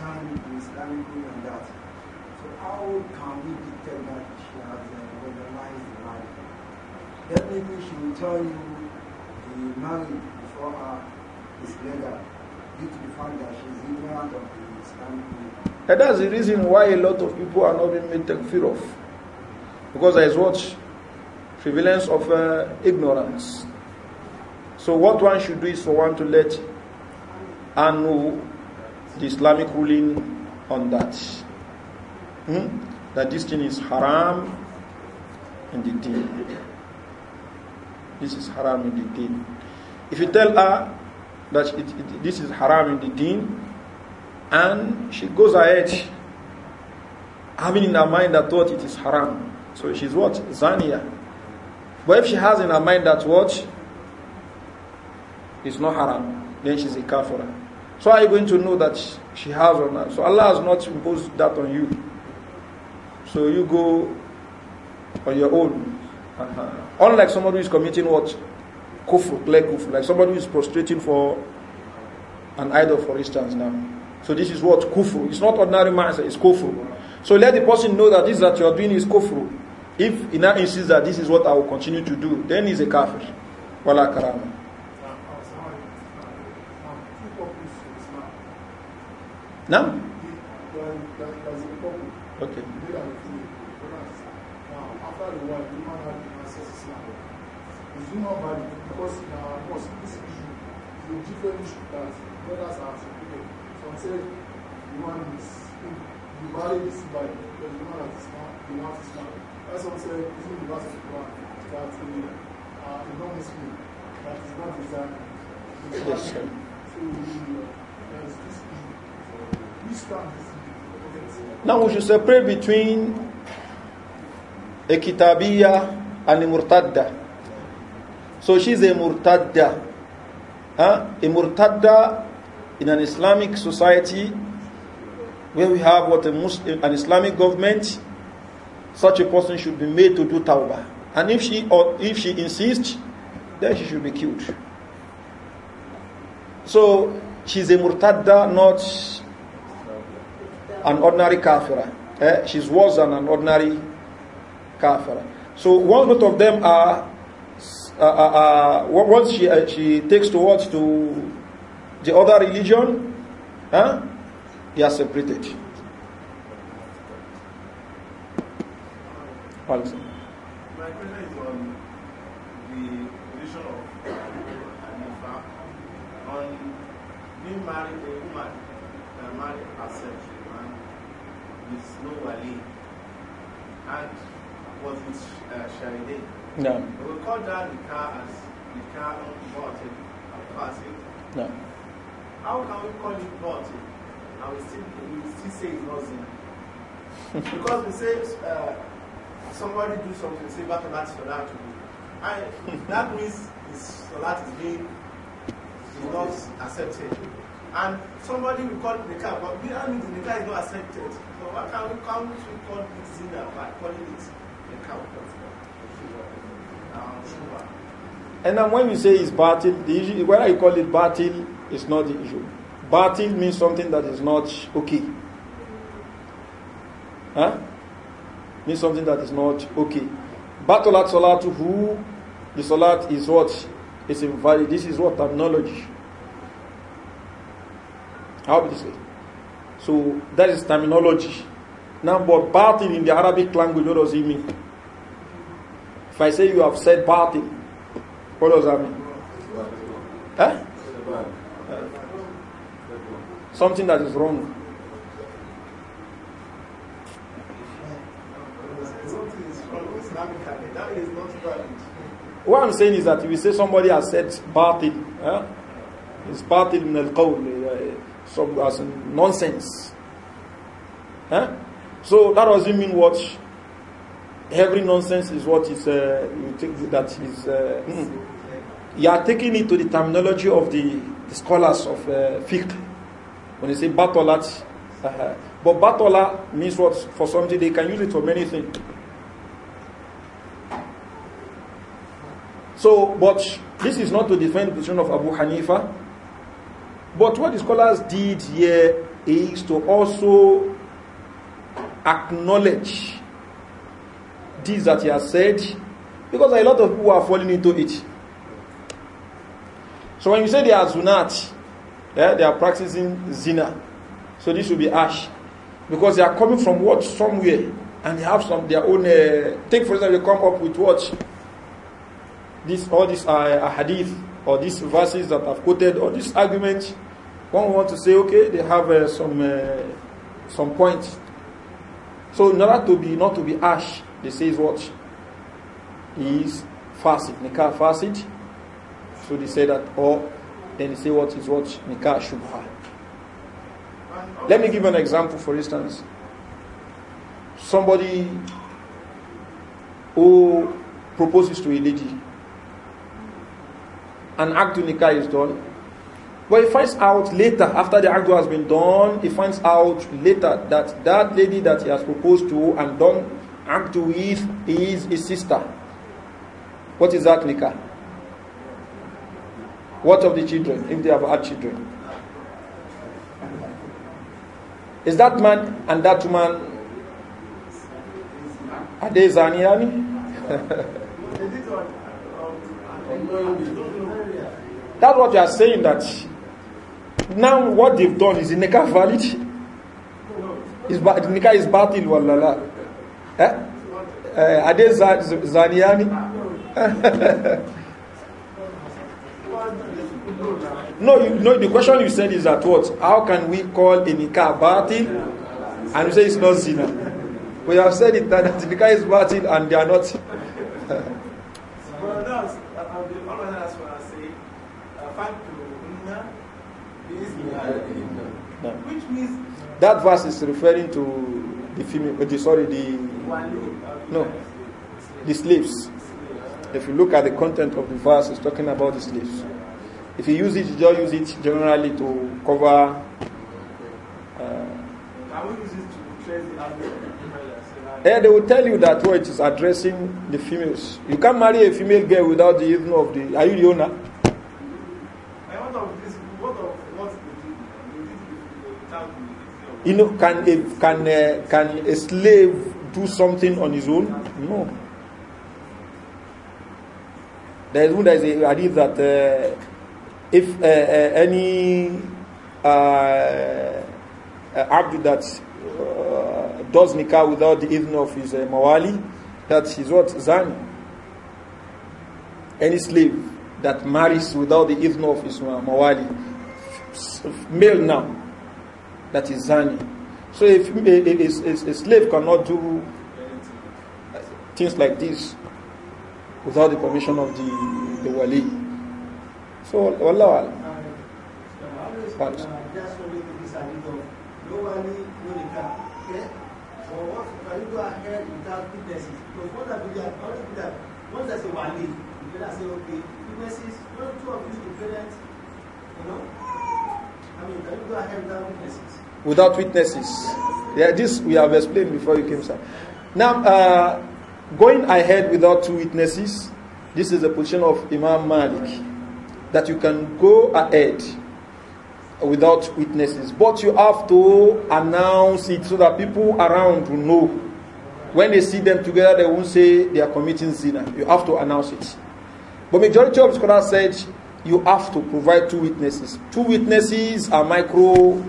how can we detect that she has uh, a weaponized life? marriage? Definitely she will tell you the marriage before her is legal due to the fact that she is ignorant of the Islamic And that's the reason why a lot of people are not being made fear of. Because there is what? Prevalence of uh, ignorance. So what one should do is for one to let and know the Islamic ruling on that hmm, that this thing is haram in the deen. This is haram in the deen. If you tell her that it, it, this is haram in the deen, and she goes ahead having in her mind that thought it is haram. So she's what? Zania. But if she has in her mind that it's not haram, then she's a kafirah. So are you going to know that she has on not? So Allah has not imposed that on you. So you go on your own. Uh-huh. Unlike somebody who is committing what? Kufr, like, kufr, like somebody who is prostrating for an idol, for instance, now. So this is what? Kufr. It's not ordinary ma'asa, it's kufr. So let the person know that this that you are doing is kufr. If he now insists that this is what I will continue to do, then he's a kafir. Wala karama. Now. Okay after the war, the human right versus Islam. The human because in uh, our mosque, this issue is a different issue that brothers are supported. Some say the one is, the value is by the human right Islam, the one is Islam. As said, it's the verse of the that uh, in the uh, is not Islam. So there is this issue. Which is Now we should separate between a Kitabiyya and Murtadda. So she's a Murtadda. Huh? A Murtadda in an Islamic society where we have what a Muslim, an Islamic government, such a person should be made to do tawbah. And if she or if she insists, then she should be killed. So she's a murtadda, not an ordinary kafira. Eh? She's worse than an ordinary kafara. So one lot of them are, uh, uh, uh, once she, she takes towards to the other religion, huh? they are separated. Palestine. My question is on the position of Hanifa on being married a woman married herself to a man no wali and wasn't uh, No. But we call that Nikah as Nikah Batin and Fasid. No. How can we call it Batin and we still, we still say it's not Zina? because we say uh, somebody do something, say back that Salah to be. And that means the Salat is being not accepted. And somebody will call it Nikah, but we are the Nikah is not accepted. So why can we, come we call it Zina by calling it and then when you say it's battle, the issue, whether you call it battle, it's not the issue. Battle means something that is not okay. Huh? Means something that is not okay. Battle at Salat, who the Salat is what? It's invalid. This is what terminology. How would you say? So that is terminology. Now, but batil in the Arabic language, what does it mean? If I say you have said batil, what does that mean? Huh? Something that is wrong. What I'm saying is that if you say somebody has said batil, huh? it's batil in al qawl, eh, eh, some as nonsense. Huh? So that doesn't mean what every nonsense is what is uh, you think that is. Uh, mm. You are taking it to the terminology of the, the scholars of uh, fiqh. When they say batolat, uh, uh-huh. but batola means what for something they can use it for many things. So, but this is not to defend the position of Abu Hanifa. But what the scholars did here is to also acknowledge this that he has said because a lot of people are falling into it. So when you say they are zunat, yeah, they are practicing zina. So this will be ash because they are coming from what somewhere and they have some their own. Uh, take for example, they come up with what this all these uh, eh, hadith or these verses that I've quoted or this argument. One want to say okay, they have uh, some uh, some points so in order to be not to be ash, they say is what is facet, nikah facet. So they say that or then they say what is what nikah shubha. Let me give an example, for instance. Somebody who proposes to a lady, an act to nikah is done, But he finds out later, after the agdo has been done, he finds out later that that lady that he has proposed to and done act with is his sister. What is that Nika? What of the children, if they have had children? Is that man and that woman are they Zaniani? That's what you are saying that Now what they've done is the nikah valid? Is ba- the nikah is batil walala. Eh? Uh, eh, are zaniani? no, you, no. The question you said is that what? How can we call a nikah batil and you say it's not zina? We have said it that the nikah is batil and they are not. No. Which means that verse is referring to the female, the, sorry, the no, the slaves. If you look at the content of the verse, it's talking about the slaves. If you use it, you just use it generally to cover. Uh, yeah, eh, they will tell you that what oh, it is addressing the females. You can't marry a female girl without the even of the. Are you the owner? You know, can a, can a, can a slave do something on his own? No. There is, there is a hadith that uh, if uh, uh, any uh, uh, abdu that uh, does nikah without the idhn of his mawali, that is what zani. Any slave that marries without the idhn of his mawali, male now, that is zani. So if a, a, a, a slave cannot do things like this without the permission of the, the wali. So Allah. Uh, uh, Once there's you can say, okay, witnesses, one or two of you to parents, you know? I mean, can you go ahead without witnesses? without witnesses. Yeah, this we have explained before you came, sir. Now, uh, going ahead without two witnesses, this is the position of Imam Malik, that you can go ahead without witnesses, but you have to announce it so that people around will know. When they see them together, they won't say they are committing zina. You have to announce it. But majority of scholars said you have to provide two witnesses. Two witnesses are micro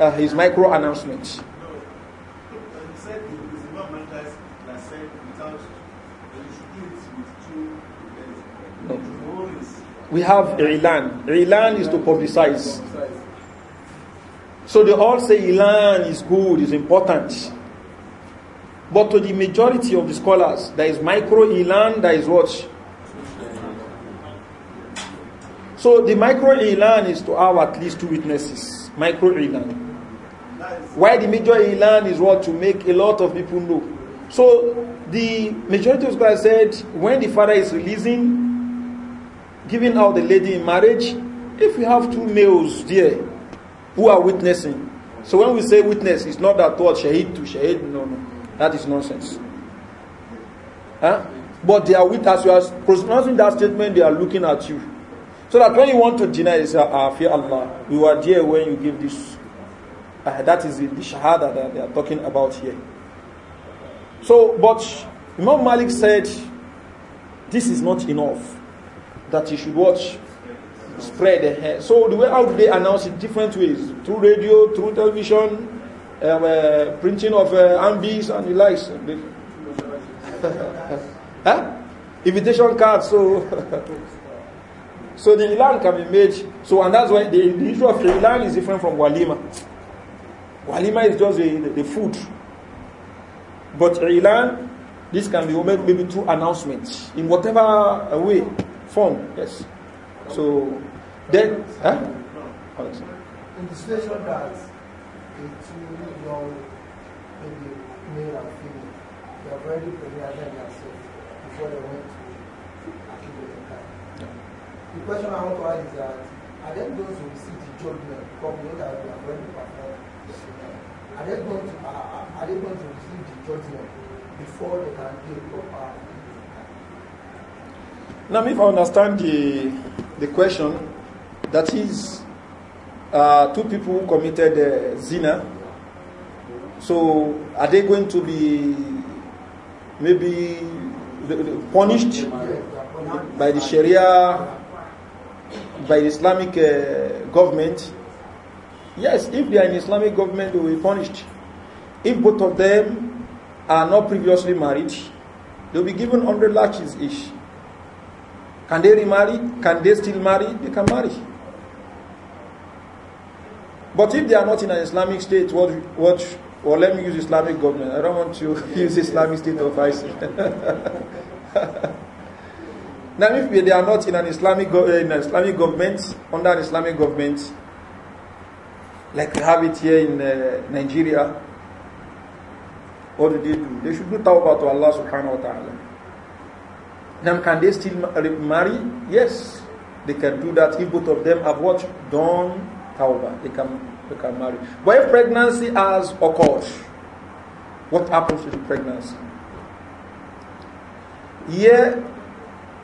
uh, his micro announcements. No. We have Ilan. Ilan is to publicize. So they all say Ilan is good, is important. But to the majority of the scholars, there is micro Ilan, there is what? So the micro Ilan is to have at least two witnesses. Micro Ilan. Why the major ilan is what to make a lot of people know. So the majority of scholars said when the father is releasing, giving out the lady in marriage, if we have two males there who are witnessing, so when we say witness, it's not that word shahid to shahid, no, no, that is nonsense. Huh? But they are with us, you are pronouncing that statement, they are looking at you. So that when you want to deny, they say, ah, fear Allah, we were there when you gave this uh, that is the, the shahada that they are talking about here. So, but Imam Malik said, this is not enough. That you should watch, spread the hair. So the way how they announce it different ways, through radio, through television, um, uh, printing of uh, and the likes. huh? Invitation cards. So, so the Ilan can be made. So and that's why the, the issue of Ilan is different from Walima. Walima is just the, the, the food. But Ilan, this can be made maybe through announcements in whatever uh, way, form, yes. So then, huh? In the situation that the two young, maybe male and female, they have already prepared themselves before they went to Akibeteka. Yeah. The question I want to ask is that are then those who receive the judgment come know that have already performed? Are they going to, are they going to receive the judgment before they can pay proper? Now, if I understand the, the question, that is, uh, two people who committed uh, zina. So, are they going to be maybe punished by the Sharia, by the Islamic uh, government? Yes, if they are in Islamic government, they will be punished. If both of them are not previously married, they'll be given 100 lashes each. Can they remarry? Can they still marry? They can marry. But if they are not in an Islamic state, what, what, or let me use Islamic government. I don't want to use Islamic state of ISIS. now, if they are not in an Islamic, in an Islamic government, under an Islamic government, like we have it here in uh, Nigeria. What do they do? They should do tawbah to Allah subhanahu wa ta'ala. Now, can they still marry? Yes, they can do that if both of them have what? Done tawbah. They can, they can marry. But if pregnancy has occurred, what happens to the pregnancy? Here,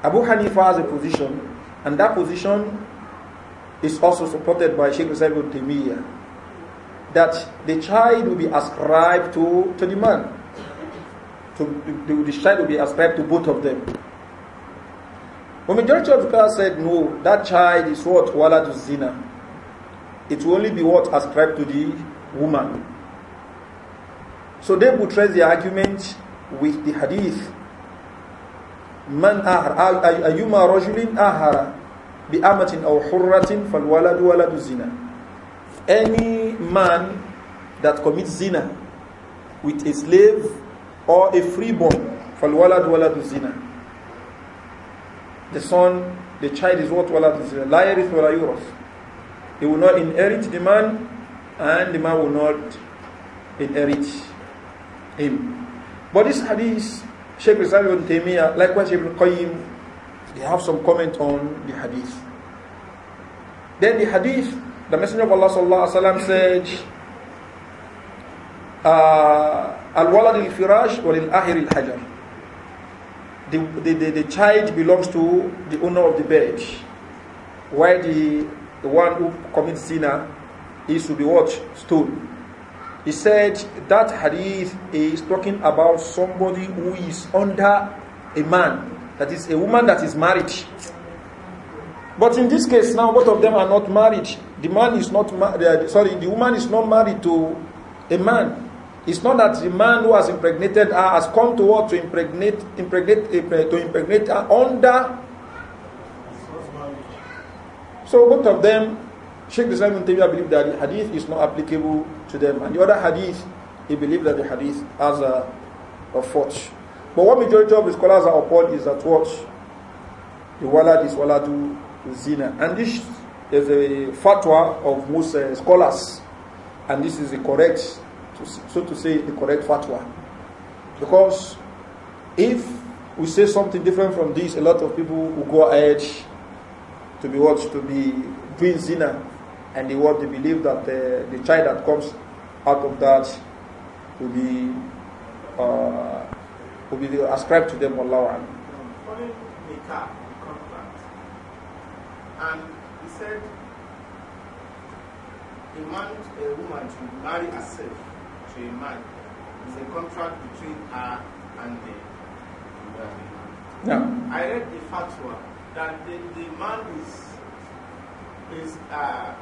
Abu Hanifa has a position, and that position is also supported by Sheikh Sayyid Taymiyyah that the child will be ascribed to, to the man. To, the, the child will be ascribed to both of them. The majority of the class said, no, that child is what? Walad zina. It will only be what ascribed to the woman. So they buttress the argument with the hadith. Man ahara, ayuma rajulin ahara bi amatin aw hurratin fal waladu waladu zina. Any man that commits zina with a slave or a freeborn, falwalad waladu zina. The son, the child is what waladu zina. Liar is walayuros. He will not inherit the man and the man will not inherit him. But this hadith, Sheikh Rizal ibn Taymiyyah, likewise Ibn Qayyim, they have some comment on the hadith. Then the hadith the Messenger of Allah sallallahu said, uh, "Al-walad al-firash wal-ahir al-hajar." The, child belongs to the owner of the bed, while the, the one who commits sin is to be watched." Stoned. He said that hadith is talking about somebody who is under a man, that is a woman that is married. But in this case now, both of them are not married. The man is not married. Sorry, the woman is not married to a man. It's not that the man who has impregnated her has come to her to impregnate, impregnate, eh, eh, to impregnate her under. So both of them, Sheikh Islam and Taymiyyah believe that the hadith is not applicable to them, and the other hadith, he believed that the hadith has a, a fault. But what majority of the scholars are upon is that what the walad is waladu zina. And this is a fatwa of most uh, scholars, and this is the correct, so to say, the correct fatwa. Because if we say something different from this, a lot of people will go ahead to be what to be doing zina, and they want they believe that the, uh, the child that comes out of that will be uh, will be ascribed to them Allah. Alam. And he said, a man, a woman to marry herself to a man is a contract between her and the, man. Yeah. I read the fatwa that the, the man is is uh,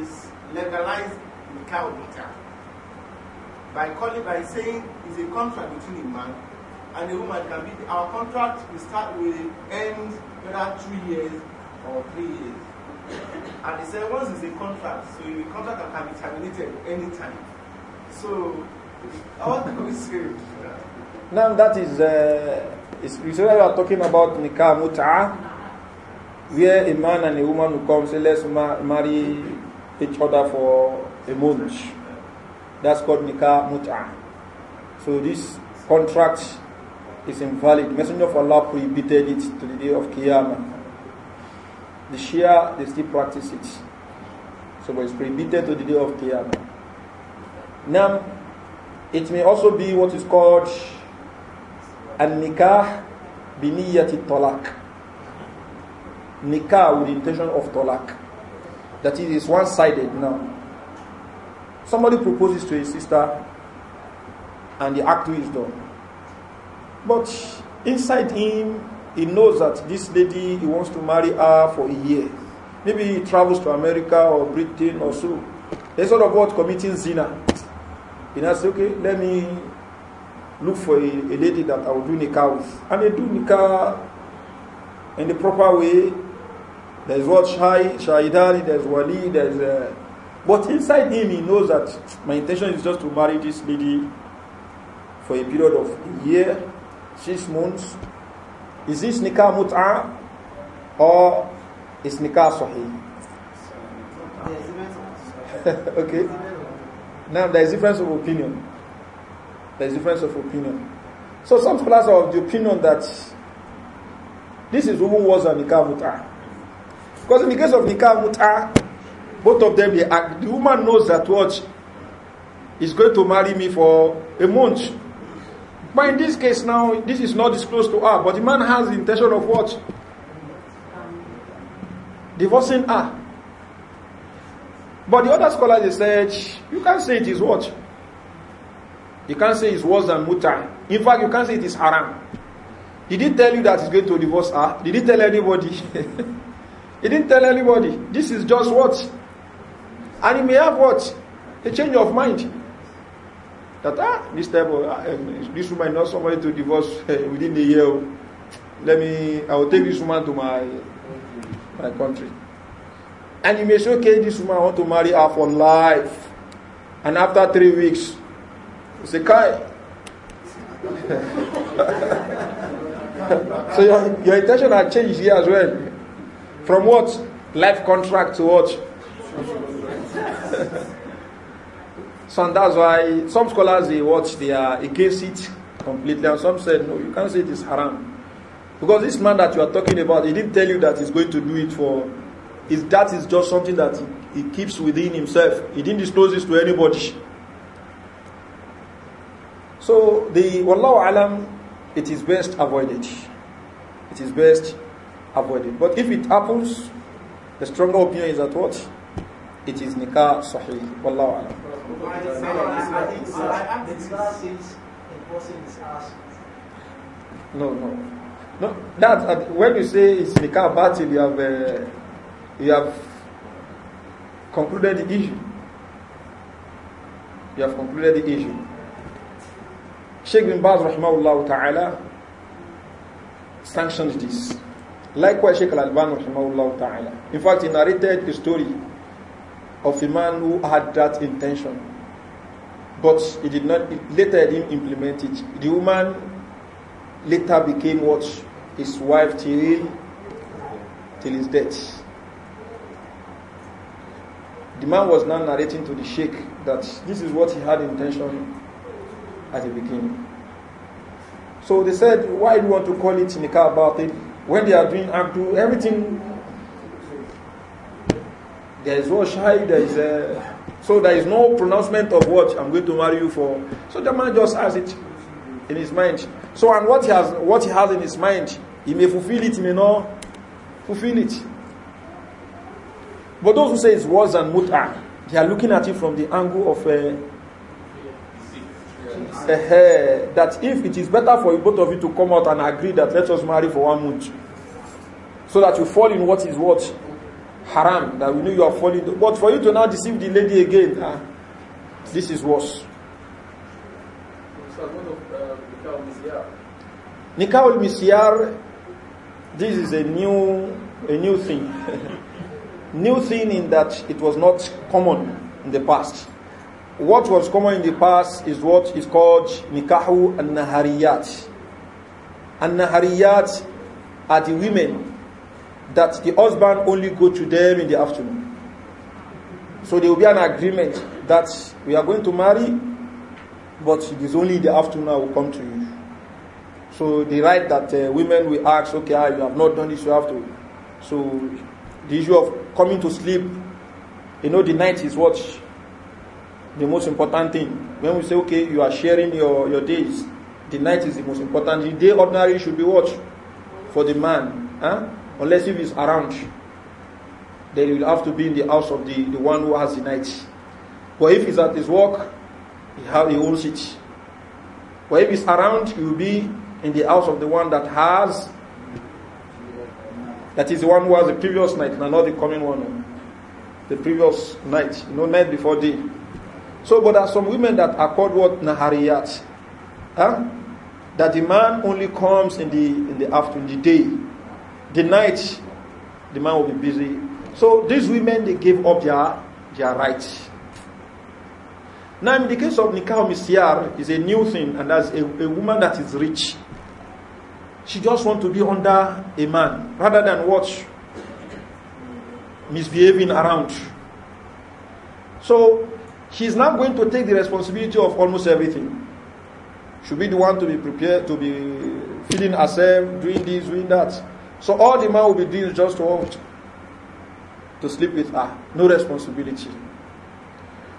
is legalized in Kaobita by calling by saying it's a contract between a man and a woman can be our contract will start with end whether two years or three years. And he said once it's a contract, so the contract can be terminated anytime. So how can we say? Now that is uh, is we are talking about nikah mut'ah, where a man and a woman will come say let's ma marry each other for a month. That's called nikah mut'a. So this contract is invalid. Messenger of Allah prohibited it to the day of Qiyamah. The Shia, they still practice it. So it's prohibited to the day of Qiyamah. Now, it may also be what is called An-Nikah biniyati talak. Nikah with the intention of talak. That is, it's one-sided now. Somebody proposes to his sister and the act is done. But inside him, he knows that this lady he wants to marry her for a year maybe he travels to america or britain or so they sort of what committing zina he now say okay let me look for a, a lady that i will do nikah with and they do nikah in the proper way There's what shai shaidani There's wali There's. uh, but inside him he knows that my intention is just to marry this lady for a period of a year six months Is this nikah mut'a or is nikah sahih? okay. Now there is difference of opinion. There is difference of opinion. So some scholars are of the opinion that this is who was a nikah mut'a. Because in the case of nikah mut'a, both of them The woman knows that what is going to marry me for a month But in this case now, this is not disclosed to her, but the man has the intention of what? Divorcing her. But the other scholars they said, you can't say it is what? You can't say it's worse than muta. In fact, you can't say it is haram. Did he tell you that he's going to divorce her? Did he tell anybody? he didn't tell anybody. This is just what? And he may have what? A change of mind. That ah, this type of uh, um, this woman not somebody to divorce eh, within the year. Oh. Let me, I will take this woman to my my country. And you may say, okay, this woman I want to marry her for life. And after three weeks, you say, Kai. so your, your intention has changed here as well. From what? Life contract to what? So and that's why some scholars they watch they are against it completely, and some said no, you can't say it is haram. Because this man that you are talking about, he didn't tell you that he's going to do it for is that is just something that he, he keeps within himself. He didn't disclose this to anybody. So the wallahu alam, it is best avoided. It is best avoided. But if it happens, the stronger opinion is that what? It is nikah sahih. Wallahu alam. I, think the No, no. No, that uh, when you say it's nikah battle, you have uh, you have concluded the issue. You have concluded the issue. Sheikh bin Baz rahimahullah ta'ala sanctioned this. Likewise, Sheikh Al-Alban rahimahullah ta'ala. In fact, he narrated the story of a man who had that intention. But he did not, later he didn't implement it. The woman later became what? His wife till, till his death. The man was now narrating to the sheikh that this is what he had intention at the beginning. So they said, why do you want to call it nikah about it when they are doing abdu, everything? There is wash shahid, there is a uh, So there is no pronouncement of what I'm going to marry you for. So the man just has it in his mind. So and what he has what he has in his mind, he may fulfill it, he may not fulfill it. But those who say it's worse than muta, they are looking at it from the angle of uh, uh, uh, that if it is better for both of you to come out and agree that let us marry for one month, so that you fall in what is what haram that we know you are falling. But for you to now deceive the lady again, ah, this is worse. Nikah al misyar, this is a new, a new thing. new thing in that it was not common in the past. What was common in the past is what is called nikahu al nahariyat. Al nahariyat are the women that the husband only go to them in the afternoon. So there will be an agreement that we are going to marry, but it is only in the afternoon I will come to you. So the right that uh, women will ask, okay, ah, you have not done this, you have to. So the issue of coming to sleep, you know, the night is what the most important thing. When we say, okay, you are sharing your, your days, the night is the most important. The day ordinary should be watched For the man. Huh? Unless if he's around, then he will have to be in the house of the, the one who has the night. But if he's at his work, he, have, he owns it. But if he's around, he will be in the house of the one that has, that is the one who has the previous night, and not the coming one. The previous night, you know, night before day. So, but there are some women that are called what nahariyat, huh? That the man only comes in the in the afternoon, the day the night, the man will be busy. So these women, they gave up their, their rights. Now, in the case of Nikau Misiar, is a new thing, and as a, a woman that is rich, she just wants to be under a man rather than watch misbehaving around. So she's now going to take the responsibility of almost everything. She'll be the one to be prepared, to be feeding herself, doing this, doing that. So all the man will be doing is just to To sleep with her. No responsibility.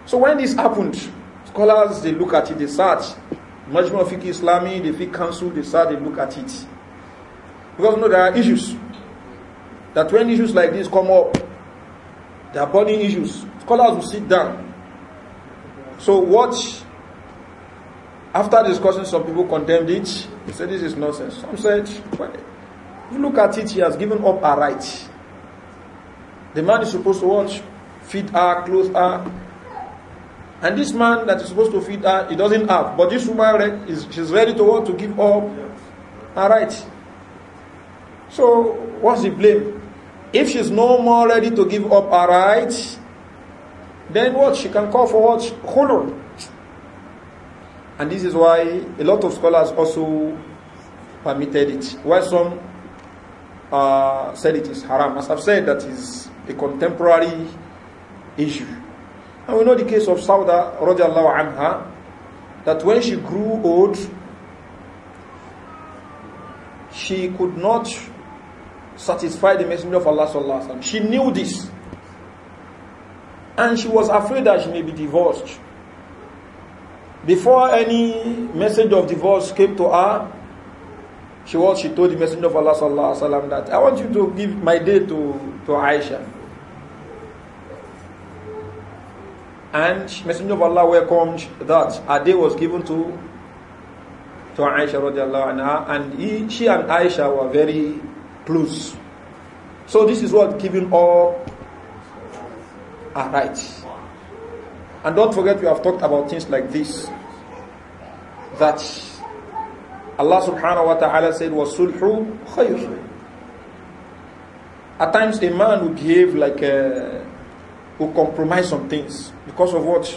So when this happened, scholars they look at it, they search. Management of Fiqh Islami, the Fiqh Council, they start, they look at it. Because you know there are issues. That when issues like this come up, there are burning issues. Scholars will sit down. So watch after discussing, some people condemned it. They said, This is nonsense. Some said, you look at it, he has given up her rights. The man is supposed to watch, feed her, clothe her. And this man that is supposed to feed her, he doesn't have. But this woman is she's ready to what to give up her rights. So what's the blame? If she's no more ready to give up her rights, then what she can call for what khulu. And this is why a lot of scholars also permitted it. Why some uh, said it is haram. As I've said, that is a contemporary issue. And we know the case of Sauda radiallahu anha, that when she grew old, she could not satisfy the messenger of Allah sallallahu alaihi wasallam. She knew this. And she was afraid that she may be divorced. Before any message of divorce came to her, she was, she told the Messenger of Allah sallallahu alaihi wasallam that I want you to give my day to, to Aisha. And Messenger of Allah welcomed that a day was given to to Aisha radiallahu anha, and he, she and Aisha were very close. So this is what giving all are right. And don't forget we have talked about things like this. That Allah subhanahu wa ta'ala said, وَصُلْحُ khayr. At times a man will behave like a, uh, will compromise some things because of what?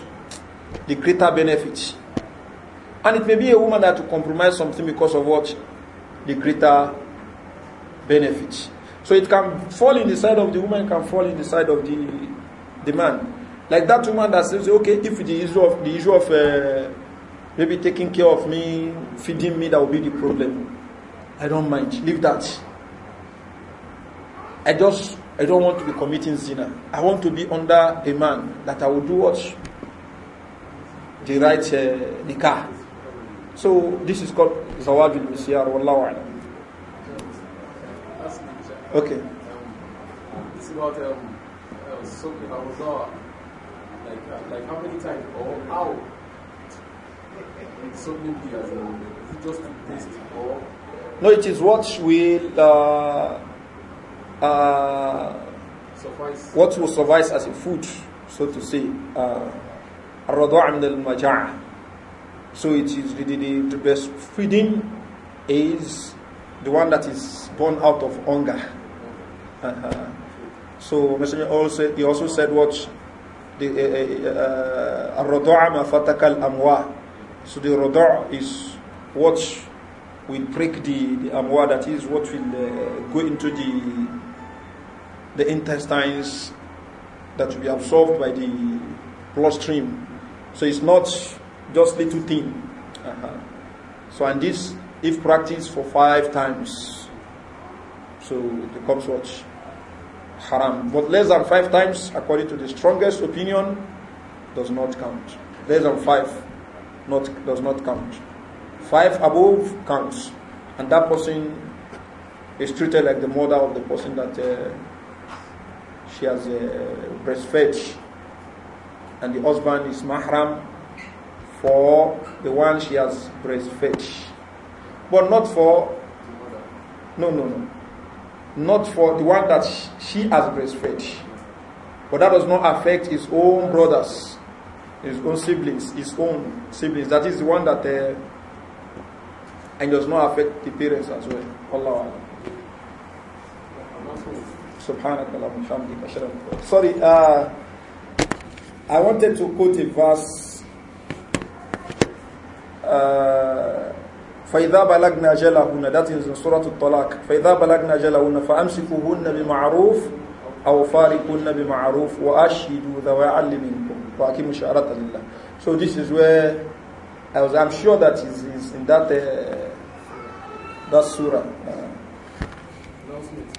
The greater benefit. And it may be a woman that will compromise something because of what? The greater benefit. So it can fall in the side of the woman, can fall in the side of the, the man. Like that woman that says, okay, if the issue of, the issue of uh, Maybe taking care of me, feeding me, that will be the problem. I don't mind. Leave that. I just I don't want to be committing sin. I want to be under a man that I will do what the right uh, nikah. So this is called zawadul misyar. Wallahu alam. Okay. it's about um, uh, soaking Like, uh, like how many times or how something he has known, just to taste or? No, it is what will uh, uh, suffice. What will suffice as a food, so to say. الرضاع al المجاعة so it is the, the, the best feeding is the one that is born out of hunger uh -huh. So Messenger also he also said what the الرضاعة ما فتك so the roda' is what will break the, the amwa, that is what will uh, go into the the intestines that will be absorbed by the bloodstream. So it's not just little thing. Uh -huh. So and this, if practiced for five times, so it becomes what haram. But less than five times, according to the strongest opinion, does not count. Less than five not, does not count. Five above counts. And that person is treated like the mother of the person that uh, she has uh, breastfed. And the husband is mahram for the one she has breastfed. But not for. No, no, no. Not for the one that she has breastfed. But that does not affect his own brothers his own siblings, his own siblings. That is the one that uh, and does not affect the parents as well. Allah Subhanakallah Sorry, uh, I wanted to quote a verse. Uh, فإذا بلغنا أجلهن that is in Surah Al-Talaq فإذا بلغنا أجلهن فأمسكوهن بمعروف أو فارقن بمعروف وأشهدوا ذوي عدل منكم وأقيموا شهادة لله. So this is where I was, I'm sure that is, is in that uh, that surah. Uh,